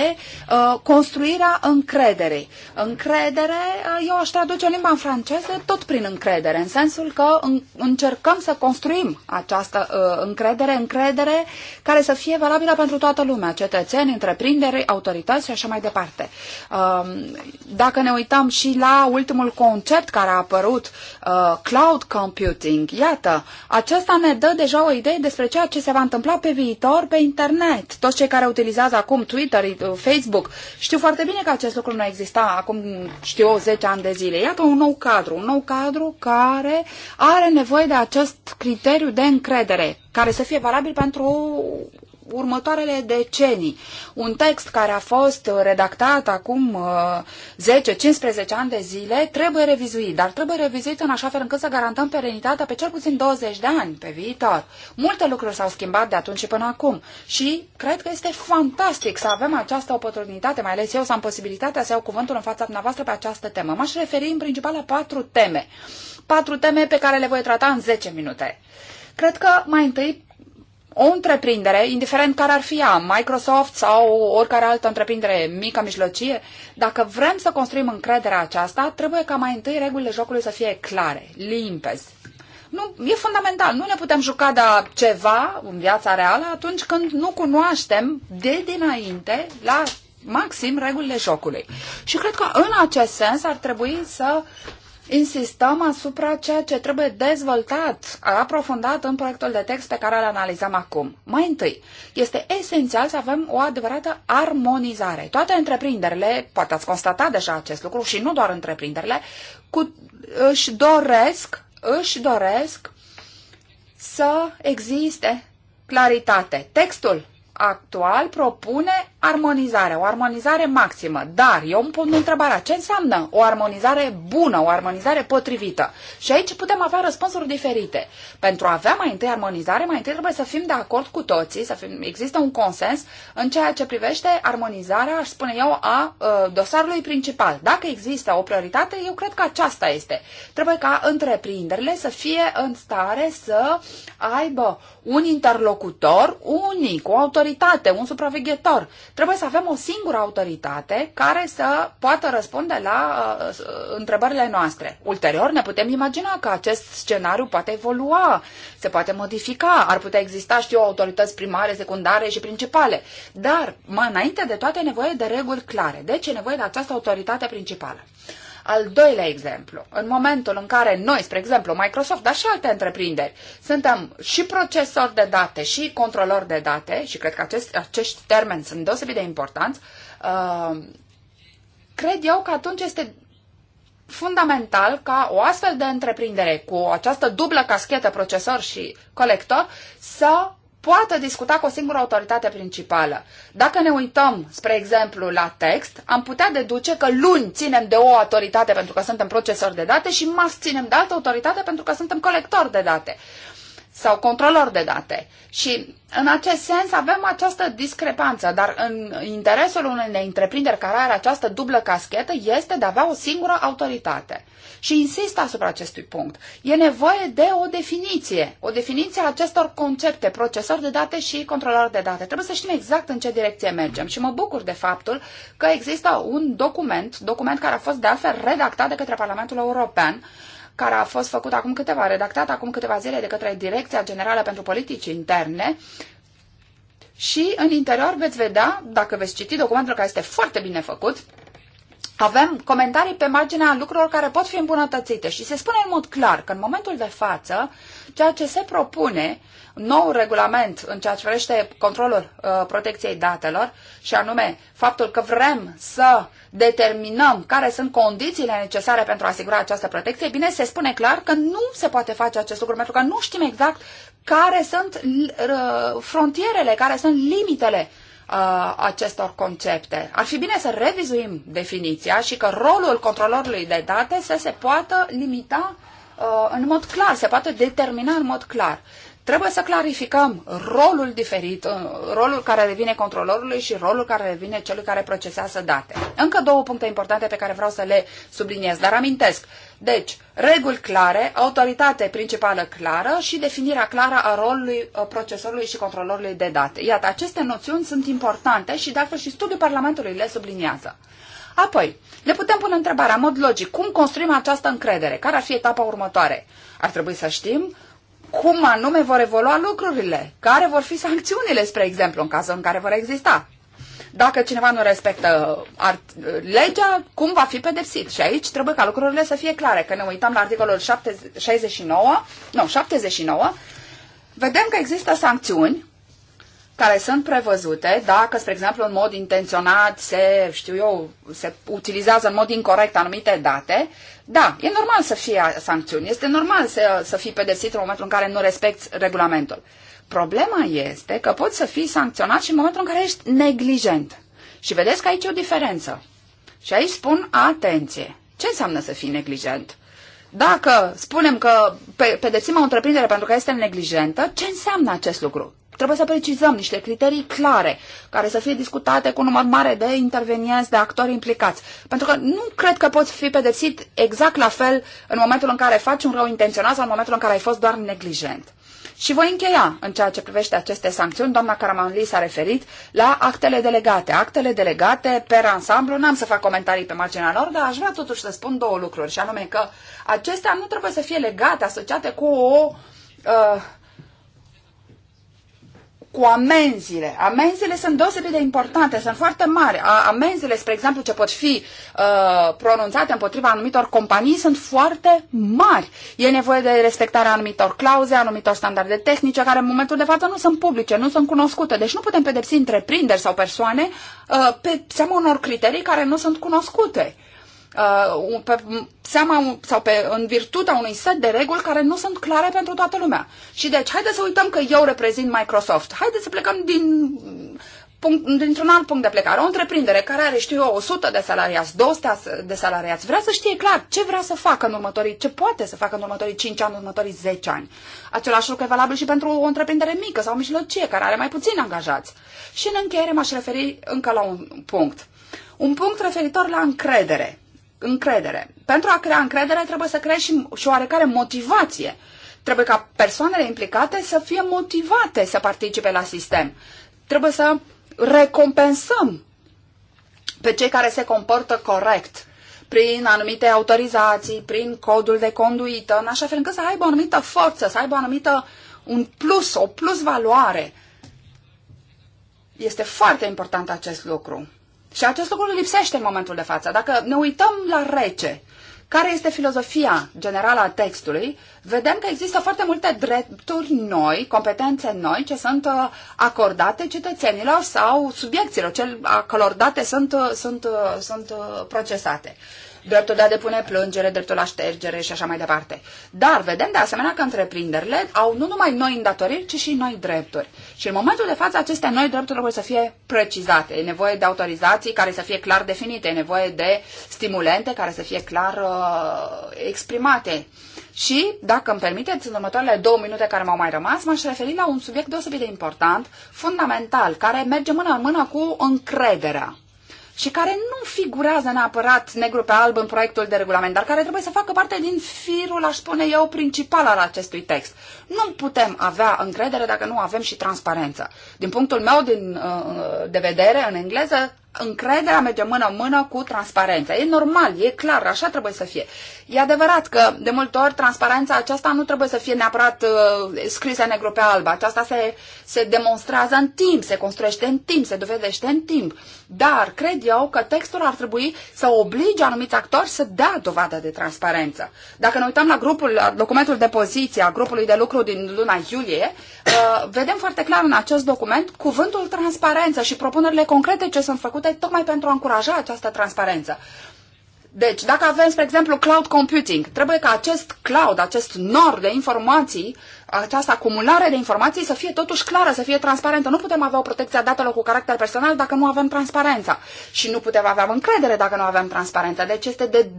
uh, construirea încrederei. Încredere, uh, eu aș traduce limba în franceză tot prin încredere, în sensul că în, încercăm să construim această uh, încredere, încredere care să fie valabilă pentru toată lumea, cetățeni, întreprinderi, autorități și așa mai departe. Um, dacă ne uităm și la ultimul concept care a apărut, uh, cloud computing, iată, acesta ne dă deja o idee despre ceea ce se va întâmpla pe viitor pe internet. Toți cei care utilizează acum Twitter, uh, Facebook, știu foarte bine că acest lucru nu exista acum, știu, 10 ani de zile. Iată un nou cadru, un nou cadru care are nevoie de acest criteriu de încredere care să fie valabil pentru următoarele decenii. Un text care a fost redactat acum 10-15 uh, ani de zile trebuie revizuit, dar trebuie revizuit în așa fel încât să garantăm perenitatea pe cel puțin 20 de ani pe viitor. Multe lucruri s-au schimbat de atunci și până acum și cred că este fantastic să avem această oportunitate, mai ales eu să am posibilitatea să iau cuvântul în fața dumneavoastră pe această temă. M-aș referi în principal la patru teme. Patru teme pe care le voi trata în 10 minute. Cred că mai întâi o întreprindere, indiferent care ar fi ea, Microsoft sau oricare altă întreprindere mică, mijlocie, dacă vrem să construim încrederea aceasta, trebuie ca mai întâi regulile jocului să fie clare, limpezi. Nu, e fundamental. Nu ne putem juca de ceva în viața reală atunci când nu cunoaștem de dinainte la maxim regulile jocului. Și cred că în acest sens ar trebui să insistăm asupra ceea ce trebuie dezvoltat, aprofundat în proiectul de text pe care îl analizăm acum. Mai întâi, este esențial să avem o adevărată armonizare. Toate întreprinderile, poate ați constatat deja acest lucru și nu doar întreprinderile, cu, își doresc, își doresc să existe claritate. Textul actual propune armonizare, o armonizare maximă. Dar eu îmi pun întrebarea, ce înseamnă o armonizare bună, o armonizare potrivită? Și aici putem avea răspunsuri diferite. Pentru a avea mai întâi armonizare, mai întâi trebuie să fim de acord cu toții, să fim, există un consens în ceea ce privește armonizarea, aș spune eu, a, a uh, dosarului principal. Dacă există o prioritate, eu cred că aceasta este. Trebuie ca întreprinderile să fie în stare să aibă un interlocutor unic, o autoritate, un supraveghetor Trebuie să avem o singură autoritate care să poată răspunde la uh, uh, întrebările noastre. Ulterior ne putem imagina că acest scenariu poate evolua, se poate modifica, ar putea exista, știu, autorități primare, secundare și principale. Dar, mai înainte de toate, e nevoie de reguli clare. Deci e nevoie de această autoritate principală. Al doilea exemplu, în momentul în care noi, spre exemplu Microsoft, dar și alte întreprinderi, suntem și procesori de date și controlori de date, și cred că acest, acești termeni sunt deosebit de importanți, uh, cred eu că atunci este fundamental ca o astfel de întreprindere cu această dublă caschetă procesor și colector să poată discuta cu o singură autoritate principală. Dacă ne uităm, spre exemplu, la text, am putea deduce că luni ținem de o autoritate pentru că suntem procesori de date și mas ținem de altă autoritate pentru că suntem colectori de date sau controlor de date. Și în acest sens avem această discrepanță, dar în interesul unei întreprinderi care are această dublă caschetă este de a avea o singură autoritate. Și insist asupra acestui punct. E nevoie de o definiție, o definiție a acestor concepte, procesor de date și controlor de date. Trebuie să știm exact în ce direcție mergem și mă bucur de faptul că există un document, document care a fost de altfel redactat de către Parlamentul European, care a fost făcut acum câteva, redactat acum câteva zile de către Direcția Generală pentru Politici Interne, și în interior veți vedea, dacă veți citi documentul care este foarte bine făcut, avem comentarii pe marginea lucrurilor care pot fi îmbunătățite și se spune în mod clar că în momentul de față ceea ce se propune nou regulament în ceea ce privește controlul uh, protecției datelor și anume faptul că vrem să determinăm care sunt condițiile necesare pentru a asigura această protecție, bine, se spune clar că nu se poate face acest lucru pentru că nu știm exact care sunt uh, frontierele, care sunt limitele uh, Uh, acestor concepte. Ar fi bine să revizuim definiția și că rolul controlorului de date să se poată limita uh, în mod clar, se poate determina în mod clar. Trebuie să clarificăm rolul diferit, uh, rolul care revine controlorului și rolul care revine celui care procesează date. Încă două puncte importante pe care vreau să le subliniez, dar amintesc. Uh, deci, reguli clare, autoritate principală clară și definirea clară a rolului procesorului și controlorului de date. Iată, aceste noțiuni sunt importante și, de altfel, și studiul Parlamentului le subliniază. Apoi, le putem pune întrebarea, în mod logic, cum construim această încredere? Care ar fi etapa următoare? Ar trebui să știm cum anume vor evolua lucrurile, care vor fi sancțiunile, spre exemplu, în cazul în care vor exista. Dacă cineva nu respectă legea, cum va fi pedepsit? Și aici trebuie ca lucrurile să fie clare. Că ne uităm la articolul 69, nu, 79, vedem că există sancțiuni care sunt prevăzute dacă, spre exemplu, în mod intenționat se, știu eu, se utilizează în mod incorrect anumite date, da, e normal să fie sancțiuni, este normal să, să fii pedepsit în momentul în care nu respecti regulamentul. Problema este că poți să fii sancționat și în momentul în care ești neglijent. Și vedeți că aici e o diferență. Și aici spun atenție. Ce înseamnă să fii neglijent? Dacă spunem că pedepsim o întreprindere pentru că este neglijentă, ce înseamnă acest lucru? Trebuie să precizăm niște criterii clare, care să fie discutate cu număr mare de intervenienți, de actori implicați. Pentru că nu cred că poți fi pedepsit exact la fel în momentul în care faci un rău intenționat sau în momentul în care ai fost doar neglijent. Și voi încheia în ceea ce privește aceste sancțiuni. Doamna Caramanli s-a referit la actele delegate. Actele delegate, per ansamblu, n-am să fac comentarii pe marginea lor, dar aș vrea totuși să spun două lucruri, și anume că acestea nu trebuie să fie legate, asociate cu o uh, cu amenziile. Amenziile sunt deosebit de importante, sunt foarte mari. Amenziile, spre exemplu, ce pot fi uh, pronunțate împotriva anumitor companii sunt foarte mari. E nevoie de respectarea anumitor clauze, anumitor standarde tehnice, care în momentul de față nu sunt publice, nu sunt cunoscute. Deci nu putem pedepsi întreprinderi sau persoane uh, pe seama unor criterii care nu sunt cunoscute. Uh, pe seama sau pe, în virtutea unui set de reguli care nu sunt clare pentru toată lumea. Și deci, haideți să uităm că eu reprezint Microsoft. Haideți să plecăm din punct, dintr-un alt punct de plecare. O întreprindere care are, știu eu, 100 de salariați, 200 de salariați, vrea să știe clar ce vrea să facă în următorii, ce poate să facă în următorii 5 ani, în următorii 10 ani. Același lucru e valabil și pentru o întreprindere mică sau mijlocie, care are mai puțini angajați. Și în încheiere m-aș referi încă la un punct. Un punct referitor la încredere încredere. Pentru a crea încredere trebuie să creezi și, și oarecare motivație. Trebuie ca persoanele implicate să fie motivate să participe la sistem. Trebuie să recompensăm pe cei care se comportă corect prin anumite autorizații, prin codul de conduită, în așa fel încât să aibă o anumită forță, să aibă o anumită un plus, o plus valoare. Este foarte important acest lucru. Și acest lucru lipsește în momentul de față. Dacă ne uităm la rece, care este filozofia generală a textului, vedem că există foarte multe drepturi noi, competențe noi, ce sunt uh, acordate cetățenilor sau subiecților, cel acordate sunt, uh, sunt, uh, sunt procesate dreptul de a depune plângere, dreptul la ștergere și așa mai departe. Dar vedem de asemenea că întreprinderile au nu numai noi îndatoriri, ci și noi drepturi. Și în momentul de față aceste noi drepturi trebuie să fie precizate. E nevoie de autorizații care să fie clar definite, e nevoie de stimulente care să fie clar uh, exprimate. Și, dacă îmi permiteți, în următoarele două minute care m-au mai rămas, m-aș referi la un subiect deosebit de important, fundamental, care merge mână în mână cu încrederea și care nu figurează neapărat negru pe alb în proiectul de regulament, dar care trebuie să facă parte din firul, aș spune eu, principal al acestui text. Nu putem avea încredere dacă nu avem și transparență. Din punctul meu din, uh, de vedere, în engleză, încrederea merge mână în mână cu transparența. E normal, e clar, așa trebuie să fie. E adevărat că, de multe ori, transparența aceasta nu trebuie să fie neapărat uh, scrisă negru pe alb. Aceasta se, se demonstrează în timp, se construiește în timp, se dovedește în timp. Dar cred eu că textul ar trebui să oblige anumiți actori să dea dovadă de transparență. Dacă ne uităm la, grupul, la documentul de poziție a grupului de lucru din luna iulie, uh, vedem foarte clar în acest document cuvântul transparență și propunerile concrete ce sunt făcute date tocmai pentru a încuraja această transparență. Deci, dacă avem, spre exemplu, cloud computing, trebuie ca acest cloud, acest nor de informații, această acumulare de informații să fie totuși clară, să fie transparentă. Nu putem avea o protecție a datelor cu caracter personal dacă nu avem transparența. Și nu putem avea încredere dacă nu avem transparență. Deci este de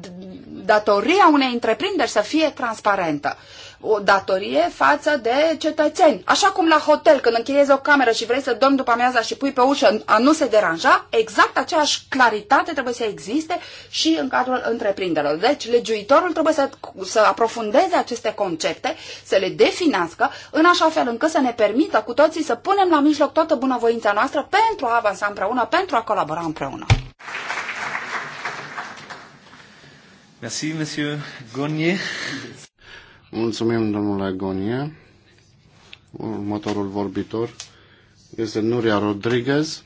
datoria unei întreprinderi să fie transparentă o datorie față de cetățeni. Așa cum la hotel, când închiriezi o cameră și vrei să dormi după amiaza și pui pe ușă a nu se deranja, exact aceeași claritate trebuie să existe și în cadrul întreprinderilor. Deci, legiuitorul trebuie să, să aprofundeze aceste concepte, să le definească, în așa fel încât să ne permită cu toții să punem la mijloc toată bunăvoința noastră pentru a avansa împreună, pentru a colabora împreună. Merci, monsieur Gonier. Mulțumim, domnule Agonie. Următorul vorbitor este Nuria Rodriguez.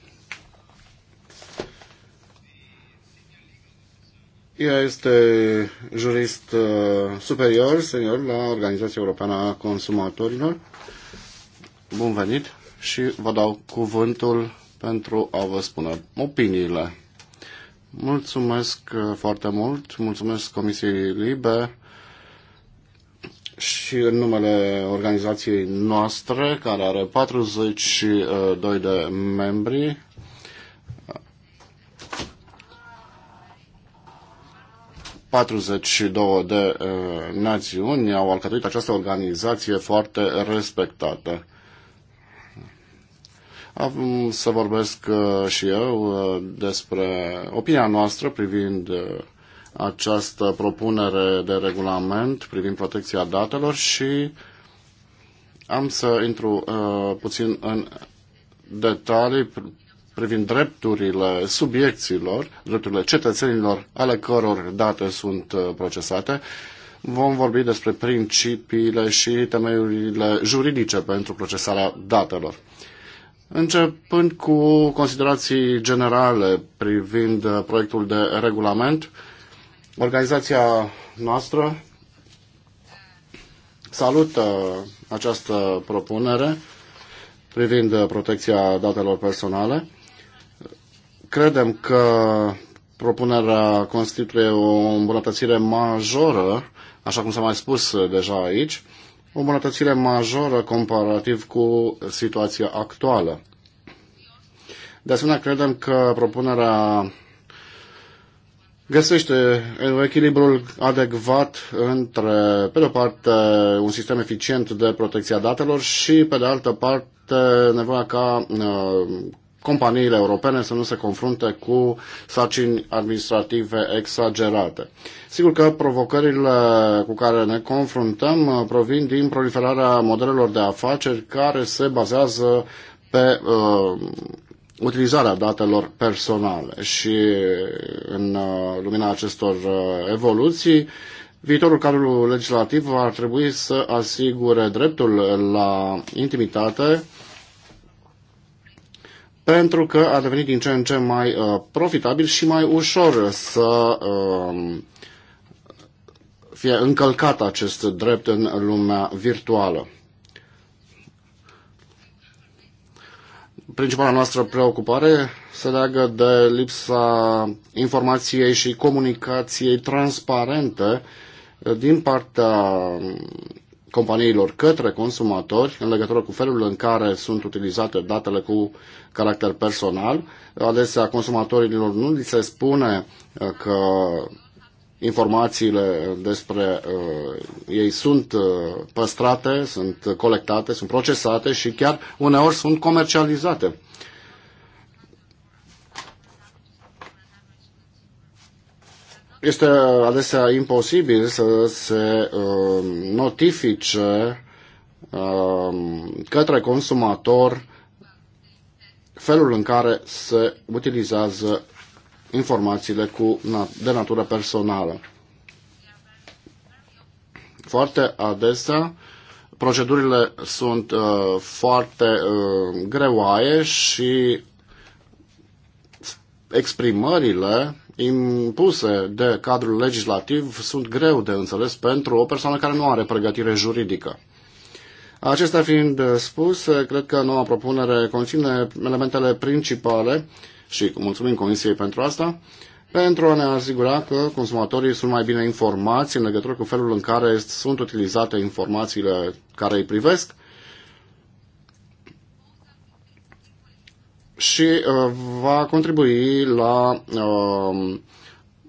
Ea este jurist uh, superior, senior, la Organizația Europeană a Consumatorilor. Bun venit și vă dau cuvântul pentru a vă spune opiniile. Mulțumesc uh, foarte mult, mulțumesc Comisiei Libe și în numele organizației noastre, care are 42 de membri, ...42 de uh, națiuni au alcătuit această organizație foarte respectată. Am să vorbesc uh, și eu uh, despre opinia noastră privind uh, această propunere de regulament privind protecția datelor și am să intru uh, puțin în detalii privind drepturile subiecților, drepturile cetățenilor ale căror date sunt uh, procesate. Vom vorbi despre principiile și temeiurile juridice pentru procesarea datelor. Începând cu considerații generale privind uh, proiectul de regulament, uh, Organizația noastră salută această propunere privind protecția datelor personale. Credem că propunerea constituie o îmbunătățire majoră, așa cum s-a mai spus deja aici, o îmbunătățire majoră comparativ cu situația actuală. De asemenea, credem că propunerea găsește echilibrul adecvat între, pe de o parte, un sistem eficient de protecție a datelor și, pe de altă parte, nevoia ca uh, companiile europene să nu se confrunte cu sarcini administrative exagerate. Sigur că provocările cu care ne confruntăm uh, provin din proliferarea modelelor de afaceri care se bazează pe uh, utilizarea datelor personale și în uh, lumina acestor uh, evoluții, viitorul cadru legislativ ar trebui să asigure dreptul la intimitate pentru că a devenit din ce în ce mai uh, profitabil și mai ușor să uh, fie încălcat acest drept în lumea virtuală. principala noastră preocupare se leagă de lipsa informației și comunicației transparente din partea companiilor către consumatori în legătură cu felul în care sunt utilizate datele cu caracter personal. Adesea consumatorilor nu li se spune uh, că informațiile despre uh, ei sunt uh, păstrate, sunt colectate, sunt procesate și chiar uneori sunt comercializate. Este adesea imposibil să se uh, notifice uh, către consumator felul în care se utilizează informațiile cu, de natură personală. Foarte adesea, procedurile sunt uh, foarte uh, greoaie și exprimările impuse de cadrul legislativ sunt greu de înțeles pentru o persoană care nu are pregătire juridică. Acestea fiind spus, cred că noua propunere conține elementele principale și mulțumim Comisiei pentru asta, pentru a ne asigura că consumatorii sunt mai bine informați în legătură cu felul în care sunt utilizate informațiile care îi privesc și uh, va contribui la uh,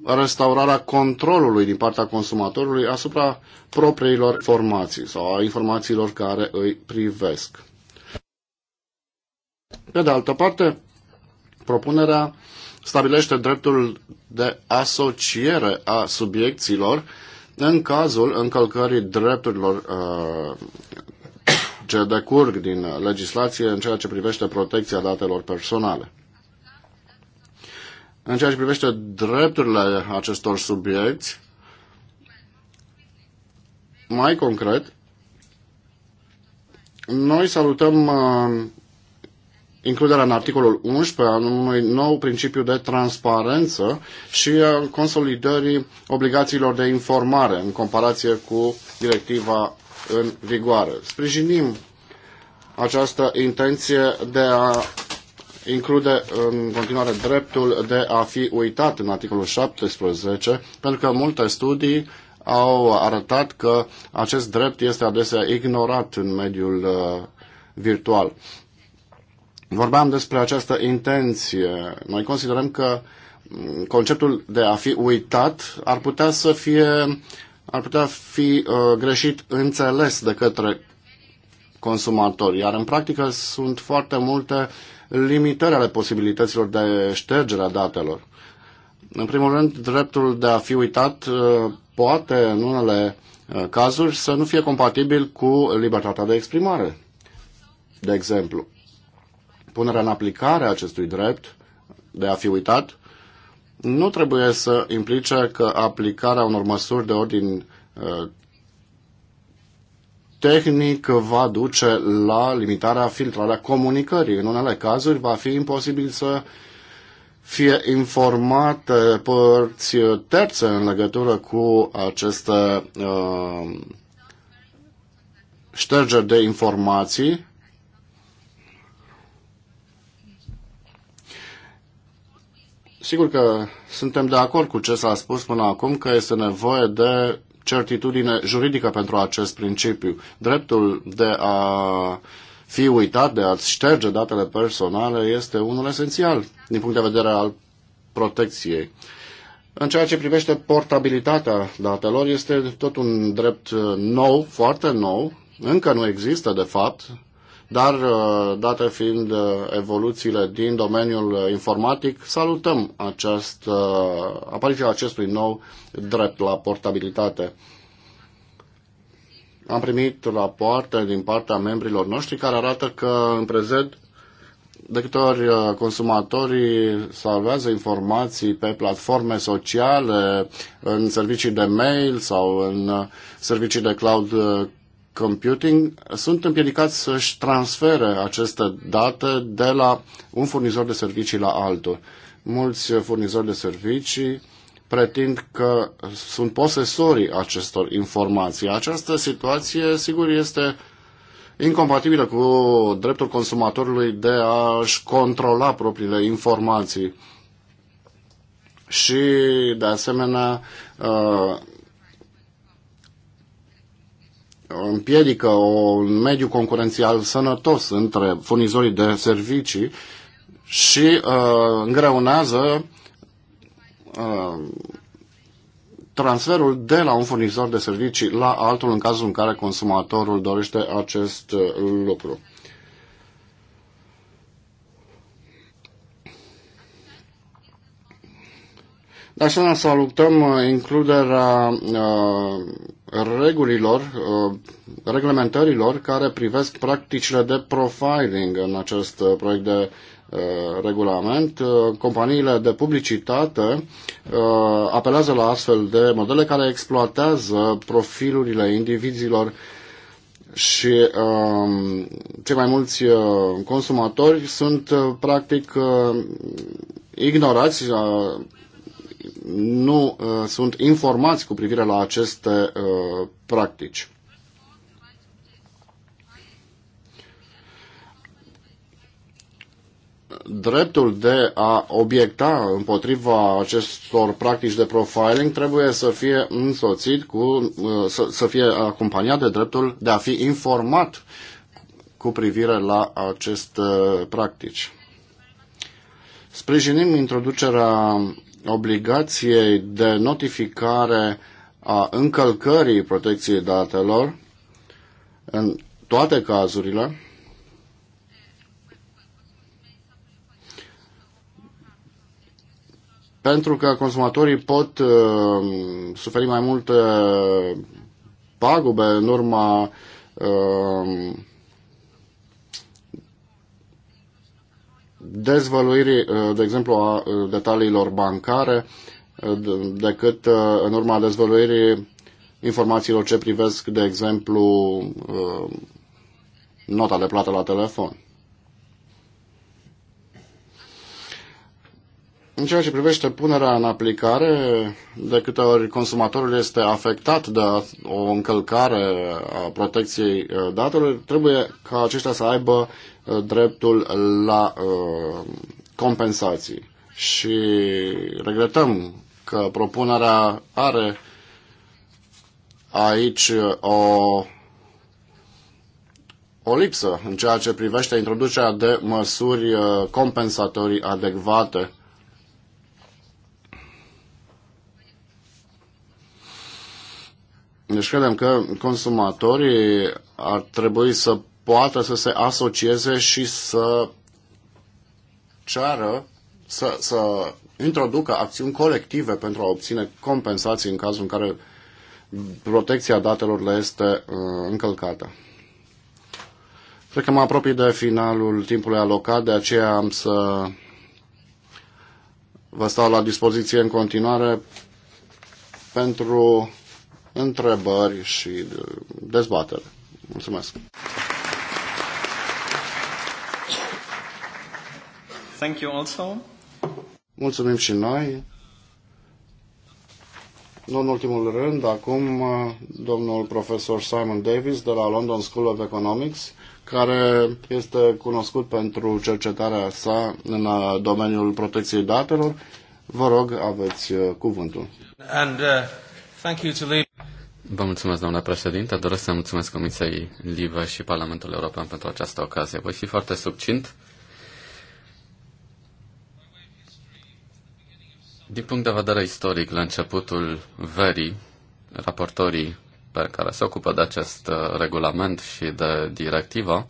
restaurarea controlului din partea consumatorului asupra propriilor informații sau a informațiilor care îi privesc. Pe de altă parte, Propunerea stabilește dreptul de asociere a subiecților în cazul încălcării drepturilor uh, ce decurg din legislație în ceea ce privește protecția datelor personale. În ceea ce privește drepturile acestor subiecti, mai concret, noi salutăm uh, includerea în articolul 11 al unui nou principiu de transparență și consolidării obligațiilor de informare în comparație cu directiva în vigoare. Sprijinim această intenție de a include în continuare dreptul de a fi uitat în articolul 17, pentru că multe studii au arătat că acest drept este adesea ignorat în mediul uh, virtual. Vorbeam despre această intenție. Noi considerăm că mm, conceptul de a fi uitat ar putea să fie ar putea fi uh, greșit înțeles de către consumatori, iar în practică sunt foarte multe limitări ale posibilităților de ștergere a datelor. În primul rând, dreptul de a fi uitat uh, poate, în unele uh, cazuri, să nu fie compatibil cu libertatea de exprimare, de exemplu punerea în aplicare a acestui drept de a fi uitat nu trebuie să implice că aplicarea unor măsuri de ordin uh, tehnic va duce la limitarea, filtrarea comunicării. În unele cazuri va fi imposibil să fie informate părți terțe în legătură cu aceste uh, ștergeri de informații Sigur că suntem de acord cu ce s-a spus până acum, că este nevoie de certitudine juridică pentru acest principiu. Dreptul de a fi uitat, de a-ți șterge datele personale, este unul esențial din punct de vedere al protecției. În ceea ce privește portabilitatea datelor, este tot un drept nou, foarte nou, încă nu există, de fapt, dar uh, date fiind uh, evoluțiile din domeniul uh, informatic, salutăm acest, apariția acestui nou drept la portabilitate. Am primit rapoarte din partea membrilor noștri care arată că în prezent de câte ori consumatorii salvează informații pe platforme sociale, în servicii de mail sau în servicii de cloud computing sunt împiedicați să-și transfere aceste date de la un furnizor de servicii la altul. Mulți furnizori de servicii pretind că sunt posesorii acestor informații. Această situație, sigur, este incompatibilă cu dreptul consumatorului de a-și controla propriile informații. Și, de asemenea, uh, împiedică un mediu concurențial sănătos între furnizorii de servicii și uh, îngreunează uh, transferul de la un furnizor de servicii la altul în cazul în care consumatorul dorește acest uh, lucru. De asemenea, salutăm uh, includerea uh, regulilor, uh, reglementărilor care privesc practicile de profiling în acest uh, proiect de uh, regulament. Companiile de publicitate apelează la astfel de modele care exploatează profilurile indivizilor și um, cei mai mulți consumatori sunt practic ignorați nu uh, sunt informați cu privire la aceste uh, practici. Dreptul de a obiecta împotriva acestor practici de profiling trebuie să fie însoțit cu, uh, să, să fie acompaniat de dreptul de a fi informat cu privire la aceste practici. Sprijinim introducerea obligației de notificare a încălcării protecției datelor în toate cazurile, pentru că consumatorii pot uh, suferi mai multe pagube în urma uh, dezvăluirii, uh, de exemplu, a uh, detaliilor bancare uh, decât în urma dezvăluirii informațiilor ce privesc, de exemplu, nota de plată la telefon. În ceea ce privește punerea în aplicare, de câte ori consumatorul este afectat de o încălcare a protecției uh, datelor, trebuie ca aceștia să aibă uh, dreptul la uh, compensații. Și regretăm că propunerea are aici o o lipsă în ceea ce privește introducerea de măsuri compensatorii adecvate Deci credem că consumatorii ar trebui să poată să se asocieze și să ceară, să, să introducă acțiuni colective pentru a obține compensații în cazul în care protecția datelor le este uh, încălcată. Cred că mă apropii de finalul timpului alocat, de aceea am să vă stau la dispoziție în continuare pentru întrebări și uh, dezbatere. Mulțumesc! Thank you also. Mulțumim și noi. Nu în ultimul rând, acum uh, domnul profesor Simon Davis de la London School of Economics, care este cunoscut pentru cercetarea sa în uh, domeniul protecției datelor. Vă rog, aveți cuvântul. And, uh, thank you to Vă mulțumesc, doamna președinte. Doresc să mulțumesc Comisiei Live și Parlamentul European pentru această ocazie. Voi fi foarte subcint. Din punct de vedere istoric, la începutul verii, raportorii pe care se ocupă de acest uh, regulament și de directivă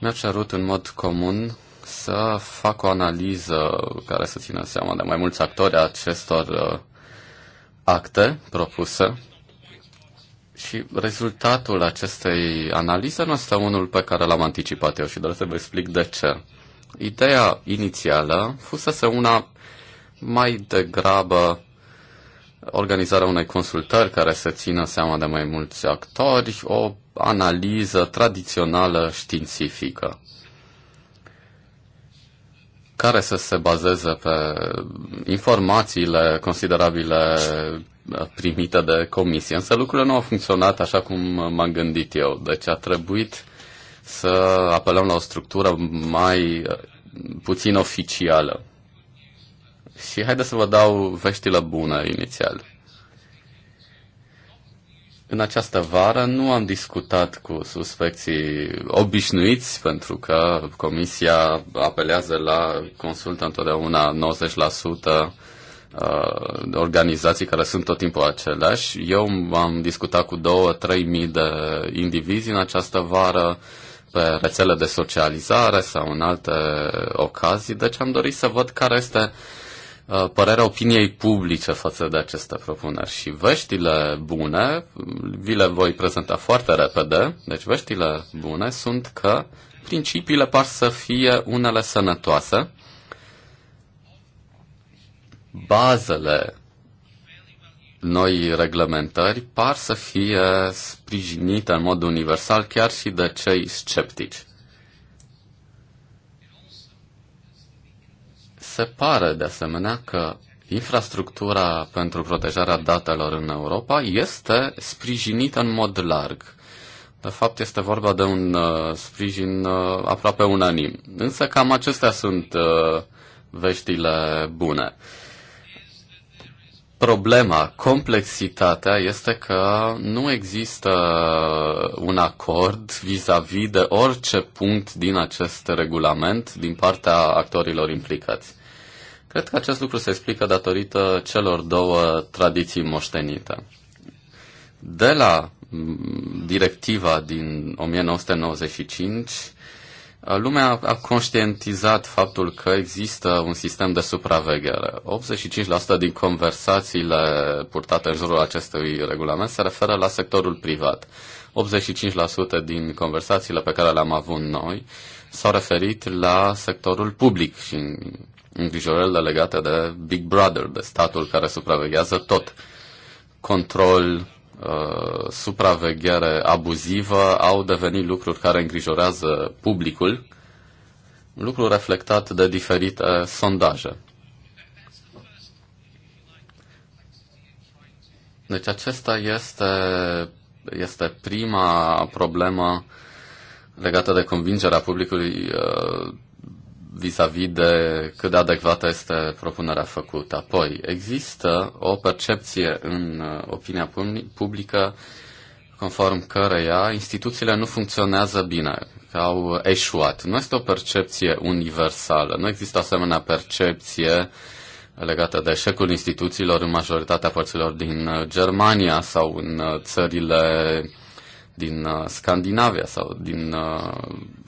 mi-a cerut în mod comun să fac o analiză care să țină seama de mai mulți actori a acestor uh, acte propuse și rezultatul acestei analize nu este unul pe care l-am anticipat eu și doar să vă explic de ce. Ideea inițială fusese una mai degrabă organizarea unei consultări care să țină seama de mai mulți actori, o analiză tradițională științifică care să se bazeze pe informațiile considerabile primită de comisie. Însă lucrurile nu au funcționat așa cum m-am gândit eu. Deci a trebuit să apelăm la o structură mai uh, puțin oficială. Și haideți să vă dau veștile bune inițial. În această vară nu am discutat cu suspecții obișnuiți, pentru că comisia apelează la consultă întotdeauna 90% Uh, organizații care sunt tot timpul aceleași. Eu am discutat cu două, trei mii de indivizi în această vară pe rețele de socializare sau în alte ocazii, deci am dorit să văd care este uh, părerea opiniei publice față de aceste propuneri. Și veștile bune, vi le voi prezenta foarte repede, deci veștile bune sunt că principiile par să fie unele sănătoase, bazele noi reglementări par să fie sprijinite în mod universal chiar și de cei sceptici. Se pare de asemenea că infrastructura pentru protejarea datelor în Europa este sprijinită în mod larg. De fapt, este vorba de un uh, sprijin uh, aproape unanim. Însă cam acestea sunt uh, veștile bune. Uh, Problema, complexitatea este că nu există un acord vis-a-vis -vis de orice punct din acest regulament din partea actorilor implicați. Cred că acest lucru se explică datorită celor două tradiții moștenite. De la directiva din 1995, Lumea a conștientizat faptul că există un sistem de supraveghere. 85% din conversațiile purtate în jurul acestui regulament se referă la sectorul privat. 85% din conversațiile pe care le-am avut noi s-au referit la sectorul public și îngrijorările legate de Big Brother, de statul care supraveghează tot. Control, uh, supraveghere abuzivă au devenit lucruri care îngrijorează publicul, lucru reflectat de diferite sondaje. Deci acesta este, este prima problemă legată de convingerea publicului uh, vis-a-vis -vis de cât de adecvată este propunerea făcută. Apoi, există o percepție în uh, opinia publică conform căreia instituțiile nu funcționează bine, că au eșuat. Nu este o percepție universală, nu există asemenea percepție legată de eșecul instituțiilor în majoritatea părților din uh, Germania sau în uh, țările uh, din uh, Scandinavia sau din uh,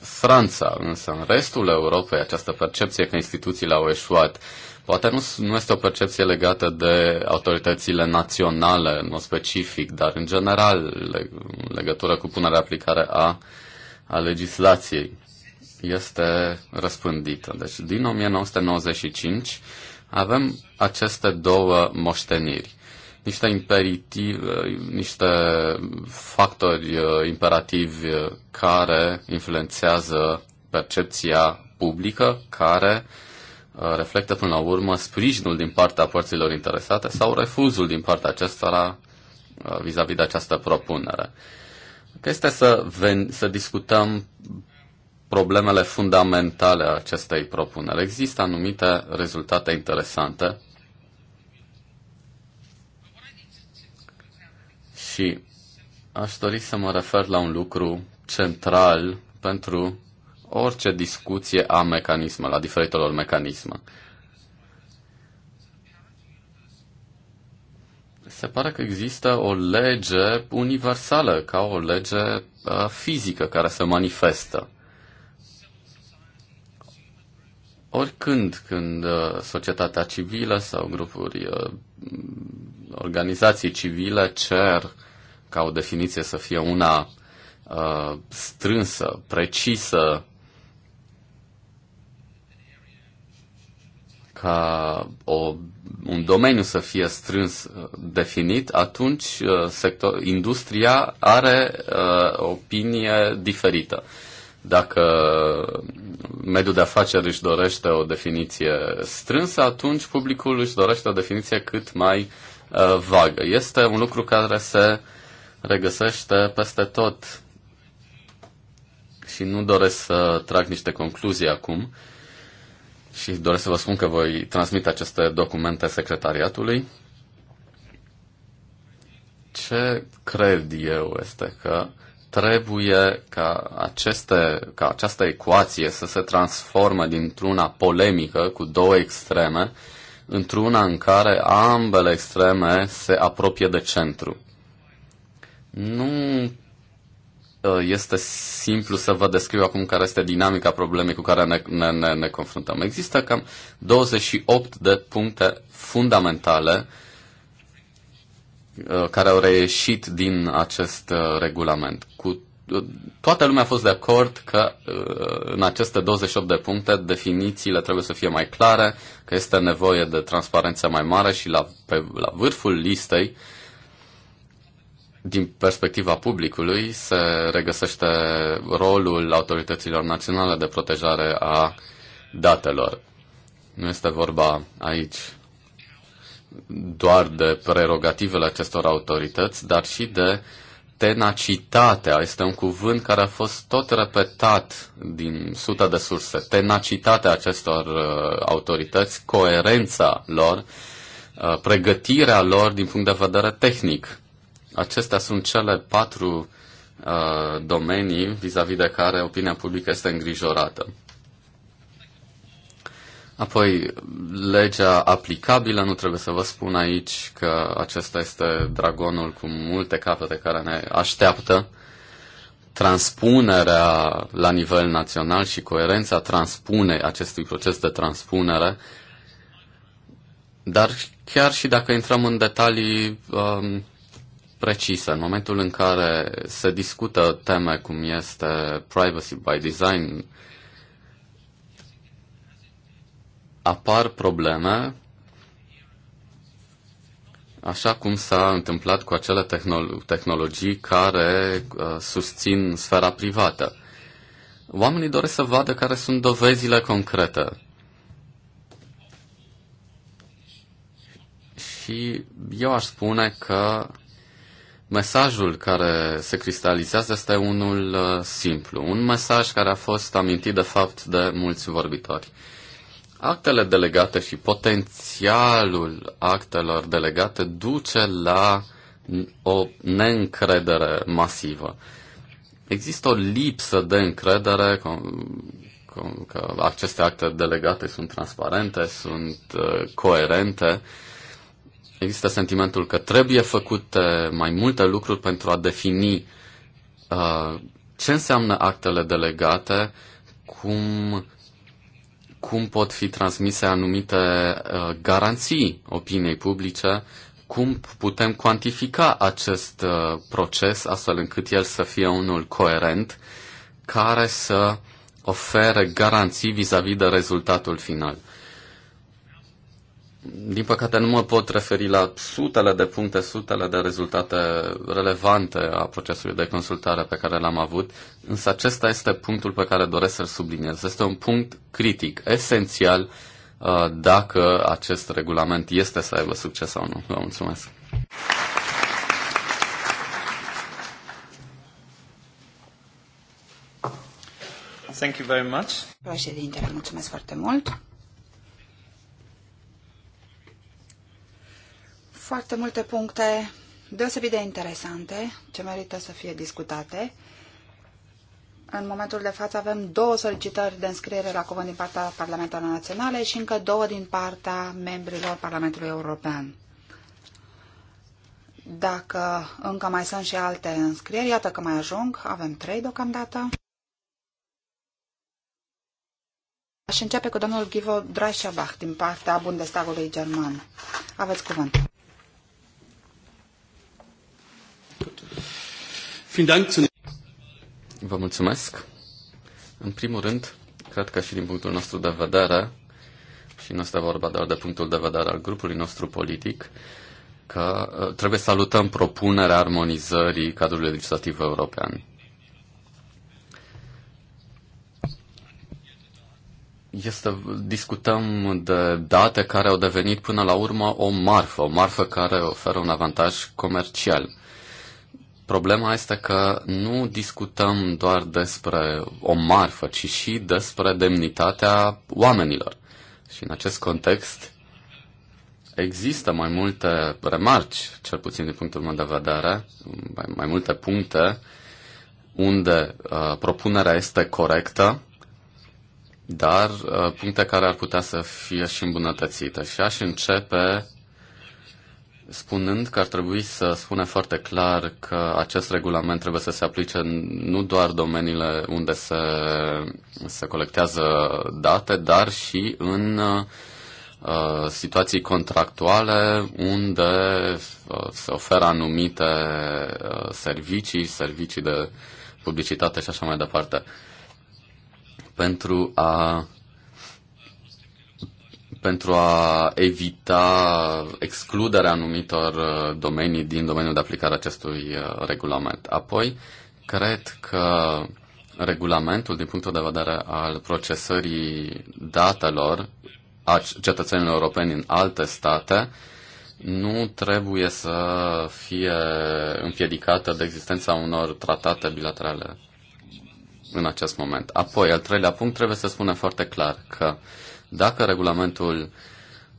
Franța, însă în restul Europei această percepție că instituțiile au eșuat poate nu, nu este o percepție legată de autoritățile naționale în mod specific, dar în general leg, legătură cu punerea aplicare a, a legislației este răspândită. Deci din 1995 avem aceste două moșteniri niște, imperativ, niște factori uh, imperativi uh, care influențează percepția publică, care uh, reflectă până la urmă sprijinul din partea părților interesate sau refuzul din partea acestora vis-a-vis de această propunere. Că este să, ven- să discutăm problemele fundamentale a acestei propuneri. Există anumite rezultate interesante Și aș dori să mă refer la un lucru central pentru orice discuție a mecanismelor, la diferitelor mecanisme. Se pare că există o lege universală, ca o lege uh, fizică care se manifestă. Oricând, când uh, societatea civilă sau grupuri, uh, organizații civile cer ca o definiție să fie una uh, strânsă, precisă, ca o, un domeniu să fie strâns uh, definit, atunci uh, sector, industria are uh, opinie diferită. Dacă mediul de afaceri își dorește o definiție strânsă, atunci publicul își dorește o definiție cât mai uh, vagă. Este un lucru care se uh, regăsește peste tot și nu doresc să trag niște concluzii acum și doresc să vă spun că voi transmite aceste documente secretariatului. Ce cred eu este că trebuie ca, aceste, ca această ecuație să se transforme dintr-una polemică cu două extreme într-una în care ambele extreme se apropie de centru. Nu ă, este simplu să vă descriu acum care este dinamica problemei cu care ne, ne, ne, ne confruntăm. Există cam 28 de puncte fundamentale ă, care au reieșit din acest ă, regulament. Cu toată lumea a fost de acord că în aceste 28 de puncte definițiile trebuie să fie mai clare, că este nevoie de transparență mai mare și la, pe, la vârful listei uh, din perspectiva publicului se regăsește rolul autorităților naționale de protejare a datelor. Nu este vorba aici doar de prerogativele acestor autorități, dar și de tenacitatea. Este un cuvânt care a fost tot repetat din sute de surse. Tenacitatea acestor uh, autorități, coerența lor, uh, pregătirea lor din punct de vedere tehnic. Acestea sunt cele patru uh, domenii vis-a-vis -vis de care opinia publică este îngrijorată. Apoi, legea aplicabilă, nu trebuie să vă spun aici că acesta este dragonul cu multe capete care ne așteaptă. Transpunerea la nivel național și coerența transpune acestui proces de transpunere. Dar chiar și dacă intrăm în detalii um, precise. În momentul în care se discută teme cum este privacy by design, apar probleme Așa cum s-a întâmplat cu acele tehnolo- tehnologii care uh, susțin sfera privată. Oamenii doresc să vadă care sunt dovezile concrete. Și eu aș spune că Mesajul care se cristalizează este unul uh, simplu, un mesaj care a fost amintit de fapt de mulți vorbitori. Actele delegate și potențialul actelor delegate duce la o neîncredere masivă. Există o lipsă de încredere că aceste acte delegate sunt transparente, sunt uh, coerente Există sentimentul că trebuie făcut mai multe lucruri pentru a defini uh, ce înseamnă actele delegate, cum, cum pot fi transmise anumite uh, garanții opiniei publice, cum putem cuantifica acest uh, proces astfel încât el să fie unul coerent, care să ofere garanții vis-a-vis -vis de rezultatul final. Din păcate nu mă pot referi la sutele de puncte, sutele de rezultate relevante a procesului de consultare pe care l-am avut, însă acesta este punctul pe care doresc să-l subliniez. Este un punct critic, esențial, uh, dacă acest regulament este să aibă succes sau nu. Vă mulțumesc! Thank you very much. Președintele, mulțumesc foarte mult. foarte multe puncte deosebit de interesante, ce merită să fie discutate. În momentul de față avem două solicitări de înscriere la cuvânt din partea Parlamentului Naționale și încă două din partea membrilor Parlamentului European. Dacă încă mai sunt și alte înscrieri, iată că mai ajung, avem trei deocamdată. Aș începe cu domnul Givo Drașabach din partea Bundestagului German. Aveți cuvânt. Vă mulțumesc. În primul rând, cred că și din punctul nostru de vedere, și nu este vorba doar de punctul de vedere al grupului nostru politic, că ă, trebuie să salutăm propunerea armonizării cadrului legislativ european. Este, discutăm de date care au devenit până la urmă o marfă, o marfă care oferă un avantaj comercial. Problema este că nu discutăm doar despre o marfă, ci și despre demnitatea oamenilor. Și în acest context există mai multe remarci, cel puțin din punctul meu de vedere, mai, mai multe puncte unde uh, propunerea este corectă, dar uh, puncte care ar putea să fie și îmbunătățite. Și aș începe spunând că ar trebui să spune foarte clar că acest regulament trebuie să se aplice nu doar domeniile unde se, se colectează date, dar și în uh, situații contractuale unde uh, se oferă anumite uh, servicii, servicii de publicitate și așa mai departe. Pentru a pentru a evita excluderea anumitor uh, domenii din domeniul de aplicare acestui uh, regulament. Apoi, cred că regulamentul, din punctul de vedere al procesării datelor a cetățenilor europeni în alte state, nu trebuie să fie împiedicată de existența unor tratate bilaterale în acest moment. Apoi, al treilea punct, trebuie să spunem foarte clar că uh, dacă regulamentul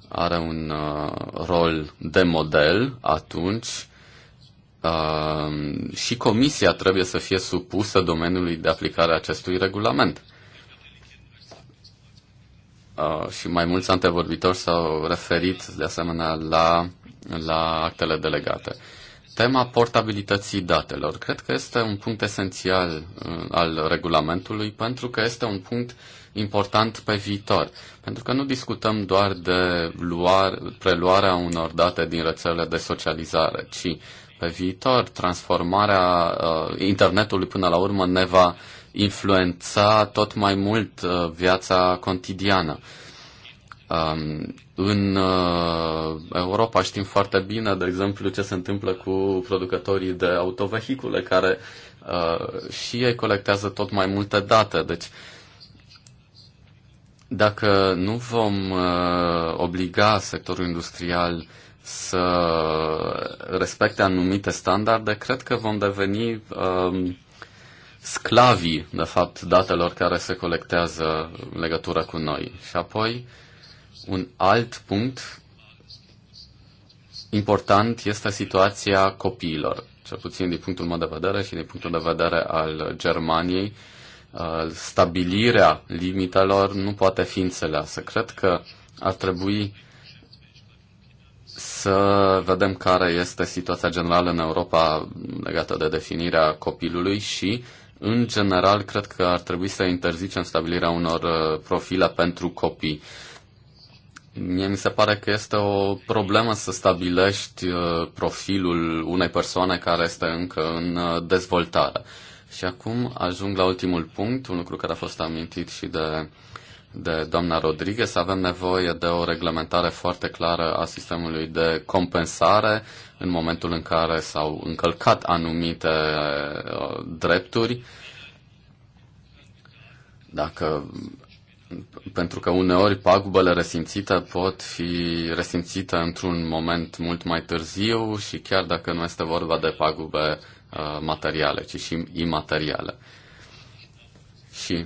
are un uh, rol de model, atunci uh, și comisia trebuie să fie supusă domeniului de aplicare a acestui regulament. Uh, și mai mulți antevorbitori s-au referit de asemenea la, la actele delegate. Tema portabilității datelor. Cred că este un punct esențial uh, al regulamentului pentru că este un punct uh, important pe viitor, pentru că nu discutăm doar de luar, preluarea unor date din rețelele de socializare, ci pe viitor transformarea uh, internetului până la urmă ne va influența tot mai mult uh, viața cotidiană. Um, în uh, Europa știm foarte bine, de exemplu, ce se întâmplă cu producătorii de autovehicule care uh, și ei colectează tot mai multe date. Deci uh, dacă nu vom uh, obliga sectorul industrial să respecte anumite standarde, cred că vom deveni uh, sclavii, de fapt, datelor care se colectează în legătură cu noi. Și apoi, un alt punct important este situația copiilor, cel puțin din punctul meu de vedere și din punctul de vedere al Germaniei. Uh, Uh, stabilirea limitelor nu poate fi înțeleasă. Cred că ar trebui să vedem care este situația generală în Europa legată de definirea copilului și, în general, cred că ar trebui să interzicem stabilirea unor uh, profile pentru copii. Mie mi se pare că este o problemă să stabilești uh, profilul unei persoane care este încă în dezvoltare. Și acum ajung la ultimul punct, un lucru care a fost amintit și de, de doamna Rodriguez. Avem nevoie de o reglementare foarte clară a sistemului de compensare în momentul în care s-au încălcat anumite uh, drepturi. Dacă pentru că uneori pagubele resimțite pot fi resimțite într-un moment mult mai târziu și chiar dacă nu este vorba de pagube Uh, materiale, ci și imateriale. Și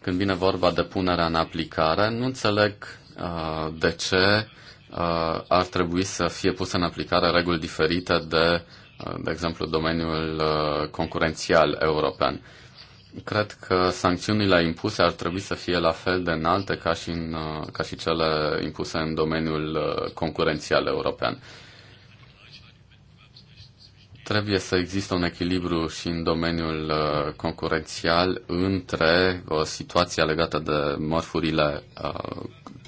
când vine vorba de punerea în aplicare, nu înțeleg uh, de ce uh, ar trebui să fie pusă în aplicare reguli diferite de, uh, de exemplu, domeniul uh, concurențial european. Cred că sancțiunile impuse ar trebui să fie la fel de înalte ca și, în, uh, ca și cele impuse în domeniul uh, concurențial european. Trebuie să existe un echilibru și în domeniul uh, concurențial între o uh, situație legată de mărfurile uh,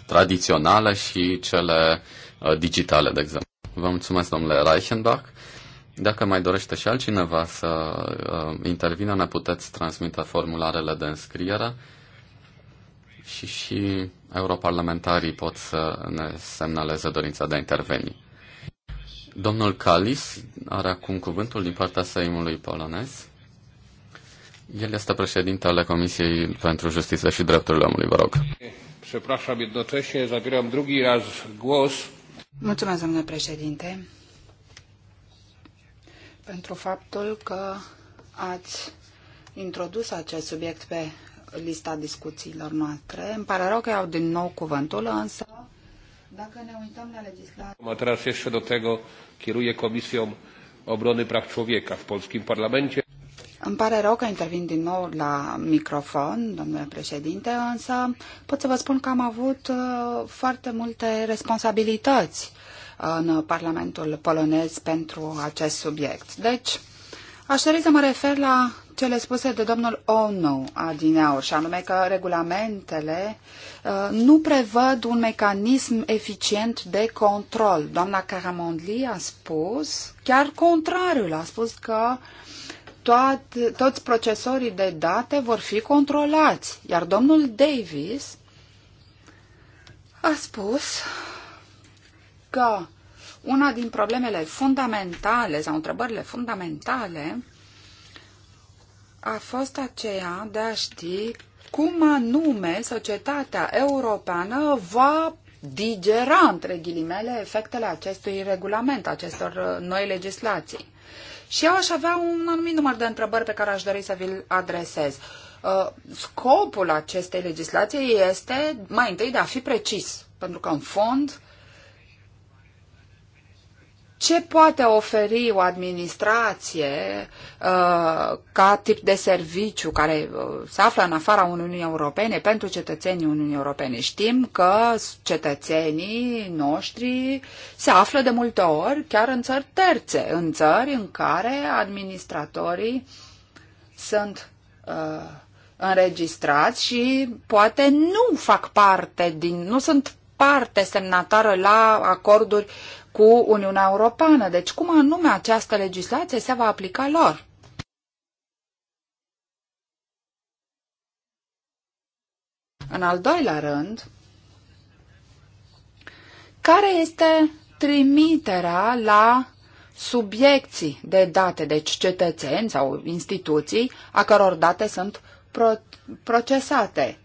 tradiționale și cele digitale, de exemplu. Vă mulțumesc, domnule Reichenbach. Dacă mai dorește și altcineva să uh, intervină, ne puteți transmite formularele de înscriere și și europarlamentarii pot să ne semnaleze dorința de a interveni. Domnul Calis are acum cuvântul din partea Saimului polonez. El este al Comisiei pentru Justiție și Drepturile Omului, vă rog. Mulțumesc, domnule președinte, pentru faptul că ați introdus acest subiect pe lista discuțiilor noastre. Îmi pare rău că iau din nou cuvântul, însă dacă ne A teraz jeszcze do tego kieruje Komisją Obrony Praw Człowieka w polskim parlamencie. Îmi pare rău că intervin din nou la microfon, domnule președinte, însă pot să vă spun că am avut uh, foarte multe responsabilități în Parlamentul polonez pentru acest subiect. Deci, Aș dori să mă refer la cele spuse de domnul Onu adineaur, și anume că regulamentele uh, nu prevăd un mecanism eficient de control. Doamna Caramondli a spus chiar contrariul, a spus că toat, toți procesorii de date vor fi controlați, iar domnul Davis a spus că una din problemele fundamentale sau întrebările fundamentale a fost aceea de a ști cum anume societatea europeană va digera, între ghilimele, efectele acestui regulament, acestor uh, noi legislații. Și eu aș avea un anumit număr de întrebări pe care aș dori să vi-l adresez. Uh, scopul acestei legislații este mai întâi de a fi precis, pentru că în fond ce poate oferi o administrație uh, ca tip de serviciu care uh, se află în afara Uniunii Europene pentru cetățenii Uniunii Europene? Știm că cetățenii noștri se află de multe ori chiar în țări terțe, în țări în care administratorii sunt uh, înregistrați și poate nu fac parte din, nu sunt parte semnatară la acorduri cu Uniunea Europeană. Deci cum anume această legislație se va aplica lor? În al doilea rând, care este trimiterea la subiecții de date, deci cetățeni sau instituții, a căror date sunt pro procesate?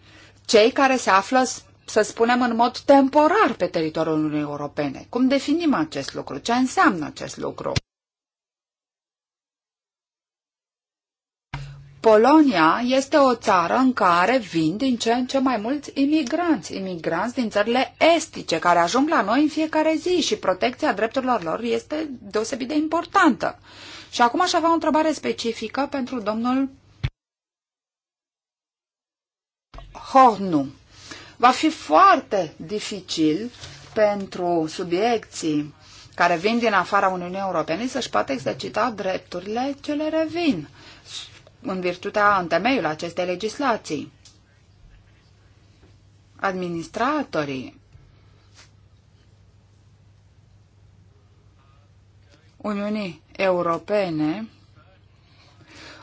Cei care se află să spunem, în mod temporar pe teritoriul Uniunii Europene. Cum definim acest lucru? Ce înseamnă acest lucru? Polonia este o țară în care vin din ce în ce mai mulți imigranți, imigranți din țările estice, care ajung la noi în fiecare zi și protecția drepturilor lor este deosebit de importantă. Și acum aș avea o întrebare specifică pentru domnul Hornu va fi foarte dificil pentru subiecții care vin din afara Uniunii Europene să-și poată exercita drepturile ce le revin în virtutea în temeiul acestei legislații. Administratorii Uniunii Europene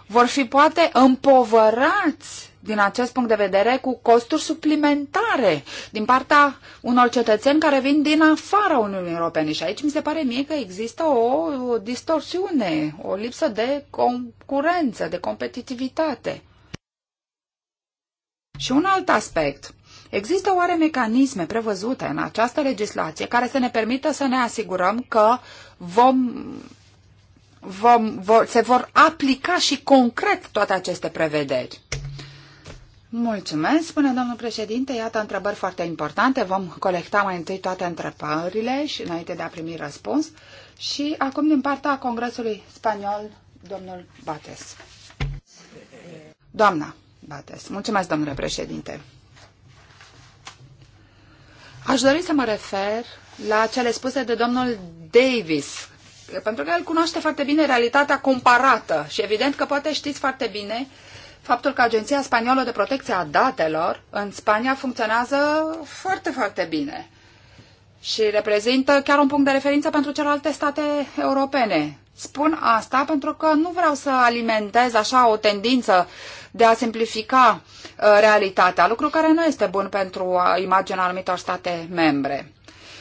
vor fi poate împovărați din acest punct de vedere, cu costuri suplimentare din partea unor cetățeni care vin din afara Uniunii Europene. Și aici mi se pare mie că există o, o distorsiune, o lipsă de concurență, de competitivitate. Și un alt aspect. Există oare mecanisme prevăzute în această legislație care să ne permită să ne asigurăm că vom vom, vor, se vor aplica și concret toate aceste prevederi. Mulțumesc, spune domnul președinte. Iată întrebări foarte importante. Vom colecta mai întâi toate întrebările și înainte de a primi răspuns. Și acum din partea Congresului Spaniol, domnul Bates. Doamna Bates. Mulțumesc, domnule președinte. Aș dori să mă refer la cele spuse de domnul Davis, pentru că el cunoaște foarte bine realitatea comparată și evident că poate știți foarte bine faptul că Agenția Spaniolă de Protecție a Datelor în Spania funcționează foarte, foarte bine și reprezintă chiar un punct de referință pentru celelalte state europene. Spun asta pentru că nu vreau să alimentez așa o tendință de a simplifica uh, realitatea, lucru care nu este bun pentru uh, imaginea anumitor state membre.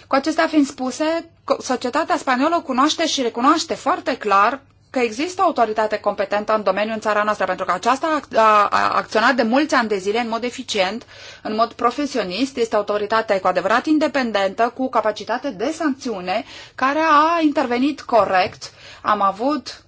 Cu acestea fiind spuse, societatea spaniolă cunoaște și recunoaște foarte clar că există o autoritate competentă în domeniul în țara noastră, pentru că aceasta a acționat de mulți ani de zile în mod eficient, în mod profesionist, este autoritatea cu adevărat independentă, cu capacitate de sancțiune, care a intervenit corect. Am avut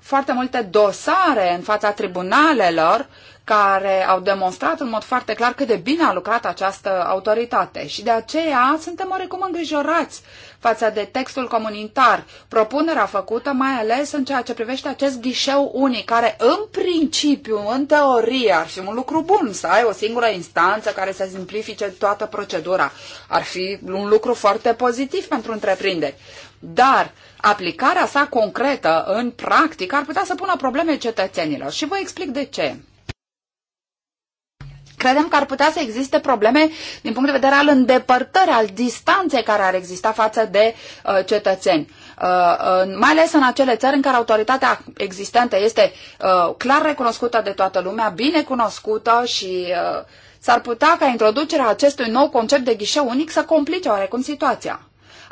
foarte multe dosare în fața tribunalelor care au demonstrat în mod foarte clar cât de bine a lucrat această autoritate și de aceea suntem oricum îngrijorați față de textul comunitar, propunerea făcută mai ales în ceea ce privește acest ghișeu unic, care în principiu, în teorie, ar fi un lucru bun să ai o singură instanță care să simplifice toată procedura. Ar fi un lucru foarte pozitiv pentru întreprinderi. Dar aplicarea sa concretă în practică ar putea să pună probleme cetățenilor. Și vă explic de ce credem că ar putea să existe probleme din punct de vedere al îndepărtării, al distanței care ar exista față de uh, cetățeni. Uh, mai ales în acele țări în care autoritatea existentă este uh, clar recunoscută de toată lumea, bine cunoscută și uh, s-ar putea ca introducerea acestui nou concept de ghișeu unic să complice oarecum situația.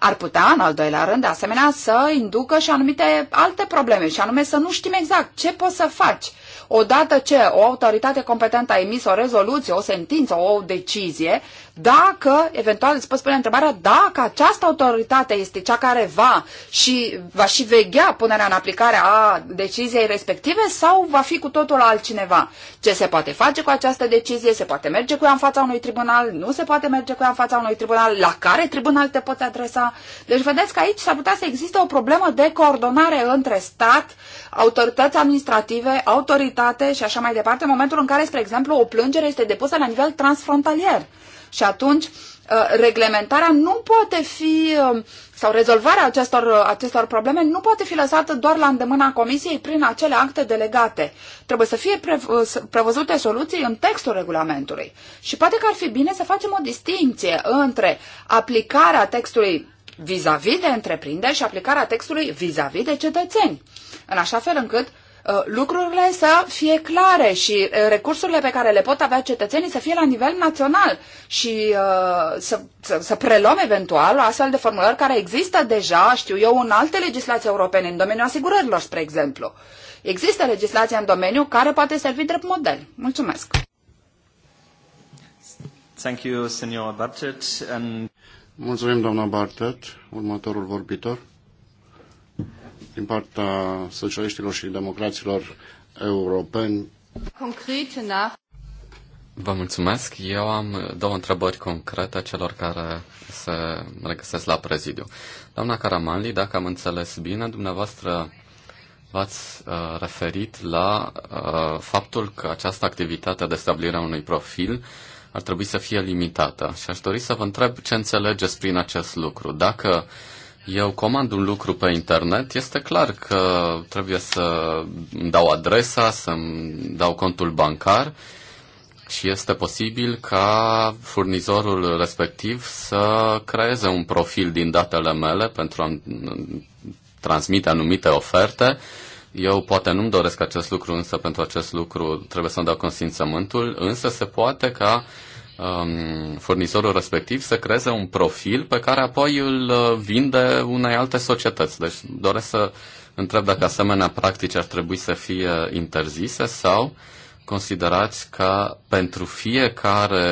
Ar putea, în al doilea rând, de asemenea, să inducă și anumite alte probleme, și anume să nu știm exact ce poți să faci Odată ce o autoritate competentă a emis o rezoluție, o sentință, o decizie, dacă, eventual, îți poți spune întrebarea dacă această autoritate este cea care va și va și veghea punerea în aplicare a deciziei respective sau va fi cu totul altcineva. Ce se poate face cu această decizie? Se poate merge cu ea în fața unui tribunal? Nu se poate merge cu ea în fața unui tribunal? La care tribunal te poți adresa? Deci vedeți că aici s-ar putea să existe o problemă de coordonare între stat, autorități administrative, autoritate și așa mai departe, în momentul în care, spre exemplu, o plângere este depusă la nivel transfrontalier. Și atunci, uh, reglementarea nu poate fi, um, sau rezolvarea acestor, uh, acestor probleme nu poate fi lăsată doar la îndemâna Comisiei prin acele acte delegate. Trebuie să fie uh, prevăzute soluții în textul regulamentului. Și poate că ar fi bine să facem o distinție între aplicarea textului vis-a-vis -vis de întreprinderi și aplicarea textului vis-a-vis -vis de cetățeni, în așa fel încât Uh, lucrurile să fie clare și uh, recursurile pe care le pot avea cetățenii să fie la nivel național și uh, să, să, să preluăm eventual astfel de formulări care există deja, știu eu, în alte legislații europene, în domeniul asigurărilor, spre exemplu. Există legislația în domeniu care poate servi drept model. Mulțumesc! Thank you, Bartet. And... Mulțumim, doamna Bartet. Următorul vorbitor din partea socialiștilor și democraților europeni. Vă mulțumesc. Eu am două întrebări concrete celor care se regăsesc la prezidiu. Doamna Caramanli, dacă am înțeles bine, dumneavoastră v-ați uh, referit la uh, faptul că această activitate de stabilire a unui profil ar trebui să fie limitată. Și aș dori să vă întreb ce înțelegeți prin acest lucru. Dacă uh, eu comand un lucru pe internet, este clar că trebuie să îmi dau adresa, să-mi dau contul bancar și este posibil ca furnizorul respectiv să creeze un profil din datele mele pentru a transmite anumite oferte. Eu poate nu-mi doresc acest lucru, însă pentru acest lucru trebuie să-mi dau consimțământul, însă se poate ca uh, um, furnizorul respectiv să creeze un profil pe care apoi îl uh, vinde unei alte societăți. Deci doresc să întreb dacă asemenea practici ar trebui să fie interzise sau considerați că pentru fiecare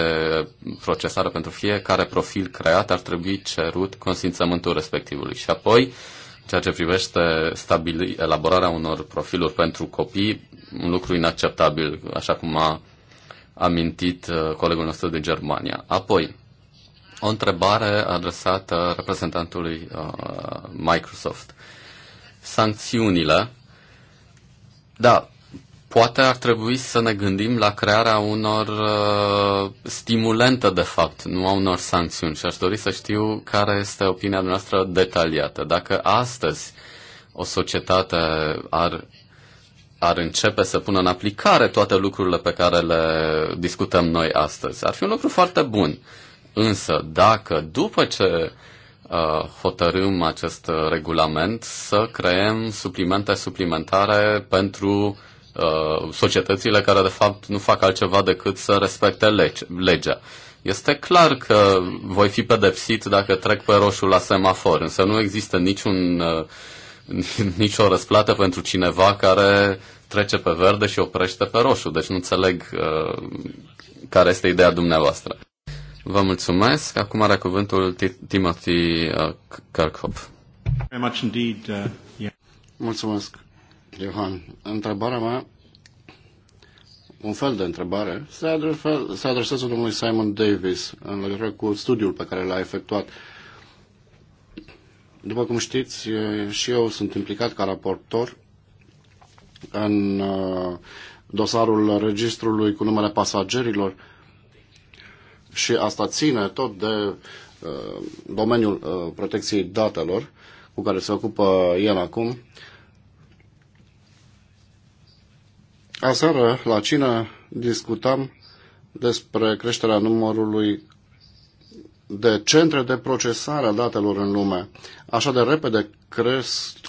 procesare, pentru fiecare profil creat ar trebui cerut consimțământul respectivului. Și apoi, ceea ce privește stabili, elaborarea unor profiluri pentru copii, un lucru inacceptabil, așa cum a amintit uh, colegul nostru de Germania. Apoi, o întrebare adresată reprezentantului uh, Microsoft. Sancțiunile. Da, poate ar trebui să ne gândim la crearea unor uh, stimulente, de fapt, nu a unor sancțiuni. Și aș dori să știu care este opinia noastră detaliată. Dacă astăzi o societate ar ar începe să pună în aplicare toate lucrurile pe care le discutăm noi astăzi. Ar fi un lucru foarte bun. Însă, dacă după ce uh, hotărâm acest regulament, să creăm suplimente suplimentare pentru uh, societățile care, de fapt, nu fac altceva decât să respecte lege, legea. Este clar că voi fi pedepsit dacă trec pe roșu la semafor, însă nu există niciun uh, nicio răsplată pentru cineva care trece pe verde și oprește pe roșu. Deci nu înțeleg uh, care este ideea dumneavoastră. Vă mulțumesc. Acum are cuvântul Timothy uh, Kirkhope. Uh, mulțumesc, Johan. Întrebarea mea, un fel de întrebare, se, adresa, se adresează domnului Simon Davis în legătură cu studiul pe care l-a efectuat uh, după cum știți, și eu sunt implicat ca raportor în dosarul registrului cu numele pasagerilor și asta ține tot de domeniul protecției datelor cu care se ocupă el acum. Aseară, la cină, discutam despre creșterea numărului de centre de procesare a datelor în lume. Așa de repede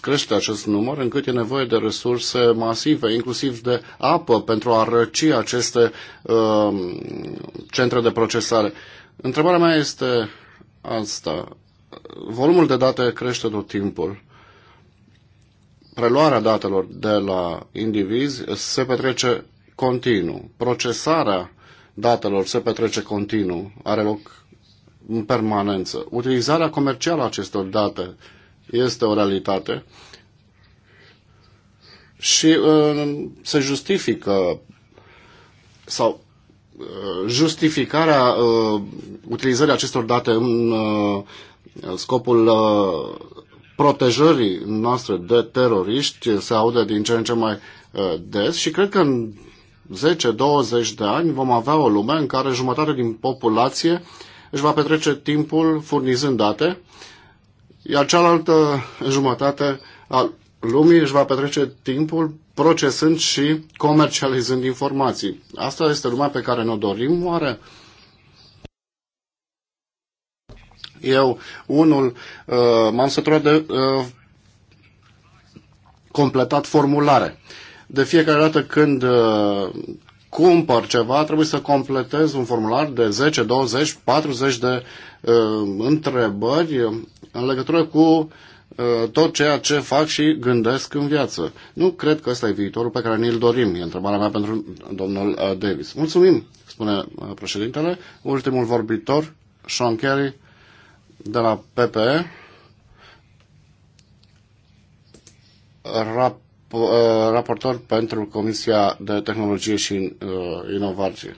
crește acest număr încât e nevoie de resurse masive, inclusiv de apă, pentru a răci aceste uh, centre de procesare. Întrebarea mea este asta. Volumul de date crește tot timpul. Preluarea datelor de la indivizi se petrece continuu. Procesarea datelor se petrece continuu. Are loc în permanență. Utilizarea comercială a acestor date este o realitate și uh, se justifică sau uh, justificarea uh, utilizării acestor date în uh, scopul uh, protejării noastre de teroriști se aude din ce în ce mai uh, des și cred că în 10-20 de ani vom avea o lume în care jumătate din populație uh, își va petrece timpul furnizând date, iar cealaltă jumătate a lumii își va petrece timpul procesând și comercializând informații. Asta este lumea pe care ne-o dorim, oare? Eu, unul, uh, m-am săturat de uh, completat formulare. De fiecare dată când uh, cumpăr ceva, trebuie să completez un formular de 10, 20, 40 de uh, întrebări în legătură cu uh, tot ceea ce fac și gândesc în viață. Nu cred că ăsta e viitorul pe care ni-l dorim. E întrebarea mea pentru domnul uh, Davis. Mulțumim, spune uh, președintele. Ultimul vorbitor, Sean Kerry, de la PPE. Rap Uh, raportor pentru Comisia de Tehnologie și uh, Inovație.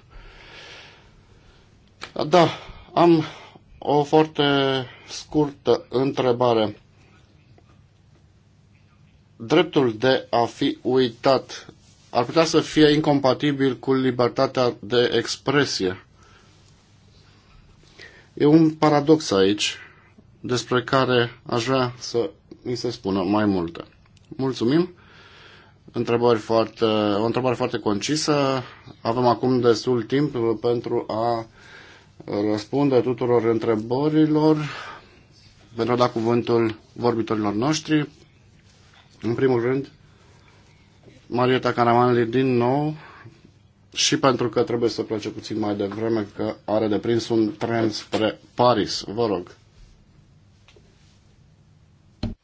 Da, am o foarte scurtă întrebare. Dreptul de a fi uitat ar putea să fie incompatibil cu libertatea de expresie. E un paradox aici despre care aș vrea să mi se spună mai multe. Mulțumim! întrebări foarte, o întrebare foarte concisă. Avem acum destul timp pentru a răspunde tuturor întrebărilor, pentru a da cuvântul vorbitorilor noștri. În primul rând, Marieta Caramanli din nou și pentru că trebuie să plece puțin mai devreme că are de prins un tren spre Paris. Vă rog.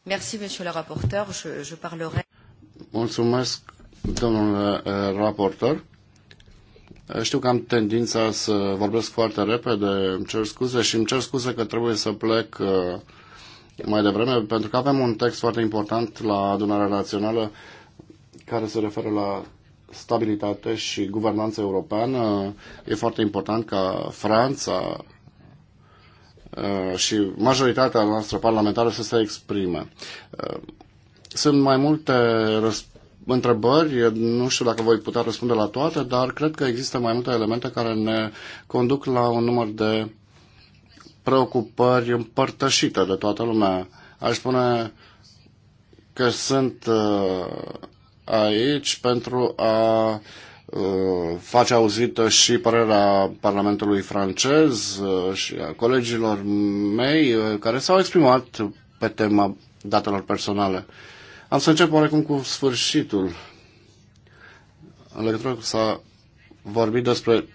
Merci, monsieur le rapporteur. Je, je parlerai... Mulțumesc, domnule eh, raportor. Eh, știu că am tendința să vorbesc foarte repede, îmi cer scuze și îmi cer scuze că trebuie să plec eh, mai devreme, pentru că avem un text foarte important la adunarea națională care se referă la stabilitate și guvernanță europeană. E foarte important ca Franța și majoritatea noastră parlamentară să se exprime. Sunt mai multe întrebări, nu știu dacă voi putea răspunde la toate, dar cred că există mai multe elemente care ne conduc la un număr de preocupări împărtășite de toată lumea. Aș spune că sunt uh, aici pentru a uh, face auzită și părerea Parlamentului francez uh, și a colegilor mei care s-au exprimat pe tema datelor personale. Am să încep oarecum cu sfârșitul. În legătură cu s-a vorbit despre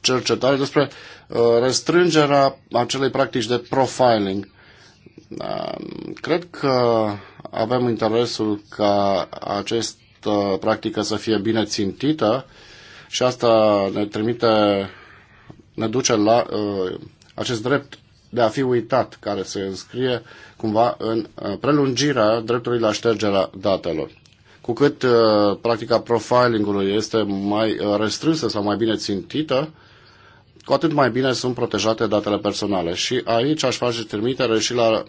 cercetare, despre uh, restrângerea acelei practici de profiling. Uh, cred că avem interesul ca această practică să fie bine țintită și asta ne trimite, ne duce la uh, acest drept de a fi uitat, care se înscrie cumva în uh, prelungirea dreptului la ștergerea datelor. Cu cât uh, practica profilingului este mai uh, restrânsă sau mai bine țintită, cu atât mai bine sunt protejate datele personale. Și aici aș face trimitere și la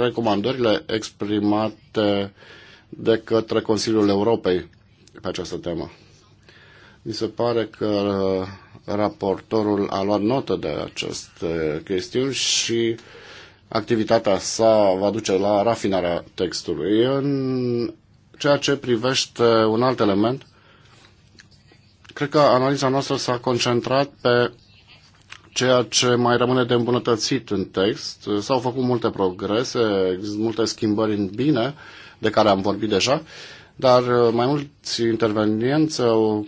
recomandările exprimate de către Consiliul Europei pe această temă. Mi se pare că Raportorul a luat notă de aceste chestiuni și activitatea sa va duce la rafinarea textului. În ceea ce privește un alt element, cred că analiza noastră s-a concentrat pe ceea ce mai rămâne de îmbunătățit în text. S-au făcut multe progrese, există multe schimbări în bine, de care am vorbit deja, dar mai mulți intervenienți au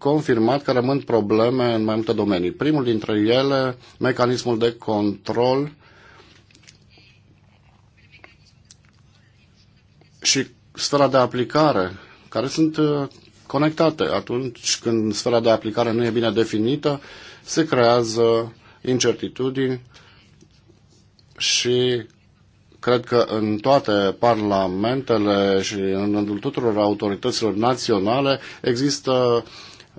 confirmat că rămân probleme în mai multe domenii. Primul dintre ele, mecanismul de control și sfera de aplicare, care sunt uh, conectate. Atunci când sfera de aplicare nu e bine definită, se creează incertitudini și cred că în toate parlamentele și în rândul tuturor autorităților naționale există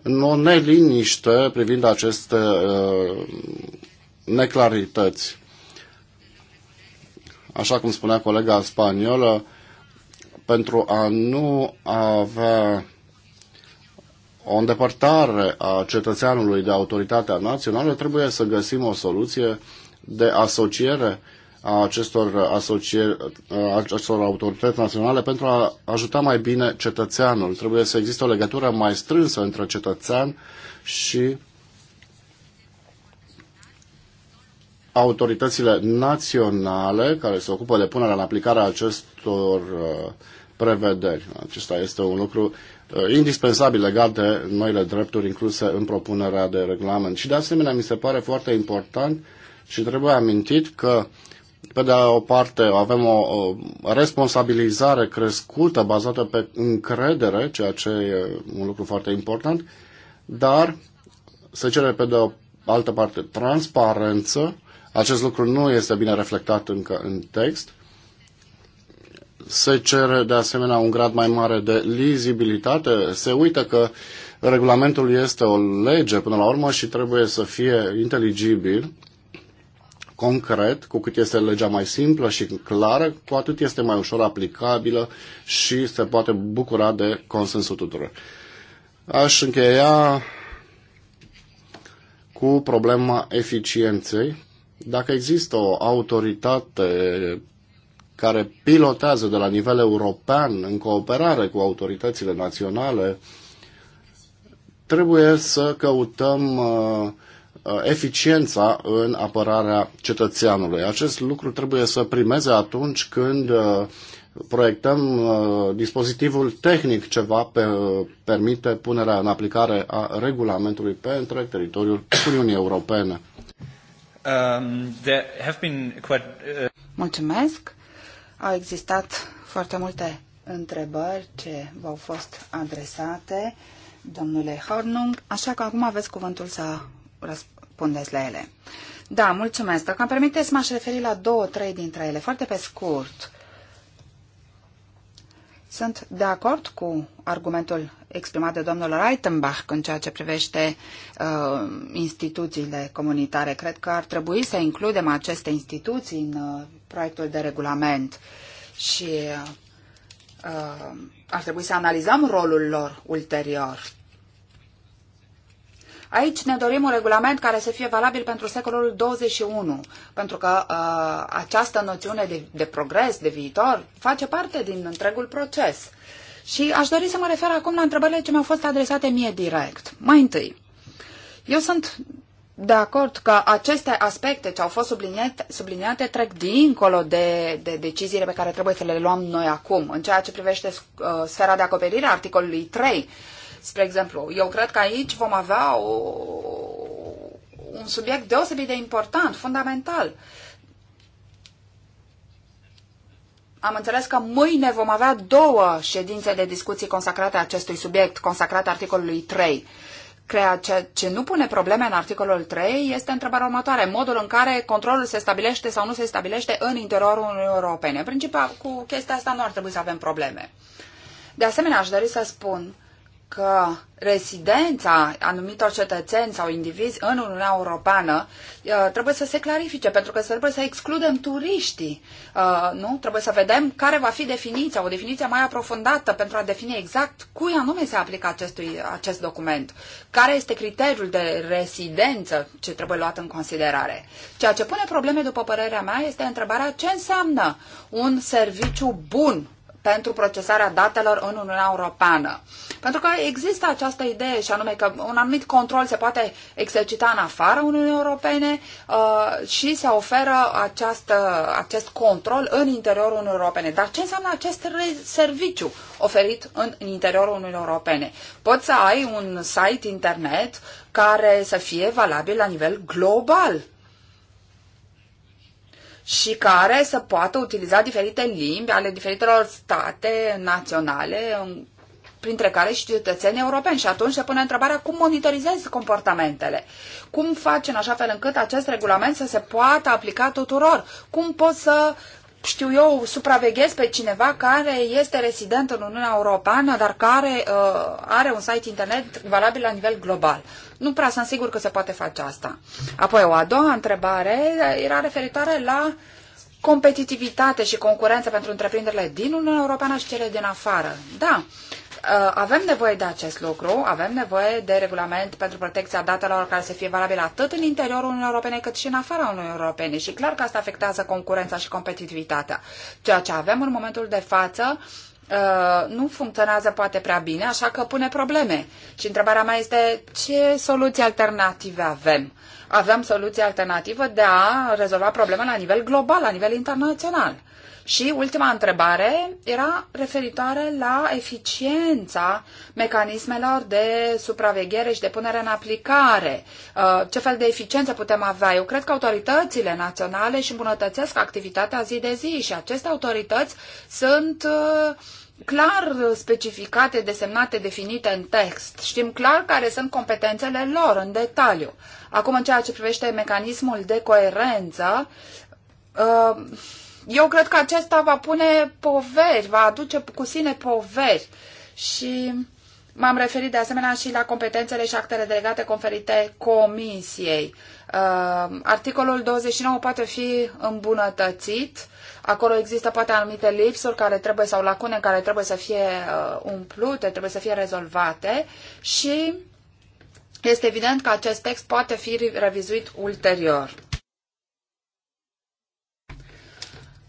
o neliniște privind aceste uh, neclarități. Așa cum spunea colega spaniolă, pentru a nu avea o îndepărtare a cetățeanului de autoritatea națională, trebuie să găsim o soluție de asociere a acestor, asocieri, a acestor autorități naționale pentru a ajuta mai bine cetățeanul. Trebuie să existe o legătură mai strânsă între cetățean și autoritățile naționale care se ocupă de punerea în aplicare a acestor uh, prevederi. Acesta este un lucru uh, indispensabil legat de noile drepturi incluse în propunerea de reglament. Și de asemenea mi se pare foarte important și trebuie amintit că uh, pe de o parte, avem o, o responsabilizare crescută bazată pe încredere, ceea ce e un lucru foarte important, dar se cere pe de o altă parte transparență. Acest lucru nu este bine reflectat încă în text. Se cere de asemenea un grad mai mare de lizibilitate. Se uită că regulamentul este o lege până la urmă și trebuie să fie inteligibil concret, cu cât este legea mai simplă și clară, cu atât este mai ușor aplicabilă și se poate bucura de consensul tuturor. Aș încheia cu problema eficienței. Dacă există o autoritate care pilotează de la nivel european în cooperare cu autoritățile naționale, trebuie să căutăm uh, Uh, eficiența în apărarea cetățeanului. Acest lucru trebuie să primeze atunci când uh, proiectăm uh, dispozitivul tehnic ce va pe, permite punerea în aplicare a regulamentului pe întreg teritoriul Uniunii Europene. Um, there have been quite, uh... Mulțumesc. Au existat foarte multe întrebări ce v-au fost adresate, domnule Hornung, așa că acum aveți cuvântul să răspundeți la ele. Da, mulțumesc. Dacă îmi permiteți, m-aș referi la două, trei dintre ele, foarte pe scurt. Sunt de acord cu argumentul exprimat de domnul Reitenbach în ceea ce privește uh, instituțiile comunitare. Cred că ar trebui să includem aceste instituții în uh, proiectul de regulament și uh, uh ar trebui să analizăm rolul lor ulterior. Aici ne dorim un regulament care să fie valabil pentru secolul 21, pentru că uh, această noțiune de, de progres, de viitor, face parte din întregul proces. Și aș dori să mă refer acum la întrebările ce mi-au fost adresate mie direct. Mai întâi, eu sunt de acord că aceste aspecte ce au fost subliniate, subliniate trec dincolo de, de deciziile pe care trebuie să le luăm noi acum. În ceea ce privește uh, sfera de acoperire a articolului 3, Spre exemplu, eu cred că aici vom avea o, un subiect deosebit de important, fundamental. Am înțeles că mâine vom avea două ședințe de discuții consacrate acestui subiect, consacrate articolului 3. Crea ce, ce nu pune probleme în articolul 3 este întrebarea următoare, modul în care controlul se stabilește sau nu se stabilește în interiorul Uniunii Europene. În principiu, cu chestia asta nu ar trebui să avem probleme. De asemenea, aș dori să spun uh, că rezidența anumitor cetățeni sau indivizi în Uniunea Europeană uh, trebuie să se clarifice, pentru că trebuie să excludem turiștii, uh, nu? Trebuie să vedem care va fi definiția, o definiție mai aprofundată pentru a defini exact cui anume se aplică acestui, acest document, care este criteriul de rezidență ce trebuie luat în considerare. Ceea ce pune probleme, după părerea mea, este întrebarea ce înseamnă un serviciu bun pentru procesarea datelor în Uniunea Europeană. Pentru că există această idee și anume că un anumit control se poate exercita în afara Uniunii Europene uh, și se oferă această, acest control în interiorul Uniunii Europene. Dar ce înseamnă acest serviciu oferit în, în interiorul Uniunii Europene? Poți să ai un site internet care să fie valabil la nivel global și care să poată utiliza diferite limbi ale diferitelor state naționale, printre care și cetățeni europeni. Și atunci se pune întrebarea cum monitorizezi comportamentele, cum faci în așa fel încât acest regulament să se poată aplica tuturor, cum poți să știu eu, supraveghez pe cineva care este rezident în Uniunea Europeană, dar care uh, are un site internet valabil la nivel global. Nu prea sunt sigur că se poate face asta. Apoi, o a doua întrebare era referitoare la competitivitate și concurență pentru întreprinderile din Uniunea Europeană și cele din afară. Da, Uh, avem nevoie de acest lucru, avem nevoie de regulament pentru protecția datelor care să fie valabil atât în interiorul Uniunii Europene cât și în afara Uniunii Europene și clar că asta afectează concurența și competitivitatea. Ceea ce avem în momentul de față uh, nu funcționează poate prea bine, așa că pune probleme. Și întrebarea mea este ce soluții alternative avem? Avem soluții alternative de a rezolva problema la nivel global, la nivel internațional. Și ultima întrebare era referitoare la eficiența mecanismelor de supraveghere și de punere în aplicare. Uh, ce fel de eficiență putem avea? Eu cred că autoritățile naționale își îmbunătățesc activitatea zi de zi și aceste autorități sunt uh, clar specificate, desemnate, definite în text. Știm clar care sunt competențele lor în detaliu. Acum, în ceea ce privește mecanismul de coerență, uh, eu cred că acesta va pune poveri, va aduce cu sine poveri și m-am referit de asemenea și la competențele și actele delegate conferite comisiei. Uh, articolul 29 poate fi îmbunătățit. Acolo există poate anumite lipsuri care trebuie sau lacune care trebuie să fie uh, umplute, trebuie să fie rezolvate și este evident că acest text poate fi revizuit ulterior.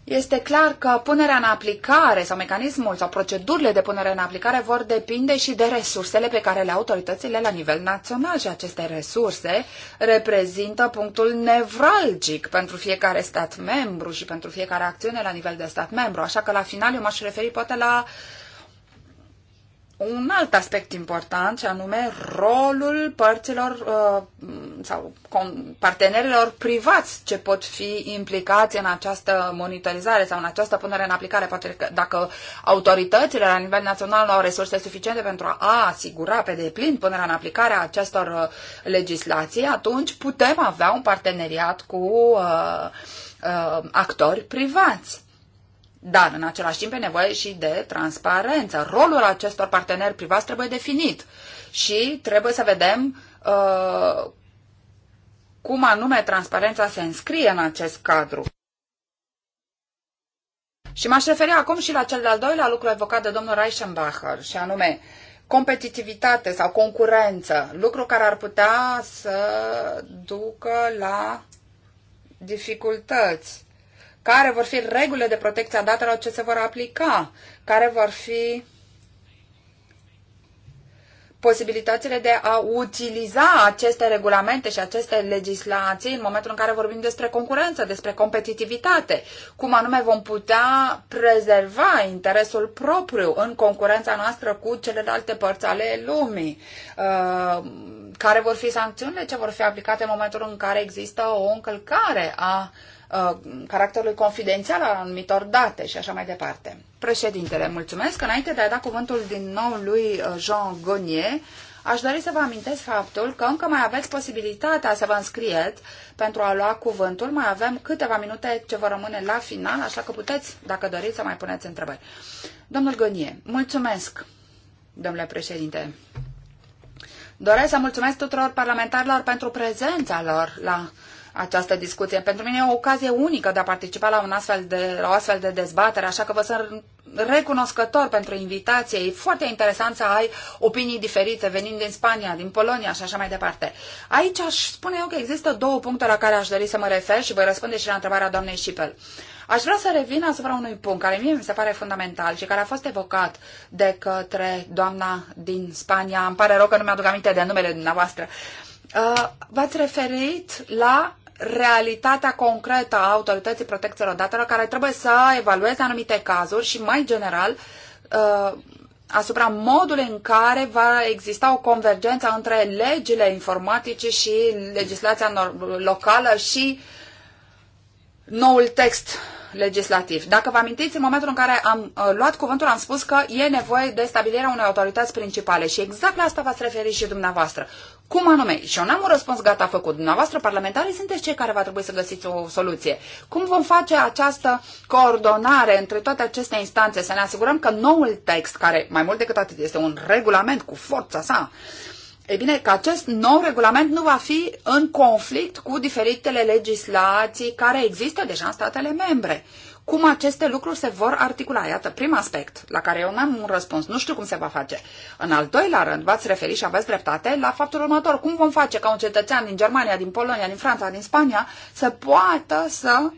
este clar că punerea în aplicare sau mecanismul sau procedurile de punere în aplicare vor depinde și de resursele pe care le au autoritățile la nivel național și aceste resurse reprezintă punctul nevralgic pentru fiecare stat membru și pentru fiecare acțiune la nivel de stat membru. Așa că la final eu m-aș referi poate la uh, un alt aspect important, și anume rolul părților uh, sau partenerilor privați ce pot fi implicați în această monitorizare sau în această punere în aplicare. Poate că dacă autoritățile la nivel național nu au resurse suficiente pentru a asigura pe deplin punerea în aplicare a acestor uh, legislații, atunci putem avea un parteneriat cu uh, actori privați dar, în același timp, e nevoie și de transparență. Rolul acestor parteneri privați trebuie definit și trebuie să vedem uh, cum anume transparența se înscrie în acest cadru. Și m-aș referi acum și la cel de-al doilea lucru evocat de domnul Reichenbacher, și anume competitivitate sau concurență, lucru care ar putea să ducă la dificultăți care vor fi regulile de protecție a datelor ce se vor aplica, care vor fi posibilitățile de a utiliza aceste regulamente și aceste legislații în momentul în care vorbim despre concurență, despre competitivitate, cum anume vom putea prezerva interesul propriu în concurența noastră cu celelalte părți ale lumii, uh, care vor fi sancțiunile ce vor fi aplicate în momentul în care există o încălcare a uh, Uh, caracterului confidențial al anumitor date și așa mai departe. Președintele, mulțumesc. Înainte de a da cuvântul din nou lui uh, Jean Gonier, aș dori să vă amintesc faptul că încă mai aveți posibilitatea să vă înscrieți pentru a lua cuvântul. Mai avem câteva minute ce vă rămâne la final, așa că puteți, dacă doriți, să mai puneți întrebări. Domnul Gonier, mulțumesc, domnule președinte. Doresc să mulțumesc tuturor parlamentarilor pentru prezența lor la această discuție. Pentru mine e o ocazie unică de a participa la, un astfel de, la o astfel de dezbatere, așa că vă sunt recunoscător pentru invitație. E foarte interesant să ai opinii diferite venind din Spania, din Polonia și așa mai departe. Aici aș spune eu că există două puncte la care aș dori să mă refer și voi răspunde și la întrebarea doamnei Șipel. Aș vrea să revin asupra unui punct care mie mi se pare fundamental și care a fost evocat de către doamna din Spania. Îmi pare rău că nu mi-aduc aminte de numele dumneavoastră. Uh, v-ați referit la realitatea concretă a Autorității Protecției Datelor, care trebuie să evalueze anumite cazuri și, mai general, uh, asupra modului în care va exista o convergență între legile informatice și legislația locală și noul text legislativ. Dacă vă amintiți, în momentul în care am uh, luat cuvântul, am spus că e nevoie de stabilirea unei autorități principale și exact la asta v-ați referit și dumneavoastră. Cum anume? Și eu n-am un răspuns gata făcut. Dumneavoastră, parlamentarii, sunteți cei care va trebui să găsiți o soluție. Cum vom face această coordonare între toate aceste instanțe? Să ne asigurăm că noul text, care mai mult decât atât este un regulament cu forța sa, ei bine, că acest nou regulament nu va fi în conflict cu diferitele legislații care există deja în statele membre cum aceste lucruri se vor articula. Iată, prim aspect la care eu n-am un răspuns, nu știu cum se va face. În al doilea rând, v-ați referit și aveți dreptate la faptul următor. Cum vom face ca un cetățean din Germania, din Polonia, din Franța, din Spania să poată să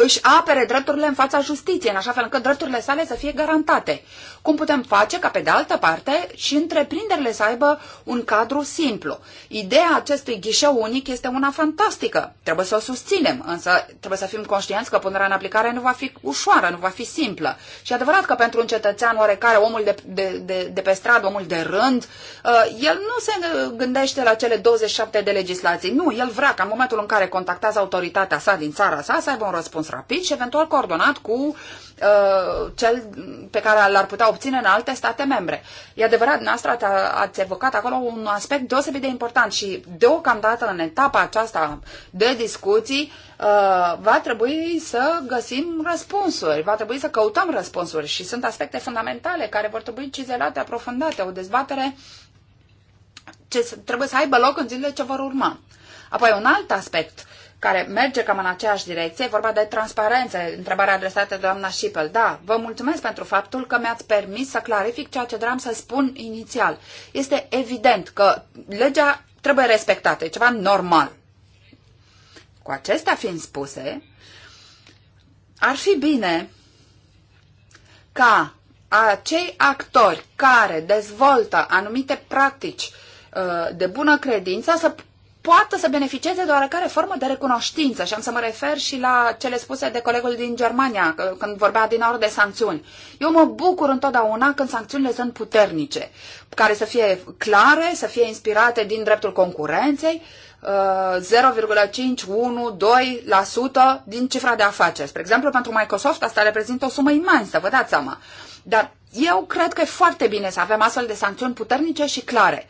își apere drepturile în fața justiției, în așa fel încât drepturile sale să fie garantate. Cum putem face ca, pe de altă parte, și întreprinderile să aibă un cadru simplu? Ideea acestui ghișeu unic este una fantastică. Trebuie să o susținem, însă trebuie să fim conștienți că punerea în aplicare nu va fi ușoară, nu va fi simplă. Și adevărat că pentru un cetățean oarecare, omul de, de, de, de pe stradă, omul de rând, uh, el nu se gândește la cele 27 de legislații. Nu, el vrea ca în momentul în care contactează autoritatea sa din țara sa să aibă un răspuns răspuns rapid și eventual coordonat cu uh, cel pe care l-ar putea obține în alte state membre. E adevărat, noastră ați evocat acolo un aspect deosebit de important și deocamdată în etapa aceasta de discuții uh, va trebui să găsim răspunsuri, va trebui să căutăm răspunsuri și sunt aspecte fundamentale care vor trebui cizelate, aprofundate, o dezbatere ce trebuie să aibă loc în zilele ce vor urma. Apoi un alt aspect care merge cam în aceeași direcție, e vorba de transparență, întrebarea adresată de doamna Schipel. Da, vă mulțumesc pentru faptul că mi-ați permis să clarific ceea ce doream să spun inițial. Este evident că legea trebuie respectată, e ceva normal. Cu acestea fiind spuse, ar fi bine ca acei actori care dezvoltă anumite practici uh, de bună credință să poată să beneficieze de oarecare formă de recunoștință și am să mă refer și la cele spuse de colegul din Germania când vorbea din ori de sancțiuni. Eu mă bucur întotdeauna când sancțiunile sunt puternice, care să fie clare, să fie inspirate din dreptul concurenței, 0,5, 1, 2% din cifra de afaceri. Spre exemplu, pentru Microsoft asta reprezintă o sumă imensă, vă dați seama. Dar eu cred că e foarte bine să avem astfel de sancțiuni puternice și clare.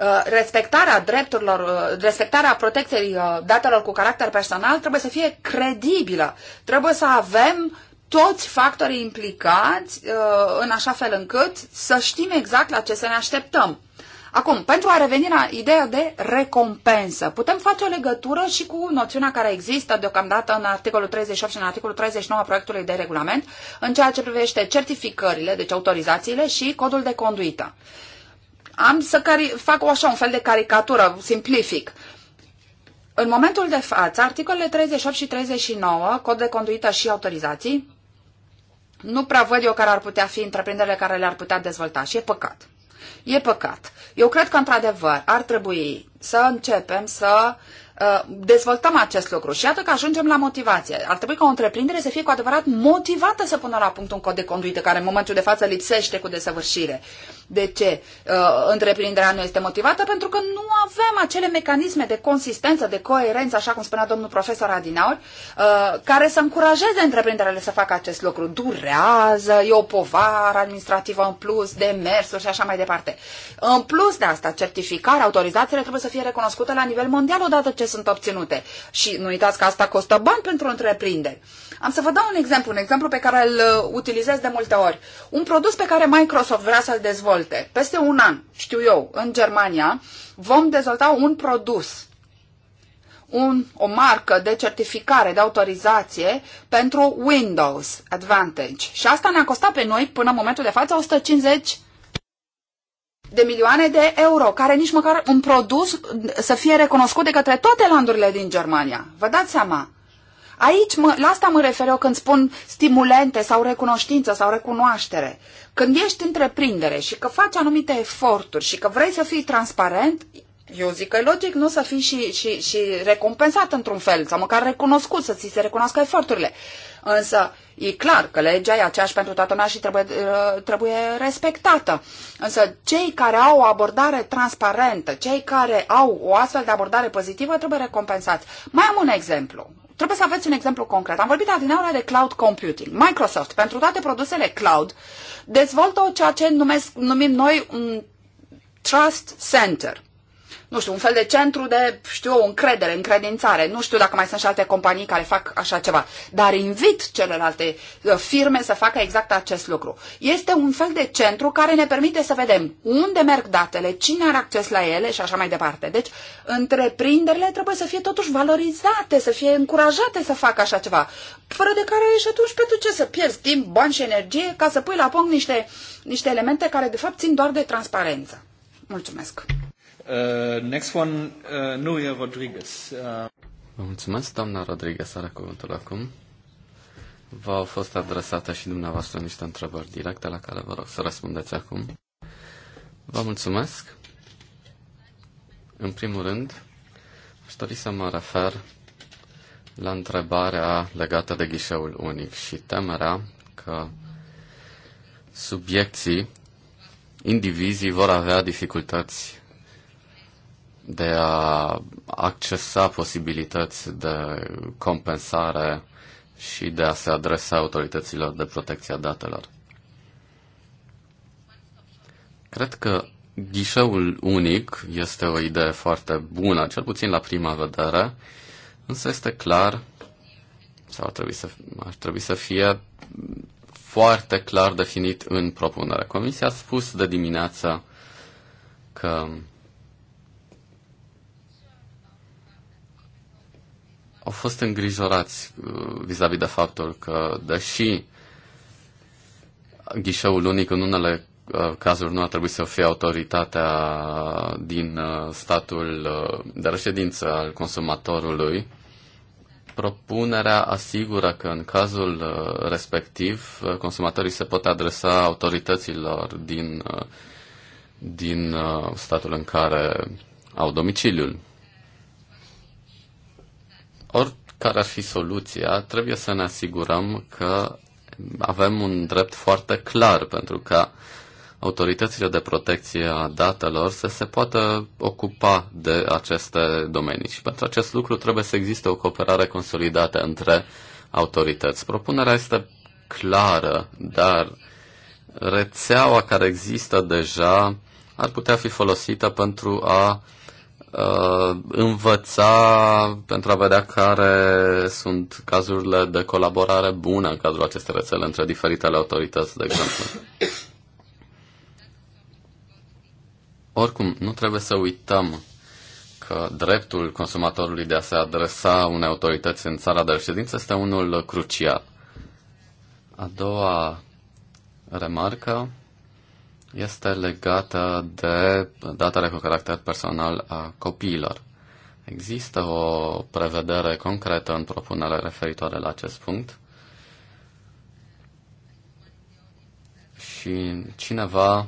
Uh, respectarea drepturilor, uh, respectarea protecției uh, datelor cu caracter personal trebuie să fie credibilă. Trebuie să avem toți factorii implicați în așa fel încât să știm exact la ce să ne așteptăm. Acum, pentru a reveni la ideea de recompensă, putem face o legătură și cu noțiunea care există deocamdată în articolul 38 și în articolul 39 a proiectului de regulament, în ceea ce privește certificările, deci autorizațiile și codul de conduită am să cari, fac o așa un fel de caricatură, simplific. În momentul de față, articolele 38 și 39, cod de conduită și autorizații, nu prea văd eu care ar putea fi întreprinderile care le-ar putea dezvolta și e păcat. E păcat. Eu cred că, într-adevăr, ar trebui să începem să Uh, dezvoltăm acest lucru. Și iată că ajungem la motivație. Ar trebui ca o întreprindere să fie cu adevărat motivată să pună la punct un cod de conduită care în momentul de față lipsește cu desăvârșire. De ce uh, întreprinderea nu este motivată? Pentru că nu avem acele mecanisme de consistență, de coerență, așa cum spunea domnul profesor Adinaur, uh, care să încurajeze întreprinderile să facă acest lucru. Durează, e o povară administrativă în plus, demersuri și așa mai departe. În plus de asta, certificarea, autorizațiile trebuie să fie recunoscute la nivel mondial odată ce sunt obținute. Și nu uitați că asta costă bani pentru întreprindere. Am să vă dau un exemplu, un exemplu pe care îl uh, utilizez de multe ori. Un produs pe care Microsoft vrea să-l dezvolte. Peste un an, știu eu, în Germania, vom dezvolta un produs un, o marcă de certificare, de autorizație pentru Windows Advantage. Și asta ne-a costat pe noi, până în momentul de față, 150 de milioane de euro, care nici măcar un produs să fie recunoscut de către toate landurile din Germania. Vă dați seama? Aici, mă, la asta mă refer eu când spun stimulente sau recunoștință sau recunoaștere. Când ești întreprindere și că faci anumite eforturi și că vrei să fii transparent, eu zic că e logic nu să fii și, și, și recompensat într-un fel, sau măcar recunoscut, să ți se recunoască eforturile. Însă e clar că legea e aceeași pentru toată lumea și trebuie, uh, trebuie respectată. Însă cei care au o abordare transparentă, cei care au o astfel de abordare pozitivă, trebuie recompensați. Mai am un exemplu. Trebuie să aveți un exemplu concret. Am vorbit adineaură de cloud computing. Microsoft, pentru toate produsele cloud, dezvoltă ceea ce numesc, numim noi un trust center nu știu, un fel de centru de, știu, încredere, încredințare. Nu știu dacă mai sunt și alte companii care fac așa ceva, dar invit celelalte uh, firme să facă exact acest lucru. Este un fel de centru care ne permite să vedem unde merg datele, cine are acces la ele și așa mai departe. Deci, întreprinderile trebuie să fie totuși valorizate, să fie încurajate să facă așa ceva. Fără de care și atunci pentru ce să pierzi timp, bani și energie ca să pui la punct niște, niște elemente care de fapt țin doar de transparență. Mulțumesc! Uh, next one, uh, Nuria Rodriguez. Uh... Vă mulțumesc, doamna Rodriguez, are cuvântul acum. V-au fost adresate și dumneavoastră niște întrebări directe la care vă rog să răspundeți acum. Vă mulțumesc. În primul rând, aș dori să mă refer la întrebarea legată de ghișeul unic și temerea că subiecții, indivizii vor avea dificultăți de a accesa posibilități de compensare și de a se adresa autorităților de protecție a datelor. Cred că ghișeul unic este o idee foarte bună, cel puțin la prima vedere, însă este clar, sau ar trebui să, ar trebui să fie foarte clar definit în propunere. Comisia a spus de dimineață că au fost îngrijorați uh, vis-a-vis -vis de faptul că, deși ghișeul unic în unele uh, cazuri nu ar trebui să fie autoritatea din uh, statul de reședință al consumatorului, propunerea asigură că în cazul respectiv consumatorii se pot adresa autorităților din, din statul în care au domiciliul. Oricare ar fi soluția, trebuie să ne asigurăm că avem un drept foarte clar pentru ca autoritățile de protecție a datelor să se poată ocupa de aceste domenii. Și pentru acest lucru trebuie să existe o cooperare consolidată între autorități. Propunerea este clară, dar rețeaua care există deja ar putea fi folosită pentru a Uh, învăța pentru a vedea care sunt cazurile de colaborare bună în cadrul acestei rețele între diferitele autorități, de exemplu. Oricum, nu trebuie să uităm că dreptul consumatorului de a se adresa unei autorități în țara de reședință este unul crucial. A doua remarcă este legată de datele cu caracter personal a copiilor. Există o prevedere concretă în propunere referitoare la acest punct și cineva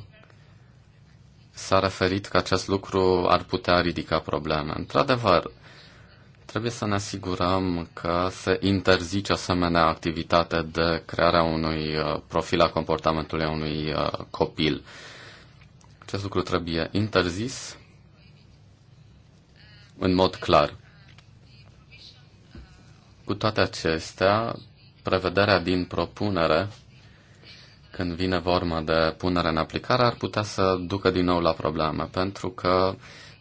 s-a referit că acest lucru ar putea ridica probleme. Într-adevăr, Trebuie să ne asigurăm că se interzice asemenea activitate de crearea unui uh, profil a comportamentului a unui uh, copil. Acest lucru trebuie interzis în mod clar. Cu toate acestea, prevederea din propunere, când vine vorba de punere în aplicare, ar putea să ducă din nou la probleme, pentru că uh,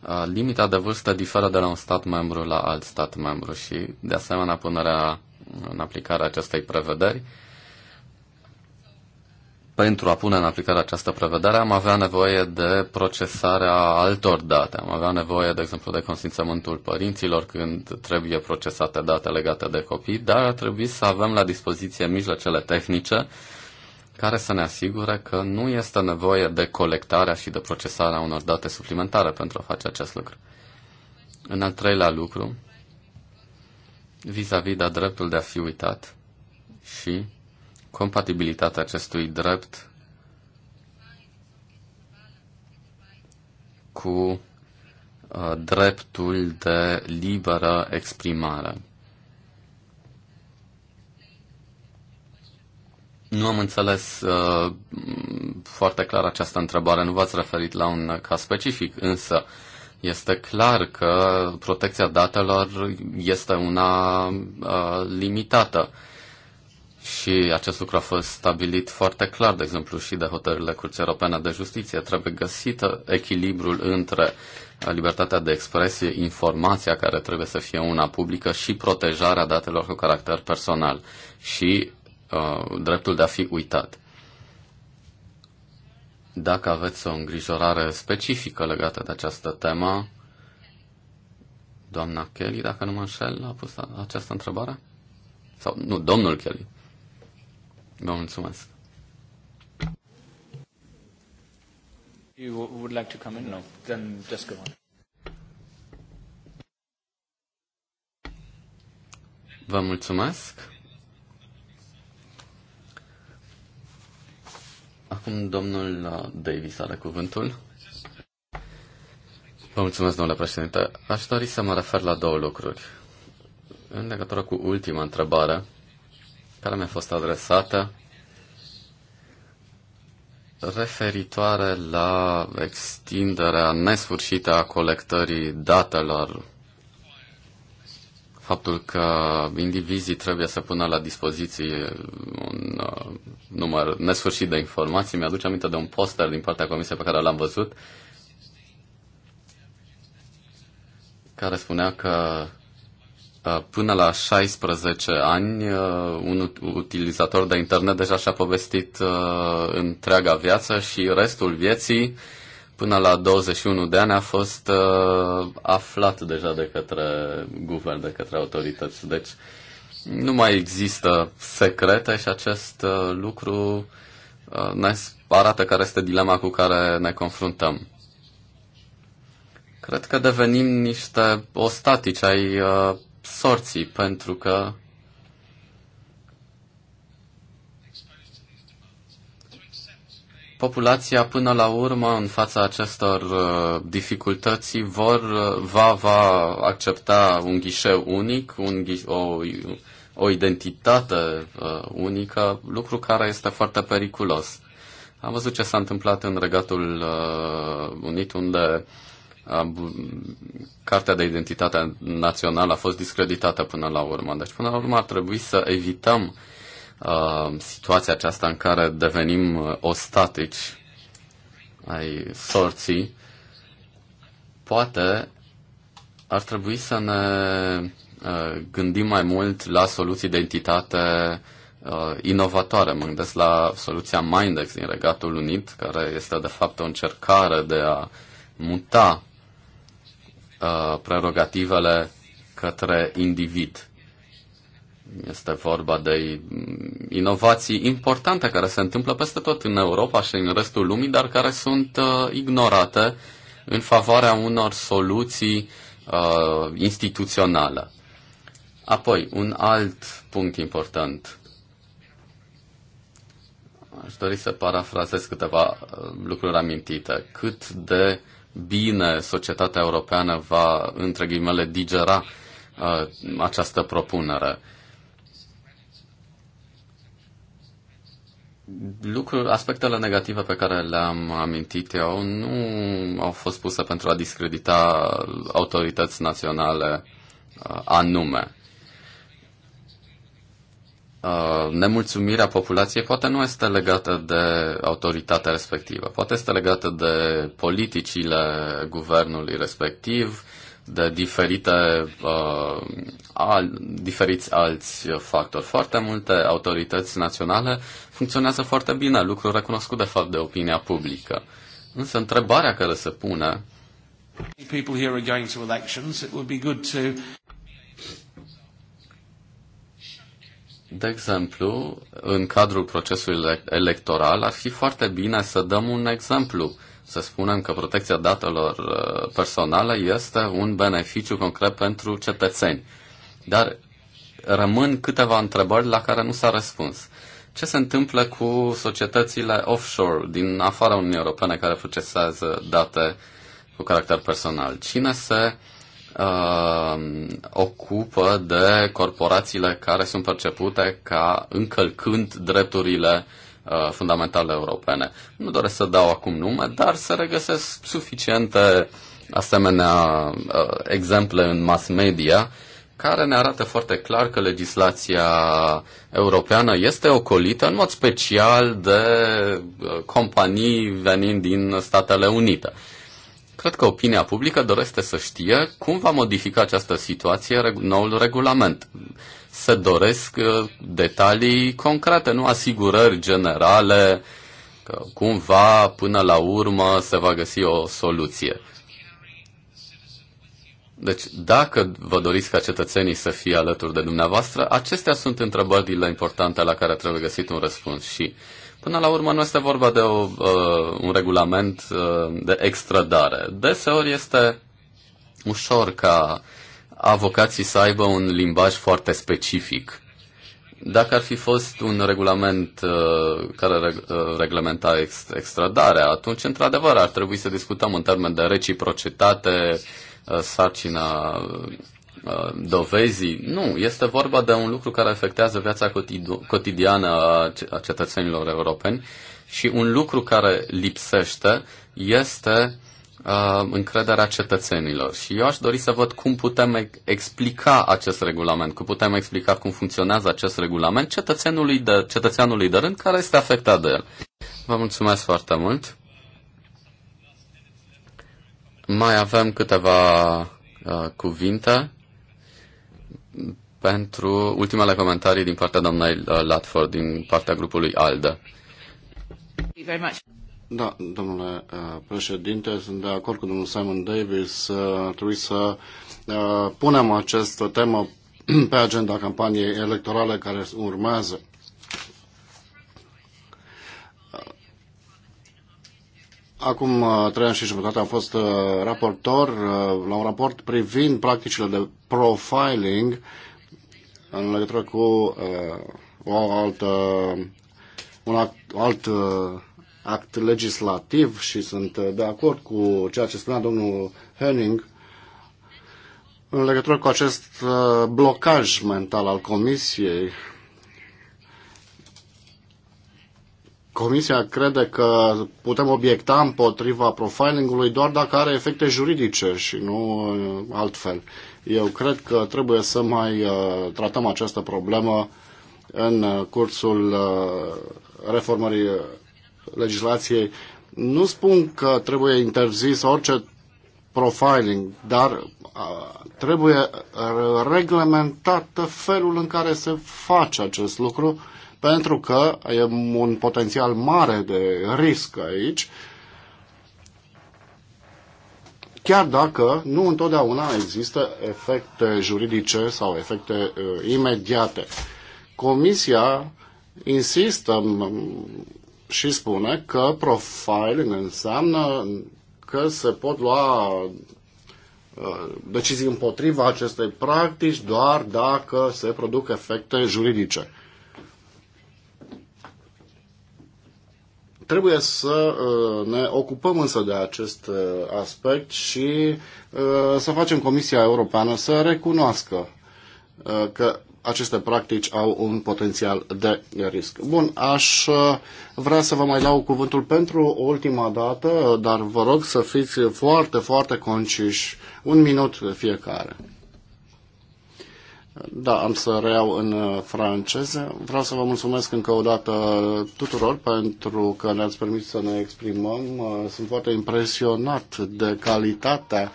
Uh, limita de vârstă diferă de la un stat membru la alt stat membru și, de asemenea, punerea în aplicare acestei prevederi. Pentru a pune în aplicare această prevedere am avea nevoie de procesarea altor date. Am avea nevoie, de exemplu, de consimțământul părinților când trebuie procesate date legate de copii, dar ar trebui să avem la dispoziție mijloacele tehnice uh, care să ne asigure că nu este nevoie de colectarea și de procesarea unor date suplimentare pentru a face acest lucru. În al treilea lucru, vis-a-vis -vis de dreptul de a fi uitat și compatibilitatea acestui drept cu uh, dreptul de liberă exprimare. Nu am înțeles uh, foarte clar această întrebare. Nu v-ați referit la un caz specific, însă este clar că protecția datelor este una uh, limitată. Și acest lucru a fost stabilit foarte clar, de exemplu, și de hotărârile Curții Europene de Justiție. Trebuie găsită echilibrul între uh, libertatea de expresie, informația care trebuie să fie una publică și protejarea datelor cu caracter personal. Și Uh, dreptul de a fi uitat. Dacă aveți o îngrijorare specifică legată de această temă, doamna Kelly, dacă nu mă înșel, a pus această întrebare? Sau, nu, domnul Kelly. Vă mulțumesc. You would like to come in? No. Then just go on. Vă mulțumesc. Acum domnul uh, Davis are cuvântul. Vă mulțumesc, domnule președinte. Aș dori să mă refer la două lucruri. În legătură cu ultima întrebare care mi-a fost adresată, referitoare la extinderea nesfârșită a colectării datelor faptul că indivizii trebuie să pună la dispoziție un uh, număr nesfârșit de informații. Mi-aduce aminte de un poster din partea comisiei pe care l-am văzut, care spunea că uh, până la 16 ani uh, un utilizator de internet deja și-a povestit uh, întreaga viață și restul vieții uh, până la 21 de ani a fost uh, aflat deja de către guvern, de către autorități. Deci nu mai există secrete și acest uh, lucru uh, ne arată care este dilema cu care ne confruntăm. Cred că devenim niște ostatici ai uh, sorții, pentru că populația până la urmă în fața acestor uh, dificultăți vor, uh, va, va accepta un ghișeu unic, un, o, o identitate uh, unică, lucru care este foarte periculos. Am văzut ce s-a întâmplat în Regatul uh, Unit, unde uh, Cartea de identitate națională a fost discreditată până la urmă. Deci, până la urmă, ar trebui să evităm uh, Uh, situația aceasta în care devenim uh, ostatici ai sorții, poate ar trebui să ne uh, gândim mai mult la soluții de entitate inovatoare. Mă gândesc la soluția Mindex din Regatul Unit, care este de fapt o încercare de a muta prerogativele către individ. Este vorba de inovații importante care se întâmplă peste tot în Europa și în restul lumii, dar care sunt uh, ignorate în favoarea unor soluții uh, instituționale. Apoi, un alt punct important. Aș dori să parafrazez câteva uh, lucruri amintite. Cât de bine societatea europeană va, între ghimele, digera uh, această propunere. Uh, lucruri, aspectele negative pe care le-am amintit eu nu au fost puse pentru a discredita autorități naționale uh, anume. Uh, nemulțumirea populației poate nu este legată de autoritatea respectivă, poate este legată de politicile guvernului respectiv, de diferite, uh, al, diferiți alți factori. Foarte multe autorități naționale funcționează foarte bine, lucru recunoscut de fapt de opinia publică. Însă întrebarea care se pune people here are going to elections, it would be good to De exemplu, în cadrul procesului electoral ar fi foarte bine să dăm un exemplu să spunem că protecția datelor uh, personale este un beneficiu concret pentru cetățeni. Dar rămân câteva întrebări la care nu s-a răspuns. Ce se întâmplă cu societățile offshore din afara Uniunii Europene care procesează date cu caracter personal? Cine se uh, ocupă de corporațiile care sunt percepute ca încălcând drepturile uh, Uh, fundamentale europene. Nu doresc să dau acum nume, dar să regăsesc suficiente asemenea uh, exemple în mass media care ne arată foarte clar că legislația europeană este ocolită în mod special de uh, companii venind din Statele Unite. Cred că opinia publică dorește să știe cum va modifica această situație noul regulament se doresc uh, detalii concrete, nu asigurări generale că cumva până la urmă se va găsi o soluție. Deci, dacă vă doriți ca cetățenii să fie alături de dumneavoastră, acestea sunt întrebările importante la care trebuie găsit un răspuns și Până la urmă nu este vorba de o, uh, un regulament uh, de extradare. Deseori este ușor ca avocații să aibă un limbaj foarte specific. Dacă ar fi fost un regulament uh, care reg- uh, reglementa ex- extradarea, atunci, într-adevăr, ar trebui să discutăm în termen de reciprocitate, uh, sarcina uh, dovezii. Nu, este vorba de un lucru care afectează viața cotidiană a, a cetățenilor europeni și un lucru care lipsește este uh, uh, încrederea cetățenilor. Și eu aș dori să văd cum putem explica acest regulament, cum putem explica cum funcționează acest regulament cetățenului de, cetățeanului de rând care este afectat de el. Vă mulțumesc foarte mult. Mai avem câteva uh, cuvinte pentru ultimele comentarii din partea doamnei uh, Latford, din partea grupului ALDE. Da, domnule uh, președinte, sunt de acord cu domnul Simon Davis. Uh, ar să uh, punem această temă pe agenda campaniei electorale care urmează. Acum trei ani și jumătate am fost raportor la un raport privind practicile de profiling în legătură cu o altă, un alt, alt act legislativ și sunt de acord cu ceea ce spunea domnul Henning în legătură cu acest uh, blocaj mental al Comisiei. Comisia crede că putem obiecta împotriva profilingului doar dacă are efecte juridice și nu uh, altfel. Eu cred că trebuie să mai uh, tratăm această problemă în cursul reformării legislației. Nu spun că trebuie interzis orice profiling, dar trebuie reglementat felul în care se face acest lucru, pentru că e un potențial mare de risc aici, chiar dacă nu întotdeauna există efecte juridice sau efecte uh, imediate. Comisia insistă și spune că profiling înseamnă că se pot lua uh, decizii împotriva acestei practici doar dacă se produc efecte juridice. Trebuie să uh, ne ocupăm însă de acest uh, aspect și să facem Comisia Europeană să recunoască că aceste practici au un potențial de risc. Bun, aș uh, vrea să vă mai dau cuvântul pentru ultima dată, dar vă rog să fiți foarte, foarte conciși. Un minut fiecare. Da, am să reiau în uh, franceză. Vreau să vă mulțumesc încă o dată tuturor pentru că ne-ați permis să ne exprimăm. Uh, sunt foarte impresionat de calitatea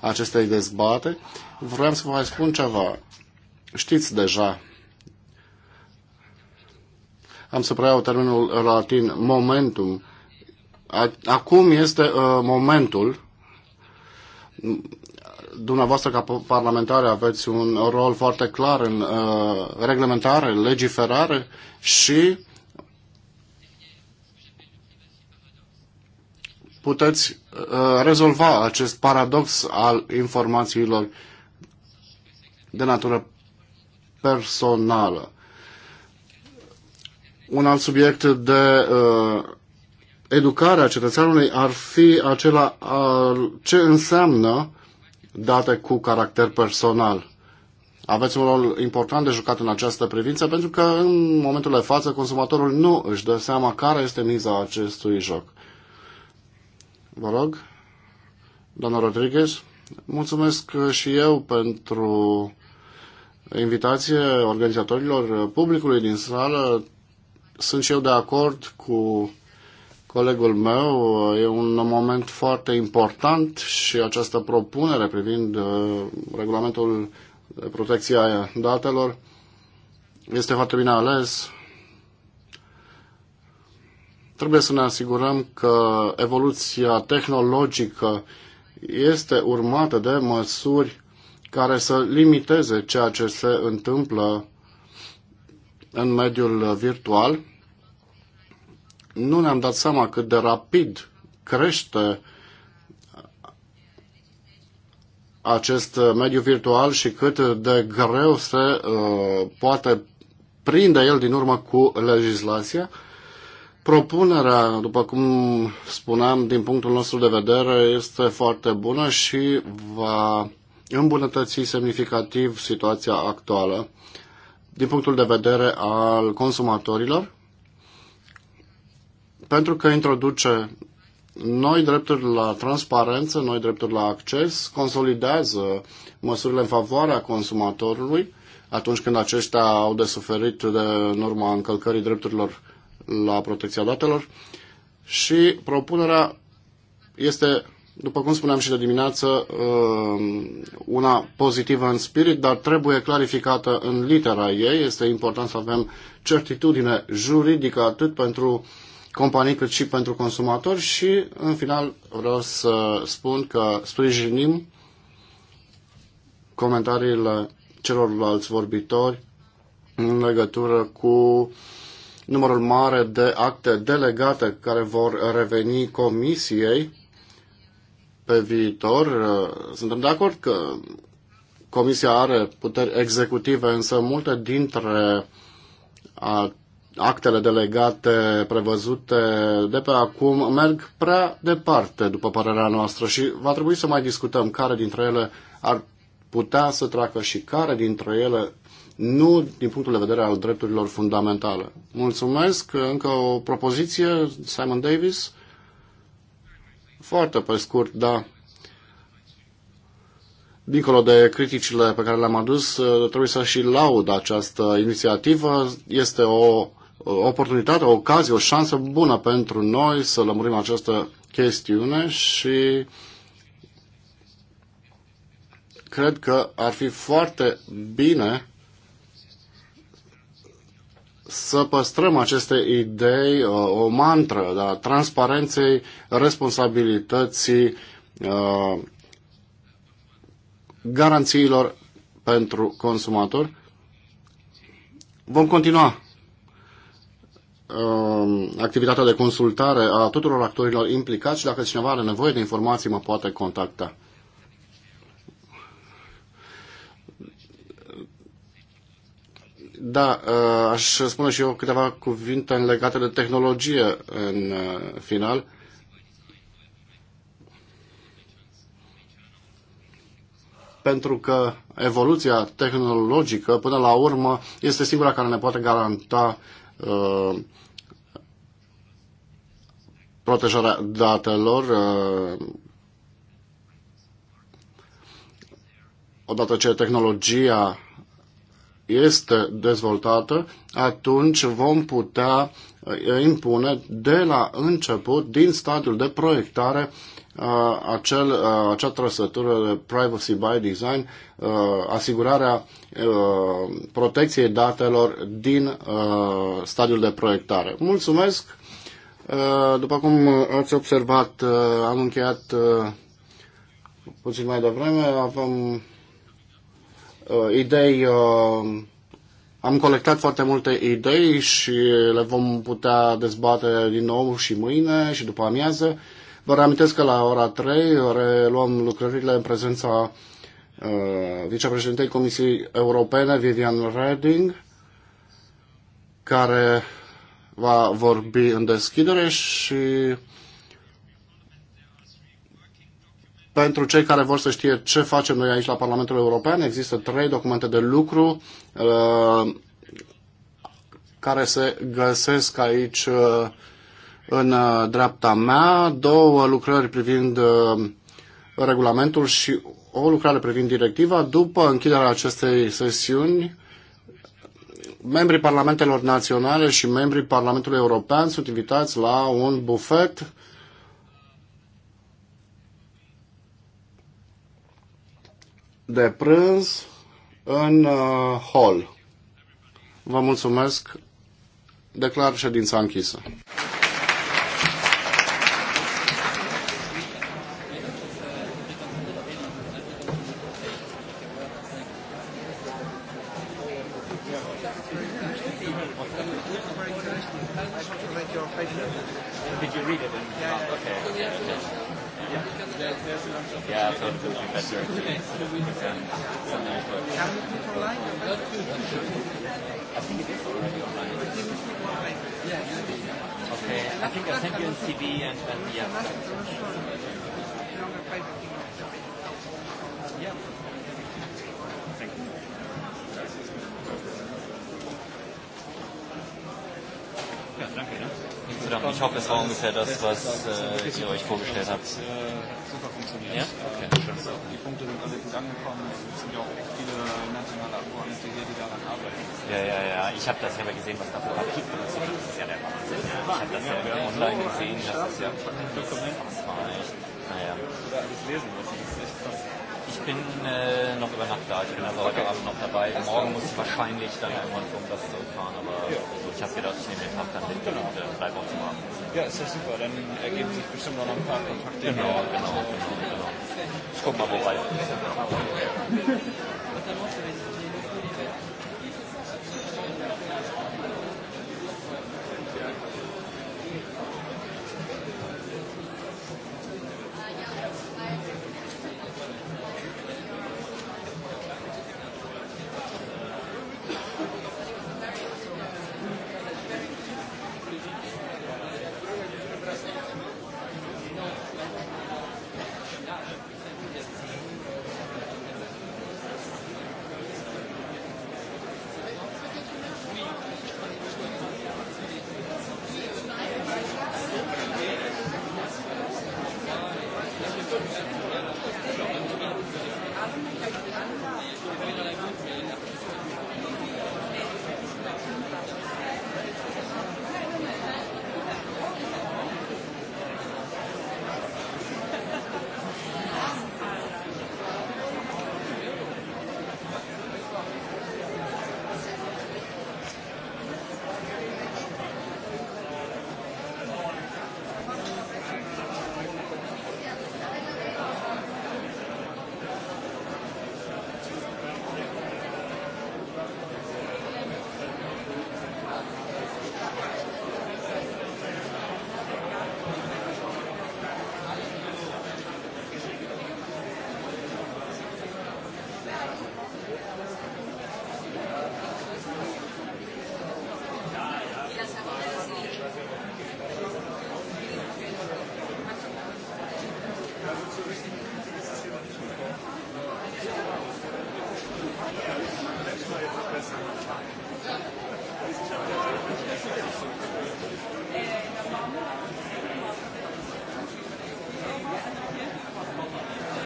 acestei dezbate. Vreau să vă mai spun ceva știți deja. Am să preiau termenul latin momentum. Acum este uh, momentul. Dumneavoastră, ca parlamentare, aveți un rol foarte clar în uh, reglementare, legiferare și puteți uh, rezolva acest paradox al informațiilor de natură personală. Un alt subiect de uh, educare a cetățeanului ar fi acela uh, ce înseamnă date cu caracter personal. Aveți un rol important de jucat în această privință pentru că în momentul de față consumatorul nu își dă seama care este miza acestui joc. Vă rog, doamna Rodriguez, mulțumesc și eu pentru invitație organizatorilor uh, publicului din sală. Sunt și eu de acord cu colegul meu. Uh, e un moment foarte important și această propunere privind uh, regulamentul de protecție a datelor este foarte bine ales. Trebuie să ne asigurăm că evoluția tehnologică este urmată de măsuri care să limiteze ceea ce se întâmplă în mediul virtual. Nu ne-am dat seama cât de rapid crește acest mediu virtual și cât de greu se uh, poate prinde el din urmă cu legislația. Propunerea, după cum spuneam, din punctul nostru de vedere, este foarte bună și va îmbunătăți semnificativ situația actuală din punctul de vedere al consumatorilor, pentru că introduce noi drepturi la transparență, noi drepturi la acces, consolidează măsurile în favoarea consumatorului atunci când aceștia au de suferit de în urma încălcării drepturilor la protecția datelor și propunerea este după cum spuneam și de dimineață, uh, una pozitivă în spirit, dar trebuie clarificată în litera ei. Este important să avem certitudine juridică atât pentru companii cât și pentru consumatori și, în final, vreau să spun că sprijinim comentariile celorlalți vorbitori în legătură cu numărul mare de acte delegate care vor reveni comisiei pe viitor. Uh, suntem de acord că Comisia are puteri executive, însă multe dintre actele delegate prevăzute de pe acum merg prea departe, după părerea noastră, și va trebui să mai discutăm care dintre ele ar putea să treacă și care dintre ele nu din punctul de vedere al drepturilor fundamentale. Mulțumesc. Încă o propoziție, Simon Davis. Foarte pe scurt, da. Dincolo de criticile pe care le-am adus, uh, trebuie să și laud această inițiativă. Este o oportunitate, o ocazie, o șansă bună pentru noi să lămurim această chestiune și cred că ar fi foarte bine să păstrăm aceste idei, uh, o mantră da, transparenței, responsabilității, uh, garanțiilor pentru consumatori. Vom continua um, activitatea de consultare a tuturor actorilor implicați și dacă cineva are nevoie de informații mă poate contacta. Da, uh, aș spune și eu câteva cuvinte în legate de tehnologie în uh, final. Pentru că evoluția tehnologică, până la urmă, este singura care ne poate garanta uh, protejarea datelor. odată ce tehnologia este dezvoltată, atunci vom putea eh, impune de la început, din stadiul de proiectare, eh, acel, eh, acea trăsătură de privacy by design, asigurarea protecției datelor din stadiul de proiectare. Mulțumesc! După cum ați observat, am încheiat puțin mai devreme, avem uh, idei. Uh, am colectat foarte multe idei și le vom putea dezbate din nou și mâine și după amiază. Vă reamintesc că la ora 3 reluăm lucrările în prezența uh, vicepreședintei Comisiei Europene, Vivian Reding, care va vorbi în deschidere și Pentru cei care vor să știe ce facem noi aici la Parlamentul European, există trei documente de lucru uh, care se găsesc aici uh, în uh, dreapta mea, două lucrări privind uh, regulamentul și o lucrare privind directiva. După închiderea acestei sesiuni, membrii Parlamentelor Naționale și membrii Parlamentului European sunt invitați la un bufet de prânz în uh, hall. Vă mulțumesc. Declar ședința închisă. vorgestellt habe. Das hat äh, super funktioniert. Ja? Okay, äh, schön. Die Punkte sind alle gut angekommen. Es sind ja auch viele nationale Abgeordnete hier, die daran arbeiten. Ja, ja, ja. Ich habe das ja mal gesehen, was da vorher gibt. Das ist ja der Wahnsinn. Ich habe das ja, ja online gesehen. Das ist ja ein Dokument. Das war echt, naja. Ah, Oder alles lesen müssen. Das ist echt krass. Ich bin äh, noch über Nacht da. Ich bin also okay. heute Abend noch dabei. Morgen muss ich wahrscheinlich dann einmal um das Ja, ist ja super. Dann ergeben sich bestimmt noch ein paar Kontakte. Genau, genau, genau. genau. Ich guck mal, wo weiter.